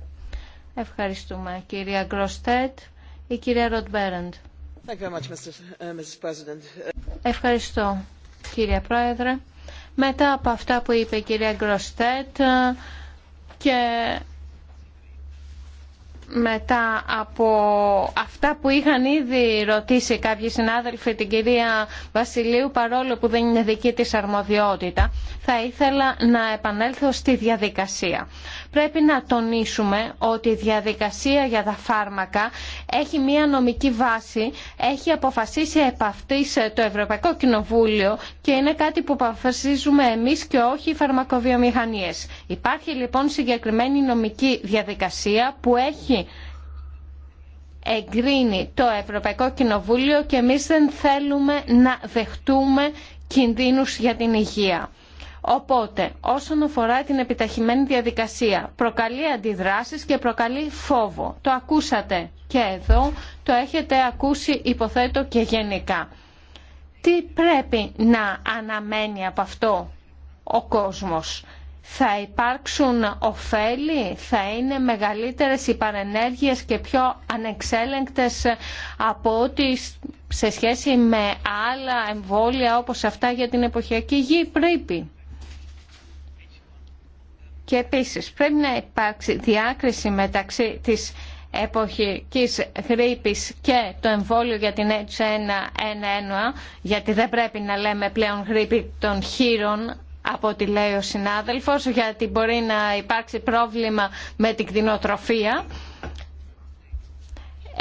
Ευχαριστούμε κυρία Γκροστέτ ή κυρία Ροτμπέραντ. Uh, Ευχαριστώ κύριε Πρόεδρε. Μετά από αυτά που είπε η κυρία Γκροστέτ ε, και μετά από αυτά που είχαν ήδη ρωτήσει κάποιοι συνάδελφοι την κυρία Βασιλείου παρόλο που δεν είναι δική της αρμοδιότητα θα ήθελα να επανέλθω στη διαδικασία πρέπει να τονίσουμε ότι η διαδικασία για τα φάρμακα έχει μία νομική βάση, έχει αποφασίσει επ' ε, το Ευρωπαϊκό Κοινοβούλιο και είναι κάτι που αποφασίζουμε εμείς και όχι οι φαρμακοβιομηχανίες. Υπάρχει λοιπόν συγκεκριμένη νομική διαδικασία που έχει εγκρίνει το Ευρωπαϊκό Κοινοβούλιο και εμείς δεν θέλουμε να δεχτούμε κινδύνους για την υγεία. Οπότε, όσον αφορά την επιταχυμένη διαδικασία, προκαλεί αντιδράσεις και προκαλεί φόβο. Το ακούσατε και εδώ, το έχετε ακούσει υποθέτω και γενικά. Τι πρέπει να αναμένει από αυτό ο κόσμος. Θα υπάρξουν ωφέλη, θα είναι μεγαλύτερες οι παρενέργειες και πιο ανεξέλεγκτες από ό,τι σε σχέση με άλλα εμβόλια όπως αυτά για την εποχιακή γη πρέπει. Και επίσης πρέπει να υπάρξει διάκριση μεταξύ της εποχικής γρήπης και το εμβόλιο για την H1N1, γιατί δεν πρέπει να λέμε πλέον γρήπη των χείρων, από ό,τι λέει ο συνάδελφος, γιατί μπορεί να υπάρξει πρόβλημα με την κτηνοτροφία.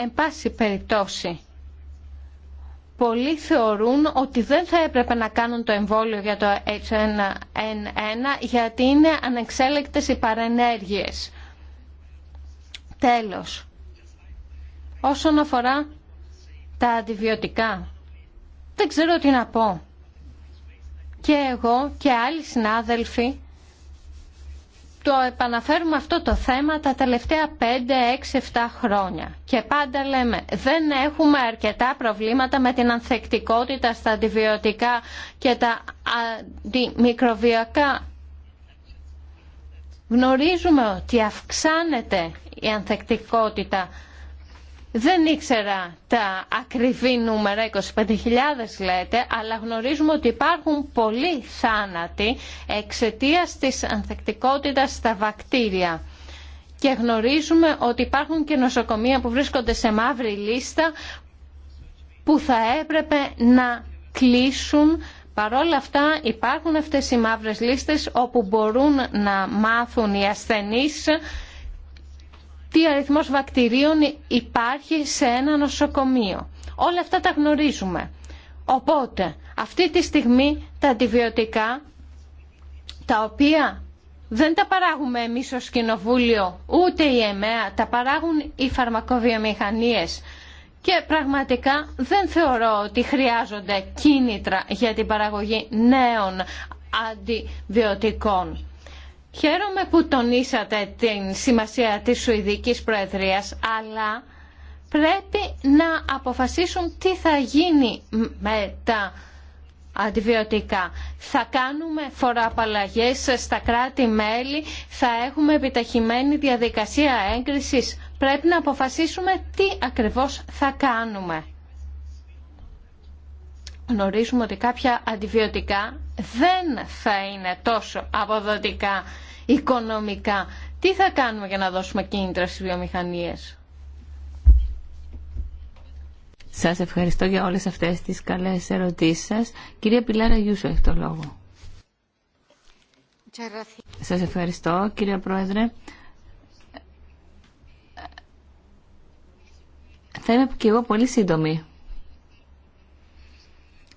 Εν πάση περιπτώσει, πολλοί θεωρούν ότι δεν θα έπρεπε να κάνουν το εμβόλιο για το H1N1 γιατί είναι ανεξέλεκτες οι παρενέργειες. Τέλος, όσον αφορά τα αντιβιωτικά, δεν ξέρω τι να πω. Και εγώ και άλλοι συνάδελφοι το επαναφέρουμε αυτό το θέμα τα τελευταία 5, 6, 7 χρόνια. Και πάντα λέμε δεν έχουμε αρκετά προβλήματα με την ανθεκτικότητα στα αντιβιωτικά και τα αντιμικροβιακά. Γνωρίζουμε ότι αυξάνεται η ανθεκτικότητα δεν ήξερα τα ακριβή νούμερα, 25.000 λέτε, αλλά γνωρίζουμε ότι υπάρχουν πολλοί θάνατοι εξαιτίας της ανθεκτικότητας στα βακτήρια. Και γνωρίζουμε ότι υπάρχουν και νοσοκομεία που βρίσκονται σε μαύρη λίστα που θα έπρεπε να κλείσουν. Παρόλα αυτά υπάρχουν αυτές οι μαύρες λίστες όπου μπορούν να μάθουν οι ασθενείς τι αριθμός βακτηρίων υπάρχει σε ένα νοσοκομείο. Όλα αυτά τα γνωρίζουμε. Οπότε, αυτή τη στιγμή τα αντιβιωτικά, τα οποία δεν τα παράγουμε εμείς ως κοινοβούλιο, ούτε η ΕΜΕΑ, τα παράγουν οι φαρμακοβιομηχανίες. Και πραγματικά δεν θεωρώ ότι χρειάζονται κίνητρα για την παραγωγή νέων αντιβιωτικών. Χαίρομαι που τονίσατε την σημασία της Σουηδικής Προεδρίας, αλλά πρέπει να αποφασίσουν τι θα γίνει με τα αντιβιωτικά. Θα κάνουμε φοροαπαλλαγές στα κράτη-μέλη, θα έχουμε επιταχυμένη διαδικασία έγκρισης. Πρέπει να αποφασίσουμε τι ακριβώς θα κάνουμε. Γνωρίζουμε ότι κάποια αντιβιωτικά δεν θα είναι τόσο αποδοτικά οικονομικά. Τι θα κάνουμε για να δώσουμε κίνητρα στις βιομηχανίες. Σας ευχαριστώ για όλες αυτές τις καλές ερωτήσεις σας. Κυρία Πιλάρα Γιούσο έχει το λόγο. Σας ευχαριστώ κύριε Πρόεδρε. Θα είμαι και εγώ πολύ σύντομη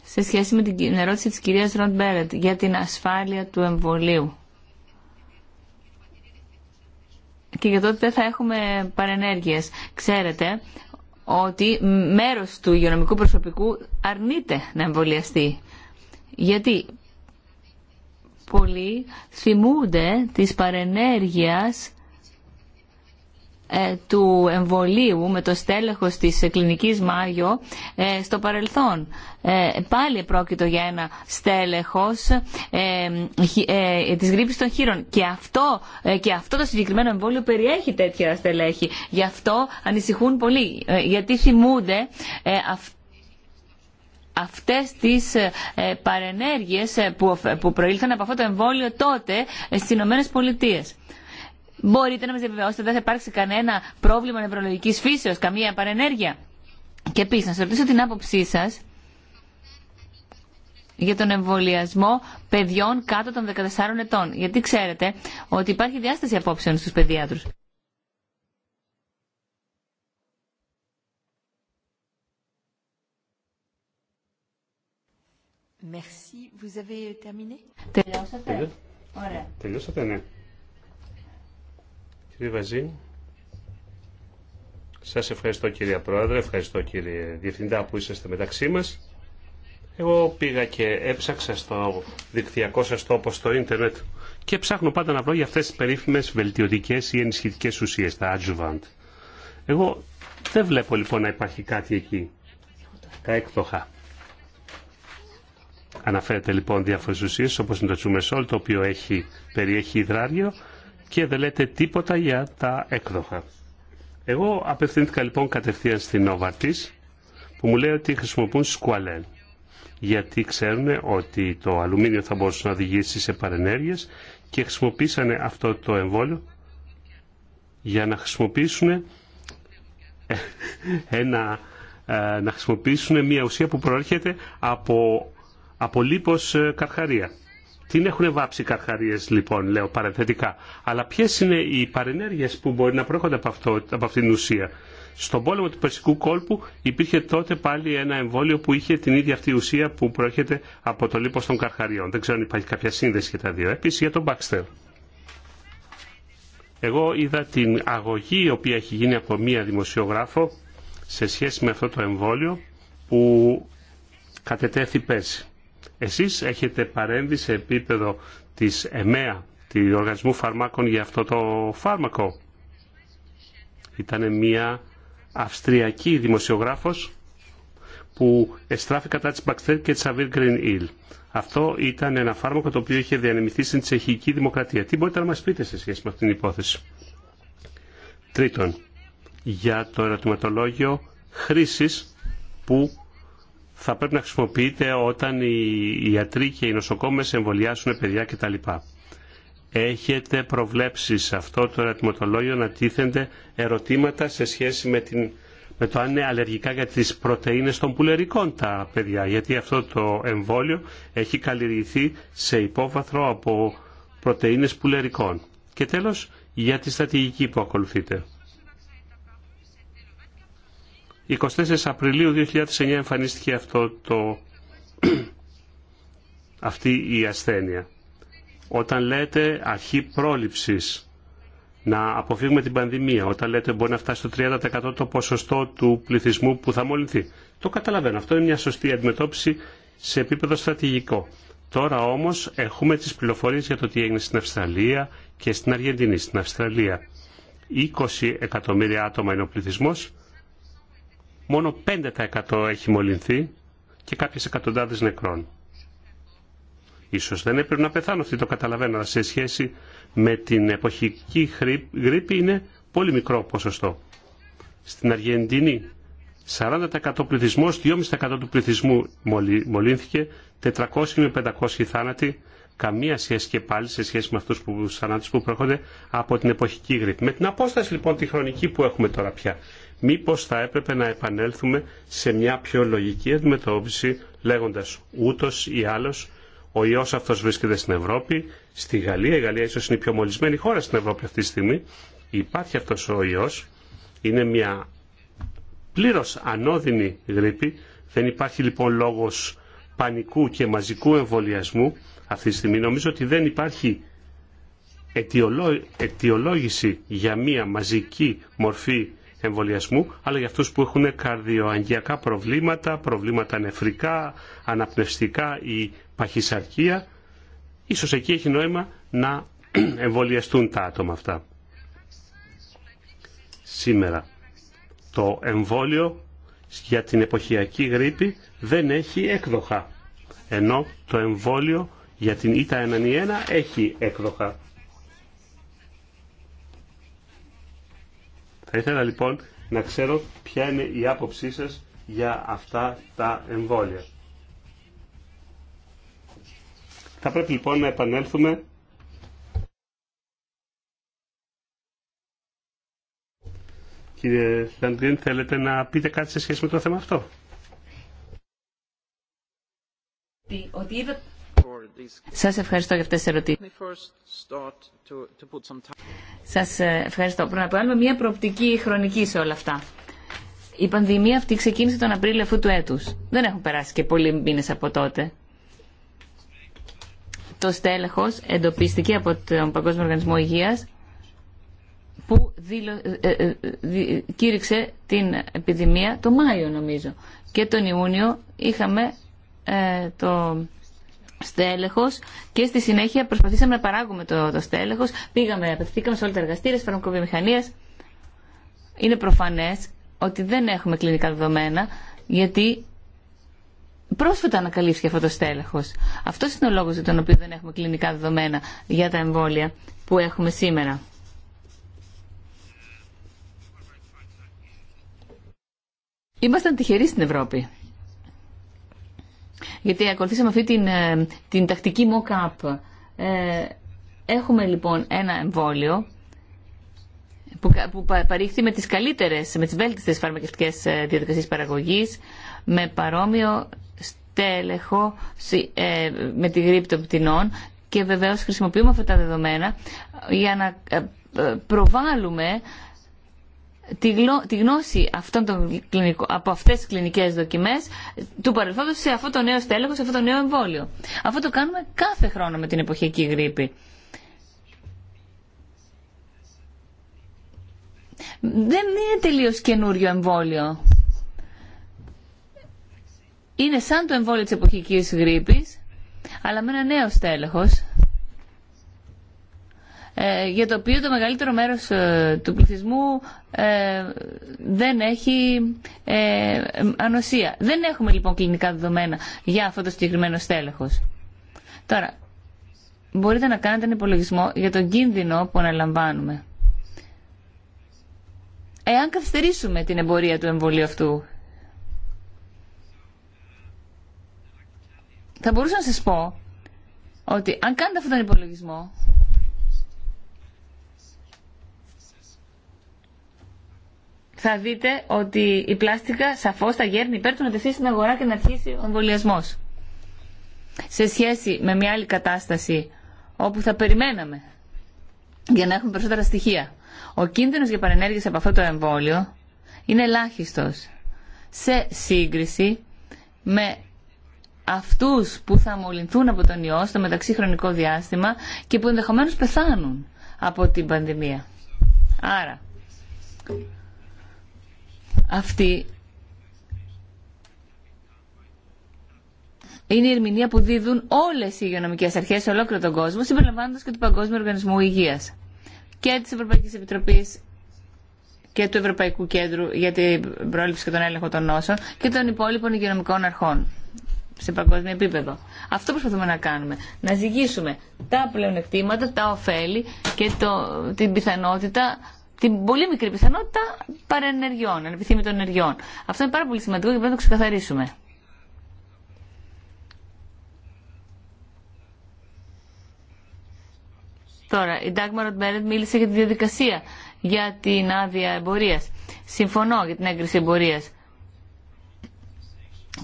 σε σχέση με την ερώτηση της κυρίας Ροντ Μπέρετ για την ασφάλεια του εμβολίου. και για τότε θα έχουμε παρενέργειες. Ξέρετε ότι μέρος του υγειονομικού προσωπικού αρνείται να εμβολιαστεί. Γιατί πολλοί θυμούνται της παρενέργειας ε, του εμβολίου με το στέλεχος της κλινικής Μάγιο ε, στο παρελθόν. Ε, πάλι πρόκειτο για ένα στέλεχος της γρήπης των χείρων. Και αυτό, και αυτό το συγκεκριμένο εμβόλιο περιέχει τέτοια στελέχη. Γι' αυτό ανησυχούν πολύ. Γιατί θυμούνται αυτό αυτές τις παρενέργειες που προήλθαν από αυτό το εμβόλιο τότε στις Ηνωμένε Πολιτείες. Μπορείτε να μας ότι δεν θα υπάρξει κανένα πρόβλημα νευρολογικής φύσεω, καμία παρενέργεια. Και επίση να σα ρωτήσω την άποψή σα για τον εμβολιασμό παιδιών κάτω των 14 ετών. Γιατί ξέρετε ότι υπάρχει διάσταση απόψεων στου παιδιάτρους. Merci. Vous avez Ωραία. Τελειώσατε, ναι. Σα Σας ευχαριστώ κύριε Πρόεδρε, ευχαριστώ κύριε Διευθυντά που είσαστε μεταξύ μας. Εγώ πήγα και έψαξα στο δικτυακό σας τόπο στο ίντερνετ και ψάχνω πάντα να βρω για αυτές τις περίφημες βελτιωτικές ή ενισχυτικές ουσίες, τα adjuvant. Εγώ δεν βλέπω λοιπόν να υπάρχει κάτι εκεί. Τα έκτοχα. Αναφέρεται λοιπόν διάφορε ουσίε όπω είναι το τσουμεσόλ, το οποίο έχει, περιέχει υδράριο, και δεν λέτε τίποτα για τα έκδοχα. Εγώ απευθύνθηκα λοιπόν κατευθείαν στην Νόβαρτης που μου λέει ότι χρησιμοποιούν σκουαλέν γιατί ξέρουν ότι το αλουμίνιο θα μπορούσε να οδηγήσει σε παρενέργειες και χρησιμοποίησαν αυτό το εμβόλιο για να χρησιμοποιήσουν ε, ένα, ε, να χρησιμοποιήσουν μια ουσία που προέρχεται από, από λίπος ε, καρχαρία. Την έχουν βάψει οι καρχαρίες λοιπόν, λέω παρενθετικά. Αλλά ποιε είναι οι παρενέργειε που μπορεί να προέρχονται από, από αυτήν την ουσία. Στον πόλεμο του Περσικού κόλπου υπήρχε τότε πάλι ένα εμβόλιο που είχε την ίδια αυτή ουσία που προέρχεται από το λίπο των καρχαριών. Δεν ξέρω αν υπάρχει κάποια σύνδεση για τα δύο. Επίση για τον Μπάξτερ. Εγώ είδα την αγωγή η οποία έχει γίνει από μία δημοσιογράφο σε σχέση με αυτό το εμβόλιο που κατετέθη πέρσι. Εσείς έχετε παρέμβει σε επίπεδο της ΕΜΕΑ, του Οργανισμού Φαρμάκων για αυτό το φάρμακο. Ήταν μια Αυστριακή δημοσιογράφος που εστράφη κατά της Μπακτέρ και της Αβίρ Ιλ. Αυτό ήταν ένα φάρμακο το οποίο είχε διανεμηθεί στην τσεχική δημοκρατία. Τι μπορείτε να μας πείτε σε σχέση με αυτήν την υπόθεση. Τρίτον, για το ερωτηματολόγιο χρήσης που θα πρέπει να χρησιμοποιείται όταν οι ιατροί και οι νοσοκόμες εμβολιάσουν παιδιά κτλ. Έχετε προβλέψει σε αυτό το ερωτηματολόγιο να τίθενται ερωτήματα σε σχέση με, την, με το αν είναι αλλεργικά για τις πρωτεΐνες των πουλερικών τα παιδιά. Γιατί αυτό το εμβόλιο έχει καλλιεργηθεί σε υπόβαθρο από πρωτεΐνες πουλερικών. Και τέλος, για τη στρατηγική που ακολουθείτε. 24 Απριλίου 2009 εμφανίστηκε αυτό το, αυτή η ασθένεια. Όταν λέτε αρχή πρόληψης, να αποφύγουμε την πανδημία, όταν λέτε μπορεί να φτάσει στο 30% το ποσοστό του πληθυσμού που θα μολυνθεί. Το καταλαβαίνω. Αυτό είναι μια σωστή αντιμετώπιση σε επίπεδο στρατηγικό. Τώρα όμως έχουμε τις πληροφορίες για το τι έγινε στην Αυστραλία και στην Αργεντινή. Στην Αυστραλία 20 εκατομμύρια άτομα είναι ο πληθυσμός μόνο 5% έχει μολυνθεί και κάποιες εκατοντάδες νεκρών. Ίσως δεν έπρεπε να πεθάνω αυτοί, το καταλαβαίνω, αλλά σε σχέση με την εποχική γρήπη είναι πολύ μικρό ποσοστό. Στην Αργεντινή 40% πληθυσμό 2,5% του πληθυσμού μολύνθηκε, 400 με 500 θάνατοι, καμία σχέση και πάλι σε σχέση με αυτούς που, θανάτους που προέρχονται από την εποχική γρήπη. Με την απόσταση λοιπόν τη χρονική που έχουμε τώρα πια μήπως θα έπρεπε να επανέλθουμε σε μια πιο λογική αντιμετώπιση λέγοντας ούτως ή άλλως ο ιός αυτός βρίσκεται στην Ευρώπη, στη Γαλλία, η Γαλλία ίσως είναι η πιο μολυσμένη χώρα στην Ευρώπη αυτή τη στιγμή, υπάρχει αυτός ο ιός, είναι μια πλήρως ανώδυνη γρήπη, δεν υπάρχει λοιπόν λόγος πανικού και μαζικού εμβολιασμού αυτή τη στιγμή. Νομίζω ότι δεν υπάρχει αιτιολόγηση για μια μαζική μορφή εμβολιασμού, αλλά για αυτούς που έχουν καρδιοαγγειακά προβλήματα, προβλήματα νεφρικά, αναπνευστικά ή παχυσαρκία, ίσως εκεί έχει νόημα να εμβολιαστούν τα άτομα αυτά. Σήμερα το εμβόλιο για την εποχιακή γρήπη δεν έχει έκδοχα, ενώ το εμβόλιο για την ΙΤΑ 1 έχει έκδοχα. Θα ήθελα λοιπόν να ξέρω ποια είναι η άποψή σας για αυτά τα εμβόλια. Θα πρέπει λοιπόν να επανέλθουμε Κύριε Λαντρίν, θέλετε να πείτε κάτι σε σχέση με το θέμα αυτό. Σας ευχαριστώ για αυτές τις ερωτήσεις. Σας ε, ευχαριστώ. Πρέπει να όλα μια προοπτική χρονική σε όλα αυτά. Η πανδημία αυτή ξεκίνησε τον Απρίλιο αυτού του έτους. Δεν έχουν περάσει και πολλοί μήνες από τότε. Το στέλεχος εντοπίστηκε από τον Παγκόσμιο Οργανισμό Υγείας που δήλω, ε, ε, κήρυξε την επιδημία το Μάιο νομίζω. Και τον Ιούνιο είχαμε το στέλεχος και στη συνέχεια προσπαθήσαμε να παράγουμε το, το στέλεχος. Πήγαμε, απευθύνθηκαμε σε όλα τα εργαστήρια, φαρμακοβιομηχανίες Είναι προφανές ότι δεν έχουμε κλινικά δεδομένα γιατί πρόσφατα ανακαλύφθηκε αυτό το στέλεχος. Αυτό είναι ο λόγος για τον οποίο δεν έχουμε κλινικά δεδομένα για τα εμβόλια που έχουμε σήμερα. Ήμασταν τυχεροί στην Ευρώπη γιατί ακολουθήσαμε αυτή την, ε, την τακτική mock-up. Ε, έχουμε λοιπόν ένα εμβόλιο που, που παρήχθη με τις καλύτερες, με τις βέλτιστες φαρμακευτικές ε, διαδικασίες παραγωγής, με παρόμοιο στέλεχο με τη γρήπη των πτηνών και βεβαίως χρησιμοποιούμε αυτά τα δεδομένα για να προβάλλουμε τη, γνώση αυτών κλινικο, από αυτές τις κλινικέ δοκιμές του παρελθόντο σε αυτό το νέο στέλεχο, σε αυτό το νέο εμβόλιο. Αυτό το κάνουμε κάθε χρόνο με την εποχική γρήπη. Δεν είναι τελείω καινούριο εμβόλιο. Είναι σαν το εμβόλιο της εποχικής γρήπη, αλλά με ένα νέο στέλεχος ε, για το οποίο το μεγαλύτερο μέρος ε, του πληθυσμού ε, δεν έχει ανοσία. Δεν έχουμε λοιπόν κλινικά δεδομένα για αυτό το συγκεκριμένο στέλεχος. Τώρα, μπορείτε να κάνετε ένα υπολογισμό για τον κίνδυνο που αναλαμβάνουμε. Εάν καθυστερήσουμε την εμπορία του εμβολίου αυτού, θα μπορούσα να σας πω ότι αν κάνετε αυτόν τον υπολογισμό, θα δείτε ότι η πλάστικα σαφώς θα γέρνει υπέρ του να τεθεί στην αγορά και να αρχίσει ο εμβολιασμό. Σε σχέση με μια άλλη κατάσταση όπου θα περιμέναμε για να έχουμε περισσότερα στοιχεία. Ο κίνδυνος για παρενέργειες από αυτό το εμβόλιο είναι ελάχιστο σε σύγκριση με αυτούς που θα μολυνθούν από τον ιό στο μεταξύ χρονικό διάστημα και που ενδεχομένως πεθάνουν από την πανδημία. Άρα, αυτή είναι η ερμηνεία που δίδουν όλες οι υγειονομικές αρχές σε ολόκληρο τον κόσμο, συμπεριλαμβάνοντας και του Παγκόσμιου Οργανισμού Υγείας και της Ευρωπαϊκής Επιτροπής και του Ευρωπαϊκού Κέντρου για την πρόληψη και τον έλεγχο των νόσων και των υπόλοιπων υγειονομικών αρχών σε παγκόσμιο επίπεδο. Αυτό προσπαθούμε να κάνουμε. Να ζυγίσουμε τα πλεονεκτήματα, τα ωφέλη και το, την πιθανότητα την πολύ μικρή πιθανότητα παρενεργειών, ανεπιθύμητων ενεργειών. Αυτό είναι πάρα πολύ σημαντικό και πρέπει να το ξεκαθαρίσουμε. Τώρα, η Ντάγμα Ροντμπέρετ μίλησε για τη διαδικασία για την άδεια εμπορία. Συμφωνώ για την έγκριση εμπορία.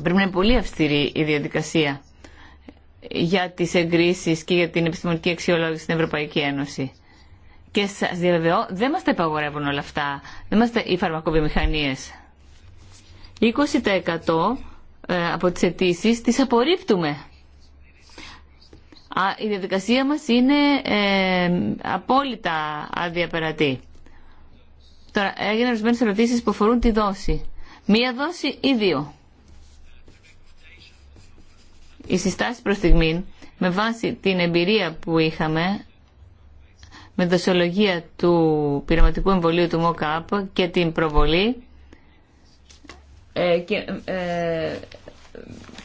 Πρέπει να είναι πολύ αυστηρή η διαδικασία για τις εγκρίσεις και για την επιστημονική αξιολόγηση στην Ευρωπαϊκή Ένωση. Και σα διαβεβαιώ, δεν μα τα υπαγορεύουν όλα αυτά. Δεν είμαστε οι φαρμακοβιομηχανίε. 20% ε, από τι αιτήσει τι απορρίπτουμε. Η διαδικασία μας είναι ε, απόλυτα αδιαπερατή. Τώρα, έγιναν ορισμένε ερωτήσει που αφορούν τη δόση. Μία δόση ή δύο. Οι συστάσει προ στιγμή, με βάση την εμπειρία που είχαμε με δοσολογία του πειραματικού εμβολίου του ΜΟΚΑΠ και την προβολή ε, και, ε,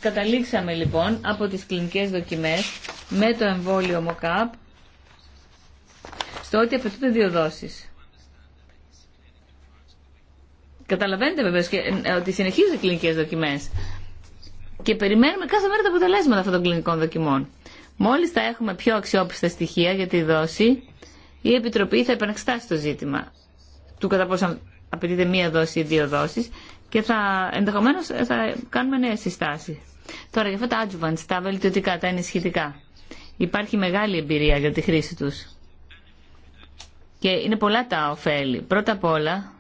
καταλήξαμε λοιπόν από τις κλινικές δοκιμές με το εμβόλιο ΜΟΚΑΠ στο ότι απαιτούνται δύο δόσεις. Καταλαβαίνετε βεβαίως ε, ότι συνεχίζουν οι κλινικές δοκιμές και περιμένουμε κάθε μέρα τα αποτελέσματα αυτών των κλινικών δοκιμών. Μόλις θα έχουμε πιο αξιόπιστα στοιχεία για τη δόση, η Επιτροπή θα επαναξετάσει το ζήτημα του κατά πόσο απαιτείται μία δόση ή δύο δόσεις και θα, ενδεχομένως ε, θα κάνουμε νέες συστάσεις. Τώρα για αυτά τα adjuvants, τα βελτιωτικά, τα ενισχυτικά. Υπάρχει μεγάλη εμπειρία για τη χρήση τους. Και είναι πολλά τα ωφέλη. Πρώτα απ' όλα,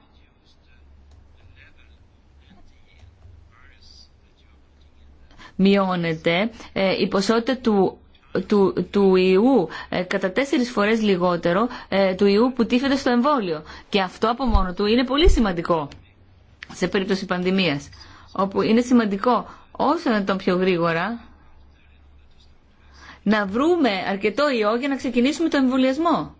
μειώνεται ε, η ποσότητα του του, του ιού ε, κατά τέσσερις φορές λιγότερο ε, του ιού που τύφεται στο εμβόλιο. Και αυτό από μόνο του είναι πολύ σημαντικό σε περίπτωση πανδημίας, όπου είναι σημαντικό όσο να τον πιο γρήγορα να βρούμε αρκετό ιό για να ξεκινήσουμε το εμβολιασμό.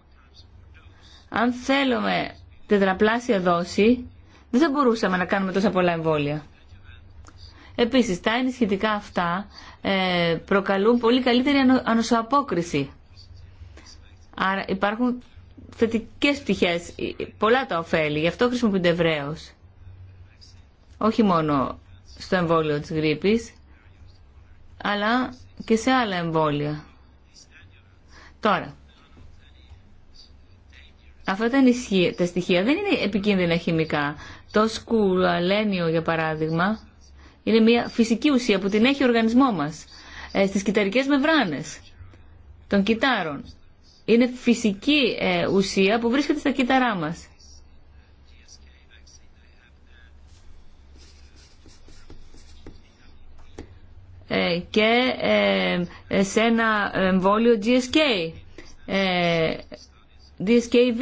Αν θέλουμε τετραπλάσια δόση, δεν θα μπορούσαμε να κάνουμε τόσα πολλά εμβόλια. Επίσης, τα ενισχυτικά αυτά ε, προκαλούν πολύ καλύτερη ανοσοαπόκριση. Άρα υπάρχουν θετικές πτυχές, ε, πολλά τα ωφέλη, γι' αυτό χρησιμοποιούνται ευρέω. Όχι μόνο στο εμβόλιο της γρήπης, αλλά και σε άλλα εμβόλια. Τώρα, αυτά τα, τα στοιχεία δεν είναι επικίνδυνα χημικά. Το σκουραλένιο, για παράδειγμα, είναι μια φυσική ουσία που την έχει ο οργανισμό μας. Ε, στις κυταρικές μεβράνες των κυτάρων. Είναι φυσική ε, ουσία που βρίσκεται στα κύτταρά μας. Ε, και σε ένα εμβόλιο GSK DSKV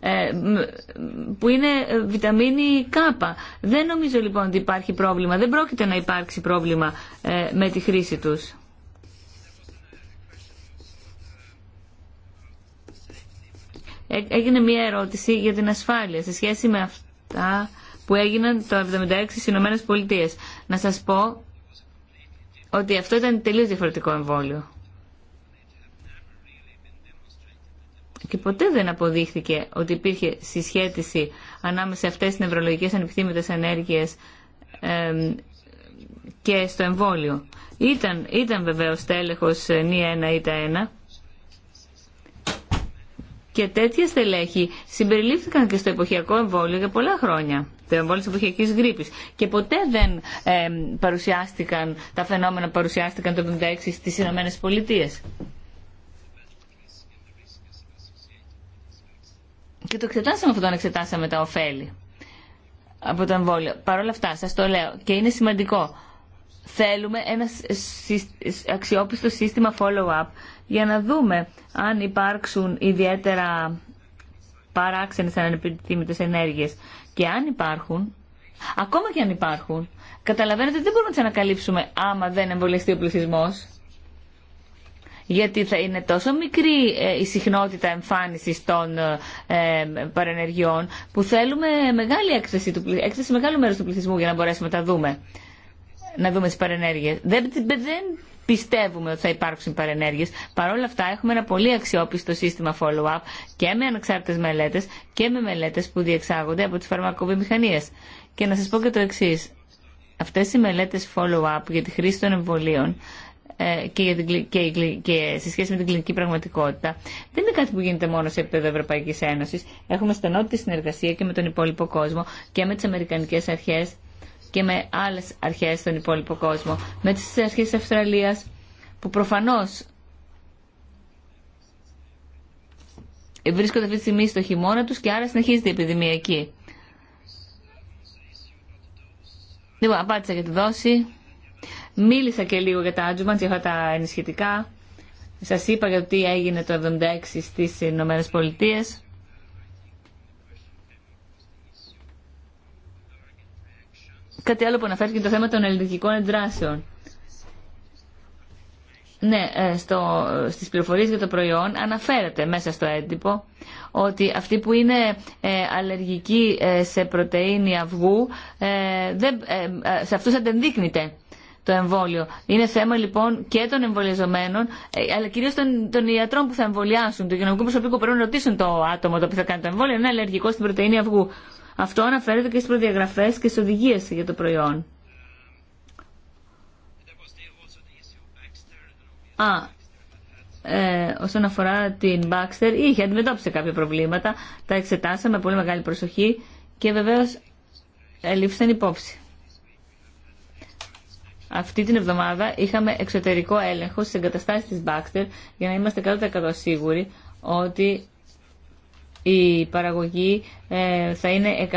ε, που είναι ε, βιταμίνη K. Δεν νομίζω λοιπόν ότι υπάρχει πρόβλημα. Δεν πρόκειται να υπάρξει πρόβλημα ε, με τη χρήση τους. Έγινε μία ερώτηση για την ασφάλεια σε σχέση με αυτά που έγιναν το 76 στις Ηνωμένες Πολιτείες. Να σας πω ότι αυτό ήταν τελείως διαφορετικό εμβόλιο. και ποτέ δεν αποδείχθηκε ότι υπήρχε συσχέτιση ανάμεσα σε αυτές τις νευρολογικές ανεπιθύμητες ενέργειες και στο εμβόλιο. Ήταν, ήταν βεβαίως τέλεχος ε, νη ένα ή τα 1 και τέτοια στελέχη συμπεριλήφθηκαν και στο εποχιακό εμβόλιο για πολλά χρόνια. Το εμβόλιο της εποχιακής γρήπης. Και ποτέ δεν παρουσιάστηκαν τα φαινόμενα που παρουσιάστηκαν το 1976 στις Ηνωμένε Πολιτείε. Και το εξετάσαμε αυτό, εξετάσαμε τα ωφέλη από το εμβόλιο. Παρ' όλα αυτά, σα το λέω και είναι σημαντικό. Θέλουμε ένα αξιόπιστο σύστημα follow-up για να δούμε αν υπάρξουν ιδιαίτερα παράξενες ανεπιθύμητες ενέργειες. Και αν υπάρχουν, ακόμα και αν υπάρχουν, καταλαβαίνετε ότι δεν μπορούμε να τι ανακαλύψουμε άμα δεν εμβολιαστεί ο πληθυσμός γιατί θα είναι τόσο μικρή ε, η συχνότητα εμφάνισης των ε, παρενεργειών που θέλουμε μεγάλη έκθεση, έκθεση μεγάλου μέρους του πληθυσμού για να μπορέσουμε να τα δούμε. Να δούμε τις παρενέργειες. Δεν, δεν πιστεύουμε ότι θα υπάρξουν παρενέργειες. Παρ' όλα αυτά, έχουμε ένα πολύ αξιόπιστο σύστημα follow-up και με ανεξάρτητε μελέτες και με μελέτε που διεξάγονται από τις φαρμακοβιομηχανίες. Και να σας πω και το εξή. Αυτές οι μελετες follow follow-up για τη χρήση των εμβολίων ε, και, και, και σε σχέση με την κλινική πραγματικότητα δεν είναι κάτι που γίνεται μόνο σε επίπεδο Ευρωπαϊκή Ένωση. Έχουμε στενότητα συνεργασία και με τον υπόλοιπο κόσμο και με τι Αμερικανικέ αρχέ και με άλλε αρχέ στον υπόλοιπο κόσμο. Με τι αρχέ τη Αυστραλία που προφανώ βρίσκονται αυτή τη στιγμή στο χειμώνα του και άρα συνεχίζεται η επιδημία εκεί. Λοιπόν, απάντησα για τη δόση. Μίλησα και λίγο για τα για αυτά τα ενισχυτικά. Σα είπα για το τι έγινε το 76 στι Ηνωμένε Πολιτείε. Κάτι άλλο που αναφέρθηκε το θέμα των ελληνικών εντράσεων. Ναι, ε, στο, στις πληροφορίες για το προϊόν αναφέρεται μέσα στο έντυπο ότι αυτοί που είναι ε, αλλεργικοί ε, σε πρωτεΐνη αυγού, δεν, σε αυτούς αντενδείκνυται το εμβόλιο. Είναι θέμα λοιπόν και των εμβολιαζομένων, ε, αλλά κυρίω των, των ιατρών που θα εμβολιάσουν, του υγειονομικού προσωπικού που πρέπει να ρωτήσουν το άτομο το οποίο θα κάνει το εμβόλιο, είναι αλλεργικό στην πρωτενη αυγού. Αυτό αναφέρεται και στι προδιαγραφέ και στι οδηγίε για το προϊόν. Α, ε, όσον αφορά την Baxter, είχε αντιμετώπισε κάποια προβλήματα, τα εξετάσαμε με πολύ μεγάλη προσοχή και βεβαίως ελήφθησαν υπόψη. Αυτή την εβδομάδα είχαμε εξωτερικό έλεγχο στι εγκαταστάσει τη Baxter για να είμαστε 100% σίγουροι ότι η παραγωγή ε, θα είναι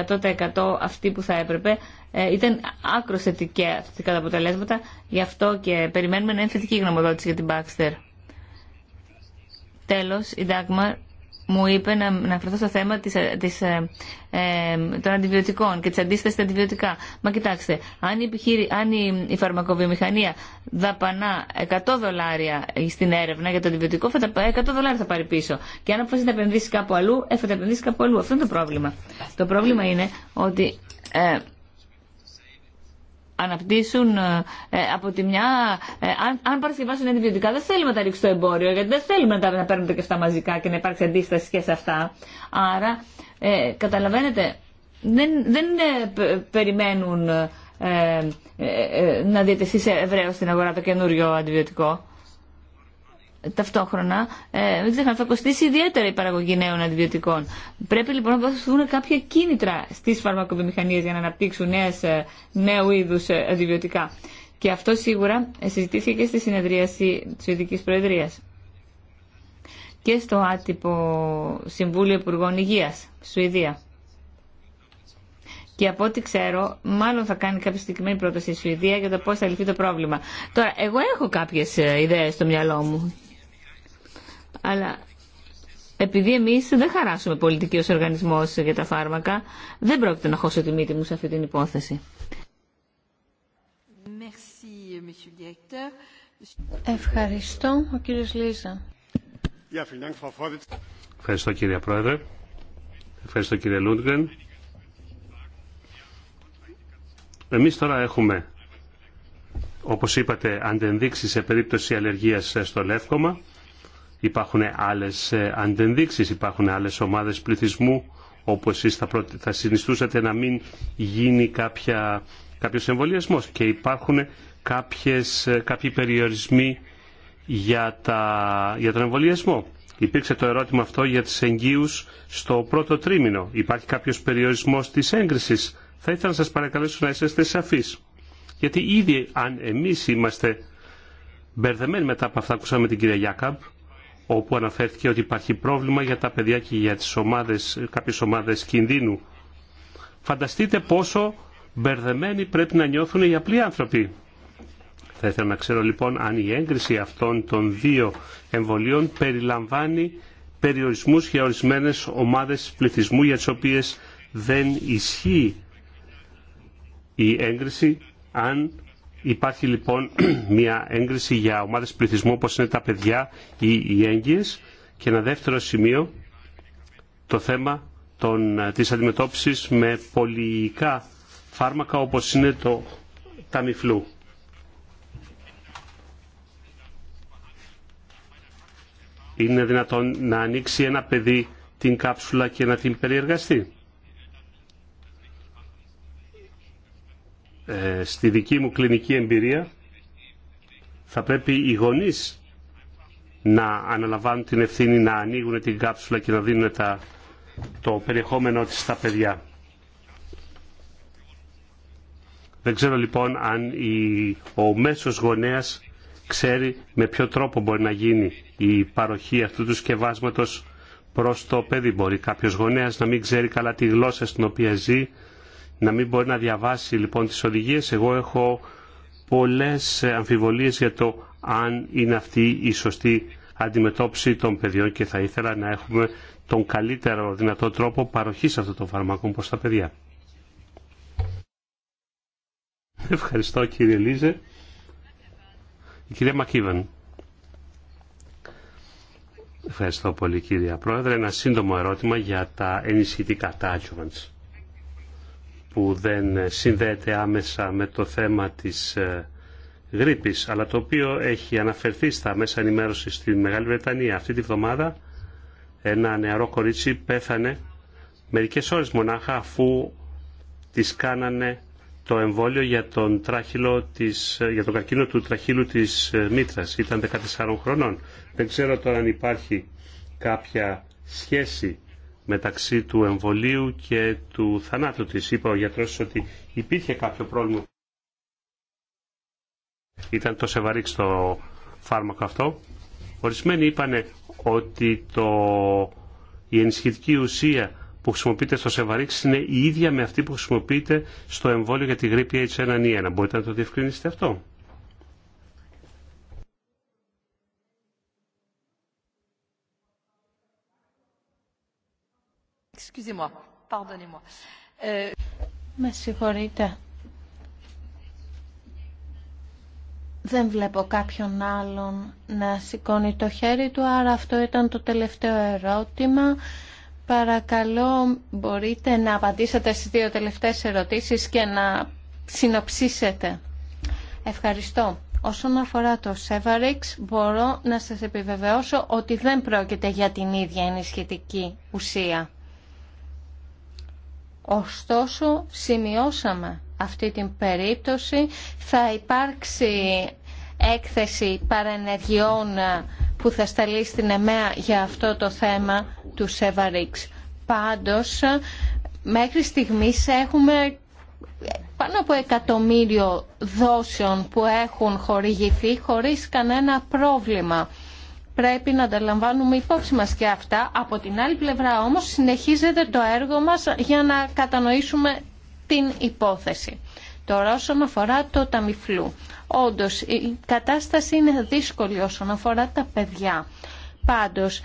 100% αυτή που θα έπρεπε. Ε, ήταν άκρο θετικά αυτή τα αποτελέσματα, γι' αυτό και περιμένουμε να είναι θετική γνωμοδότηση για την Baxter. Τέλος, η Dagmar μου είπε να αναφερθώ στο θέμα της, ε, της, ε, ε, των αντιβιωτικών και τη αντίσταση στα αντιβιωτικά. Μα κοιτάξτε, αν η, επιχείρη, αν η, φαρμακοβιομηχανία δαπανά 100 δολάρια στην έρευνα για το αντιβιωτικό, θα 100 δολάρια θα πάρει πίσω. Και αν αποφασίσει να επενδύσει κάπου αλλού, θα τα επενδύσει κάπου αλλού. Αυτό είναι το πρόβλημα. Το πρόβλημα είναι ότι. Ε, αναπτύσσουν ε, ε, από τη μια. Ε, αν, αν παρασκευάσουν αντιβιωτικά, δεν θέλουμε να τα ρίξουμε στο εμπόριο, γιατί δεν θέλουμε να, τα, να παίρνουμε και στα μαζικά και να υπάρξει αντίσταση και σε αυτά. Άρα, καταλαβαίνετε, δεν, δεν περιμένουν να διατεθεί σε ευρέω στην αγορά το καινούριο αντιβιωτικό ταυτόχρονα ε, μην ξεχνάμε, θα κοστίσει ιδιαίτερα η παραγωγή νέων αντιβιωτικών. Πρέπει λοιπόν να δοθούν κάποια κίνητρα στις φαρμακοβιομηχανίες για να αναπτύξουν νέες, ε, νέου είδους ε, αντιβιωτικά. Και αυτό σίγουρα ε, συζητήθηκε και στη συνεδρίαση της ειδική Προεδρίας και στο άτυπο Συμβούλιο Υπουργών Υγείας, Σουηδία. Και από ό,τι ξέρω, μάλλον θα κάνει κάποια συγκεκριμένη πρόταση η Σουηδία για το πώ θα λυθεί το πρόβλημα. Τώρα, εγώ έχω κάποιε ιδέε στο μυαλό μου αλλά επειδή εμεί δεν χαράσουμε πολιτική ω οργανισμό για τα φάρμακα, δεν πρόκειται να χώσω τη μύτη μου σε αυτή την υπόθεση. Ευχαριστώ, ο κύριος Λίζα. Ευχαριστώ κύριε Πρόεδρε. Ευχαριστώ κύριε Λούντγκεν. Εμείς τώρα έχουμε, όπως είπατε, αντενδείξεις σε περίπτωση αλλεργίας στο λεύκομα Υπάρχουν άλλες ε, αντενδείξεις, υπάρχουν άλλες ομάδες πληθυσμού όπου εσείς θα, προ... θα συνιστούσατε να μην γίνει κάποια... κάποιος εμβολιασμός και υπάρχουν κάποιες... Ε, κάποιοι περιορισμοί για, τα... για τον εμβολιασμό. Υπήρξε το ερώτημα αυτό για τις εγγύους στο πρώτο τρίμηνο. Υπάρχει κάποιος περιορισμός της έγκρισης. Θα ήθελα να σας παρακαλέσω να είστε σαφείς. Γιατί ήδη αν εμείς είμαστε μπερδεμένοι μετά από αυτά που ακούσαμε την κυρία Γιάκαμπ, όπου αναφέρθηκε ότι υπάρχει πρόβλημα για τα παιδιά και για τις ομάδες, κάποιες ομάδες κινδύνου. Φανταστείτε πόσο μπερδεμένοι πρέπει να νιώθουν οι απλοί άνθρωποι. Θα ήθελα να ξέρω λοιπόν αν η έγκριση αυτών των δύο εμβολίων περιλαμβάνει περιορισμούς για ορισμένες ομάδες πληθυσμού για τις οποίες δεν ισχύει η έγκριση αν Υπάρχει λοιπόν μια έγκριση για ομάδες πληθυσμού όπως είναι τα παιδιά ή οι έγκυες και ένα δεύτερο σημείο το θέμα των, ε, της αντιμετώπισης με πολυϊκά φάρμακα όπως είναι το ταμιφλού. Είναι δυνατόν να ανοίξει ένα παιδί την κάψουλα και να την περιεργαστεί. Ε, στη δική μου κλινική εμπειρία θα πρέπει οι γονείς να αναλαμβάνουν την ευθύνη να ανοίγουν την κάψουλα και να δίνουν τα, το περιεχόμενό της στα παιδιά. Δεν ξέρω λοιπόν αν η, ο μέσος γονέας ξέρει με ποιο τρόπο μπορεί να γίνει η παροχή αυτού του σκευάσματος προς το παιδί. Μπορεί κάποιος γονέας να μην ξέρει καλά τη γλώσσα στην οποία ζει, να μην μπορεί να διαβάσει λοιπόν τις οδηγίες. Εγώ έχω πολλές αμφιβολίες για το αν είναι αυτή η σωστή αντιμετώπιση των παιδιών και θα ήθελα να έχουμε τον καλύτερο δυνατό τρόπο παροχής αυτού των φαρμακών προς τα παιδιά. Ευχαριστώ κύριε Λίζε. Η κυρία Μακίβαν. Ευχαριστώ πολύ κύριε Πρόεδρε. Ένα σύντομο ερώτημα για τα ενισχυτικά, τα που δεν συνδέεται άμεσα με το θέμα της ε, γρήπης, αλλά το οποίο έχει αναφερθεί στα μέσα ενημέρωση στη Μεγάλη Βρετανία. Αυτή τη βδομάδα ένα νεαρό κορίτσι πέθανε μερικές ώρες μονάχα αφού της κάνανε το εμβόλιο για τον, τράχυλο της, για τον καρκίνο του τραχύλου της ε, μήτρας. Ήταν 14 χρονών. Δεν ξέρω τώρα αν υπάρχει κάποια σχέση μεταξύ του εμβολίου και του θανάτου της. Είπα ο γιατρός ότι υπήρχε κάποιο πρόβλημα. Ήταν το σεβαρίξ το φάρμακο αυτό. Ορισμένοι είπανε ότι το... η ενισχυτική ουσία που χρησιμοποιείται στο Σεβαρίξ είναι η ίδια με αυτή που χρησιμοποιείται στο εμβόλιο για τη γρήπη H1N1. Μπορείτε να το διευκρινίσετε αυτό. Euh, Με συγχωρείτε. Δεν βλέπω κάποιον άλλον να σηκώνει το χέρι του, άρα αυτό ήταν το τελευταίο ερώτημα. Παρακαλώ, μπορείτε να απαντήσετε στις δύο τελευταίες ερωτήσεις και να συνοψίσετε. Ευχαριστώ. Όσον αφορά το Σεβαρίξ, μπορώ να σας επιβεβαιώσω ότι δεν πρόκειται για την ίδια ενισχυτική ουσία. Ωστόσο, σημειώσαμε αυτή την περίπτωση. Θα υπάρξει έκθεση παρενεργειών που θα σταλεί στην ΕΜΕΑ για αυτό το θέμα του Σεβαρίξ. Πάντως, μέχρι στιγμής έχουμε πάνω από εκατομμύριο δόσεων που έχουν χορηγηθεί χωρίς κανένα πρόβλημα πρέπει να τα υπόψη μας και αυτά. Από την άλλη πλευρά όμως συνεχίζεται το έργο μας για να κατανοήσουμε την υπόθεση. Τώρα όσον αφορά το ταμιφλού. Όντως η κατάσταση είναι δύσκολη όσον αφορά τα παιδιά. Πάντως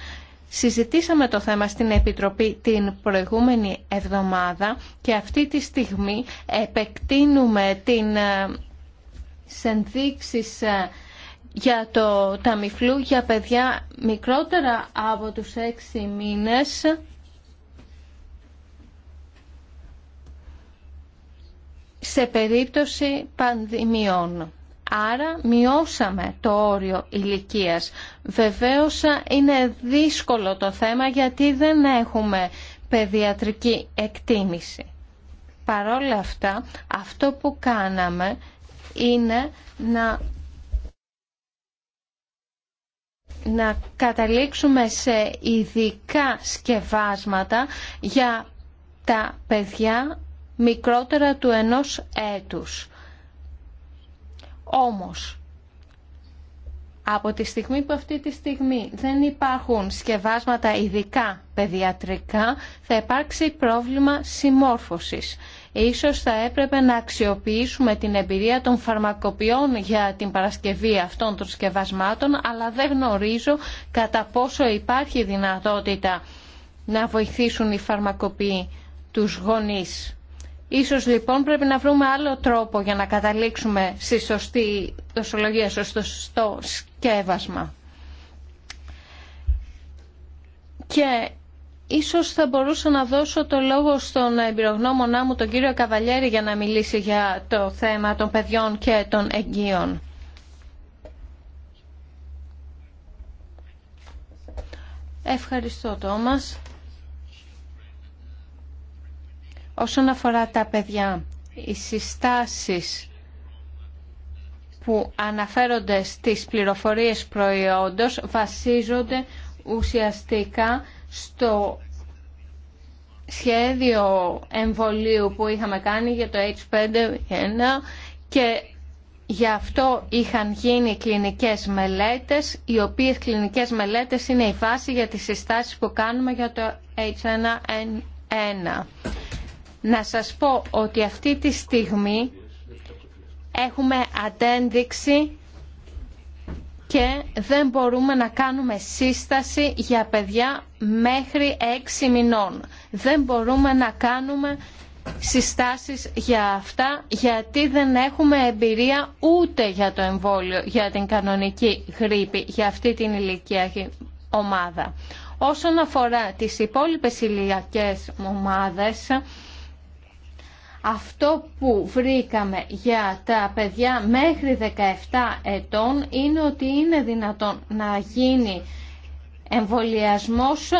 συζητήσαμε το θέμα στην Επιτροπή την προηγούμενη εβδομάδα και αυτή τη στιγμή επεκτείνουμε την ενδείξεις για το ταμιφλού για παιδιά μικρότερα από τους 6 μήνες σε περίπτωση πανδημιών. Άρα μειώσαμε το όριο ηλικίας. Βεβαίως είναι δύσκολο το θέμα γιατί δεν έχουμε παιδιατρική εκτίμηση. Παρόλα αυτά αυτό που κάναμε είναι να να καταλήξουμε σε ειδικά σκευάσματα για τα παιδιά μικρότερα του ενός έτους. Όμως, από τη στιγμή που αυτή τη στιγμή δεν υπάρχουν σκευάσματα ειδικά παιδιατρικά, θα υπάρξει πρόβλημα συμμόρφωσης. Ίσως θα έπρεπε να αξιοποιήσουμε την εμπειρία των φαρμακοποιών για την παρασκευή αυτών των σκευασμάτων, αλλά δεν γνωρίζω κατά πόσο υπάρχει δυνατότητα να βοηθήσουν οι φαρμακοποιοί τους γονείς. Ίσως λοιπόν πρέπει να βρούμε άλλο τρόπο για να καταλήξουμε στη σωστή δοσολογία, στο σωστό σκεύασμα. Και Ίσως θα μπορούσα να δώσω το λόγο στον εμπειρογνώμονά μου, τον κύριο Καβαλιέρη, για να μιλήσει για το θέμα των παιδιών και των εγγύων. Ευχαριστώ, Τόμας. Όσον αφορά τα παιδιά, οι συστάσεις που αναφέρονται στις πληροφορίες προϊόντος βασίζονται ουσιαστικά στο σχέδιο εμβολίου που είχαμε κάνει για το H5N1 και γι' αυτό είχαν γίνει κλινικές μελέτες, οι οποίες κλινικές μελέτες είναι η βάση για τις συστάσεις που κάνουμε για το H1N1. Να σας πω ότι αυτή τη στιγμή έχουμε αντένδειξη και δεν μπορούμε να κάνουμε σύσταση για παιδιά μέχρι έξι μηνών. Δεν μπορούμε να κάνουμε συστάσεις για αυτά γιατί δεν έχουμε εμπειρία ούτε για το εμβόλιο, για την κανονική γρήπη, για αυτή την ηλικία ομάδα. Όσον αφορά τις υπόλοιπες ηλιακές ομάδες, αυτό που βρήκαμε για τα παιδιά μέχρι 17 ετών είναι ότι είναι δυνατόν να γίνει εμβολιασμός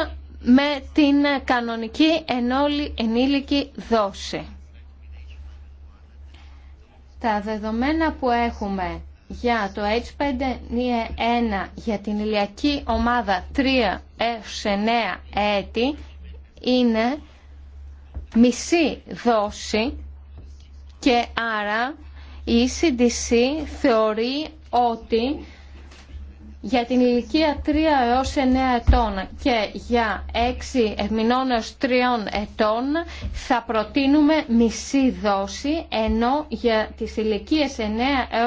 με την κανονική ενόλη ενήλικη δόση. Τα δεδομένα που έχουμε για το H5N1 για την ηλιακή ομάδα 3 έως 9 έτη είναι μισή δόση και άρα η ECDC θεωρεί ότι για την ηλικία 3 έως 9 ετών και για 6 μηνών έως 3 ετών θα προτείνουμε μισή δόση, ενώ για τις ηλικίες 9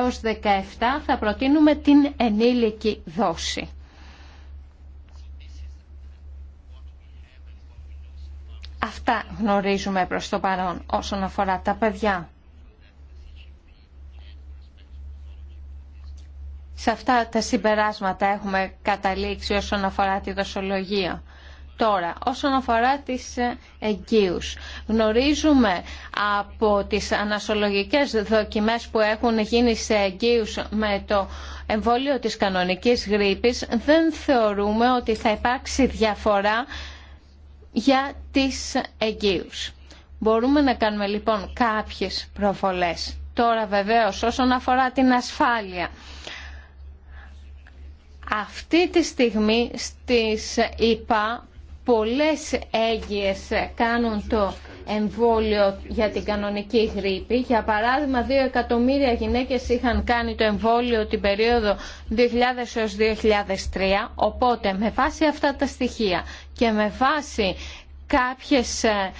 έως 17 θα προτείνουμε την ενήλικη δόση. Αυτά γνωρίζουμε προς το παρόν όσον αφορά τα παιδιά. Σε αυτά τα συμπεράσματα έχουμε καταλήξει όσον αφορά τη δοσολογία. Τώρα, όσον αφορά τις ε, εγκύους. γνωρίζουμε από τις ανασολογικές δοκιμές που έχουν γίνει σε εγκύους με το εμβόλιο της κανονικής γρήπης, δεν θεωρούμε ότι θα υπάρξει διαφορά για τις εγγύους. Μπορούμε να κάνουμε λοιπόν κάποιες προβολές. Τώρα βεβαίως όσον αφορά την ασφάλεια. Αυτή τη στιγμή στις ΙΠΑ πολλές έγκυες κάνουν το εμβόλιο για την κανονική γρήπη. Για παράδειγμα, 2 εκατομμύρια γυναίκες είχαν κάνει το εμβόλιο την περίοδο 2000 έως 2003. Οπότε, με βάση αυτά τα στοιχεία και με βάση κάποιες ε,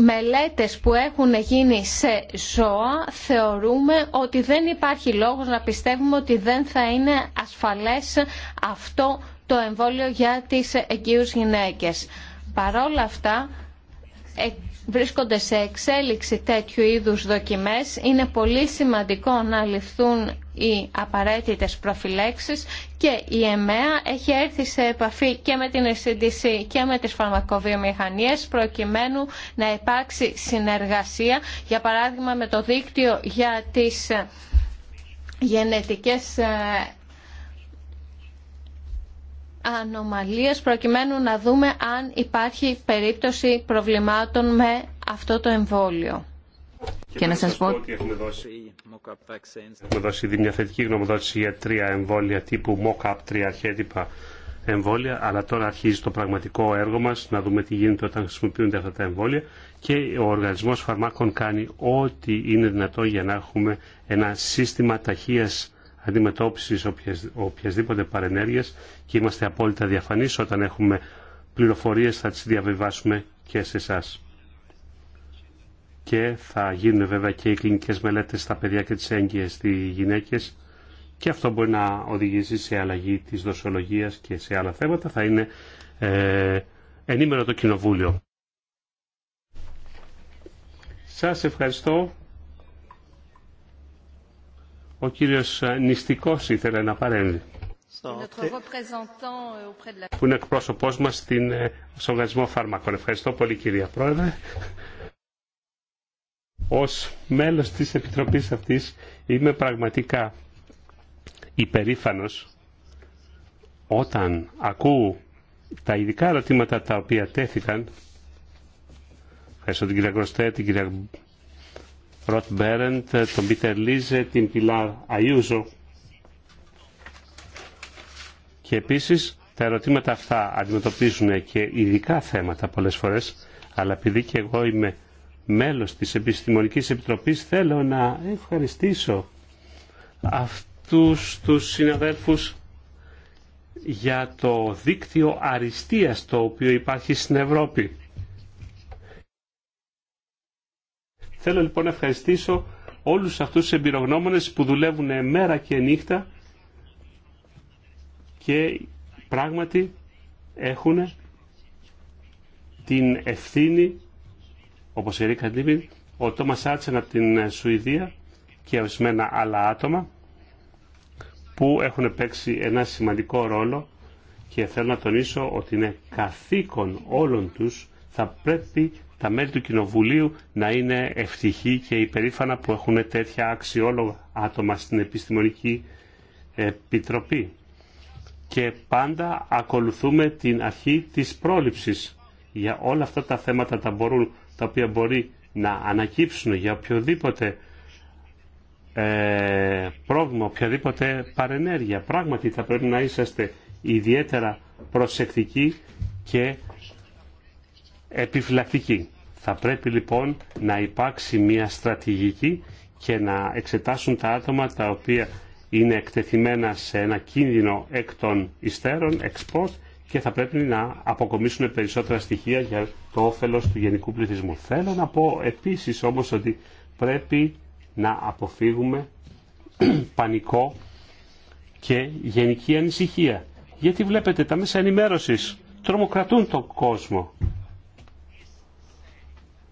μελέτες που έχουν γίνει σε ζώα θεωρούμε ότι δεν υπάρχει λόγος να πιστεύουμε ότι δεν θα είναι ασφαλές αυτό το εμβόλιο για τις εγκύους γυναίκες. Παρόλα αυτά ε, βρίσκονται σε εξέλιξη τέτοιου είδους δοκιμές. Είναι πολύ σημαντικό να ληφθούν οι απαραίτητες προφυλέξεις και η ΕΜΕΑ έχει έρθει σε επαφή και με την ΕΣΥΝΤΙΣΗ και με τις φαρμακοβιομηχανίες προκειμένου να υπάρξει συνεργασία για παράδειγμα με το δίκτυο για τις ε, γενετικές ε, ανομαλίες προκειμένου να δούμε αν υπάρχει περίπτωση προβλημάτων με αυτό το εμβόλιο. Και, να σας πω ότι έχουμε δώσει, έχουμε δώσει ήδη μια θετική γνωμοδότηση για τρία εμβόλια τύπου mock-up, τρία αρχέτυπα εμβόλια, αλλά τώρα αρχίζει το πραγματικό έργο μας να δούμε τι γίνεται όταν χρησιμοποιούνται αυτά τα εμβόλια και ο οργανισμός φαρμάκων κάνει ό,τι είναι δυνατό για να έχουμε ένα σύστημα ταχείας αντιμετώπισης οποιασδήποτε παρενέργειας και είμαστε απόλυτα διαφανείς όταν έχουμε πληροφορίες θα τις διαβιβάσουμε και σε εσάς και θα γίνουν βέβαια και οι κλινικές μελέτες στα παιδιά και τις έγκυες στις γυναίκες και αυτό μπορεί να οδηγήσει σε αλλαγή της δοσολογίας και σε άλλα θέματα. Θα είναι ε, ενήμερο το Κοινοβούλιο. Σας ευχαριστώ. Ο κύριος Νηστικός ήθελε να παρέμβει. Ε, Που είναι εκπρόσωπός μας ε, στον οργανισμό φάρμακων. Ευχαριστώ πολύ κυρία Πρόεδρε. Ως μέλος της Επιτροπής αυτής είμαι πραγματικά υπερήφανος όταν ακούω τα ειδικά ερωτήματα τα οποία τέθηκαν ευχαριστώ την κυρία Γκροστέ, την κυρία Ροτ Μπέρεντ, τον Πίτερ Λίζε, την Πιλάρ Αϊούζο και επίσης τα ερωτήματα αυτά αντιμετωπίζουν και ειδικά θέματα πολλές φορές αλλά επειδή και εγώ είμαι μέλος της Επιστημονικής Επιτροπής θέλω να ευχαριστήσω αυτούς τους συναδέλφους για το δίκτυο αριστείας το οποίο υπάρχει στην Ευρώπη. Θέλω λοιπόν να ευχαριστήσω όλους αυτούς τους εμπειρογνώμονες που δουλεύουν μέρα και νύχτα και πράγματι έχουν την ευθύνη Όπω η Ρίκα Ντίμιν, ο τόμα Άτσεν από την ε, Σουηδία και ορισμένα άλλα άτομα που έχουν παίξει ένα σημαντικό ρόλο και θέλω να τονίσω ότι είναι καθήκον όλων τους θα πρέπει τα μέλη του Κοινοβουλίου να είναι ευτυχή και υπερήφανα που έχουν τέτοια αξιόλογα άτομα στην Επιστημονική Επιτροπή. Και πάντα ακολουθούμε την αρχή της πρόληψης. Για όλα αυτά τα θέματα τα μπορούν τα οποία μπορεί να ανακύψουν για οποιοδήποτε ε, πρόβλημα, οποιαδήποτε παρενέργεια. Πράγματι θα πρέπει να είσαστε ιδιαίτερα προσεκτικοί και επιφυλακτικοί. Θα πρέπει λοιπόν να υπάρξει μια στρατηγική και να εξετάσουν τα άτομα τα οποία είναι εκτεθειμένα σε ένα κίνδυνο εκ των υστέρων, εξ και θα πρέπει να αποκομίσουν περισσότερα στοιχεία για το όφελος του γενικού πληθυσμού. Θέλω να πω επίσης όμως ότι πρέπει να αποφύγουμε πανικό και γενική ανησυχία. Γιατί βλέπετε τα μέσα ενημέρωσης τρομοκρατούν τον κόσμο.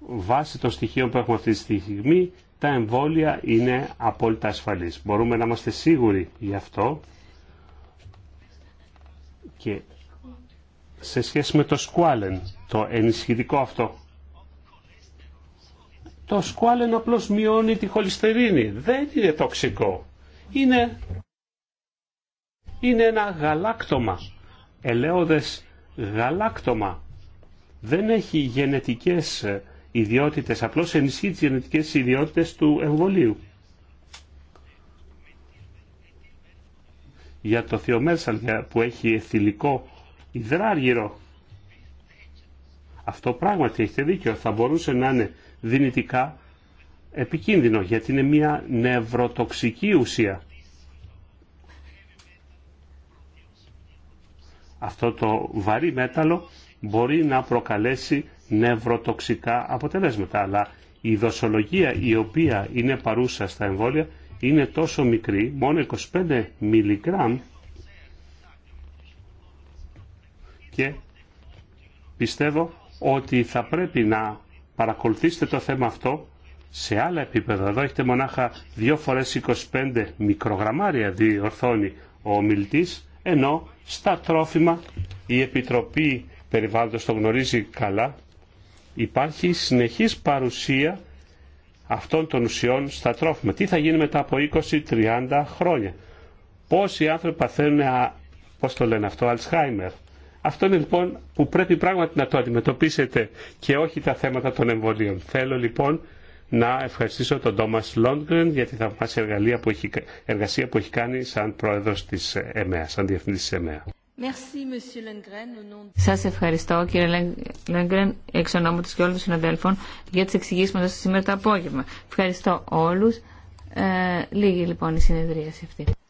Βάσει των στοιχείων που έχουμε αυτή τη στιγμή, τα εμβόλια είναι απόλυτα ασφαλής. Μπορούμε να είμαστε σίγουροι γι' αυτό σε σχέση με το σκουάλεν, το ενισχυτικό αυτό. Το σκουάλεν απλώς μειώνει τη χολυστερίνη. Δεν είναι τοξικό. Είναι, είναι ένα γαλάκτομα. Ελαιόδες γαλάκτομα. Δεν έχει γενετικές ιδιότητες, απλώς ενισχύει τις γενετικές ιδιότητες του εμβολίου. Για το θειομέρσαλ που έχει εθιλικό υδράργυρο. Αυτό πράγματι έχετε δίκιο, θα μπορούσε να είναι δυνητικά επικίνδυνο γιατί είναι μια νευροτοξική ουσία. Αυτό το βαρύ μέταλλο μπορεί να προκαλέσει νευροτοξικά αποτελέσματα, αλλά η δοσολογία η οποία είναι παρούσα στα εμβόλια είναι τόσο μικρή, μόνο 25 μιλιγκράμμ και πιστεύω ότι θα πρέπει να παρακολουθήσετε το θέμα αυτό σε άλλα επίπεδα. Εδώ έχετε μονάχα δύο φορές 25 μικρογραμμάρια διορθώνει ο ομιλητής, ενώ στα τρόφιμα η Επιτροπή Περιβάλλοντος το γνωρίζει καλά, υπάρχει συνεχής παρουσία αυτών των ουσιών στα τρόφιμα. Τι θα γίνει μετά από 20-30 χρόνια. Πόσοι άνθρωποι παθαίνουν, πώς το λένε αυτό, αλσχάιμερ αυτό είναι λοιπόν που πρέπει πράγματι να το αντιμετωπίσετε και όχι τα θέματα των εμβολίων. Θέλω λοιπόν να ευχαριστήσω τον Τόμας Λόντγκρεν για τη θαυμάσια εργασία που έχει, εργασία που έχει κάνει σαν πρόεδρος της ΕΜΕΑ, σαν διευθυντής της ΕΜΕΑ. Σα ευχαριστώ κύριε Λέγκρεν, εξ ονόματο και όλων των συναδέλφων, για τι εξηγήσει μα σήμερα το απόγευμα. Ευχαριστώ όλου. Ε, λίγη λοιπόν η συνεδρίαση αυτή.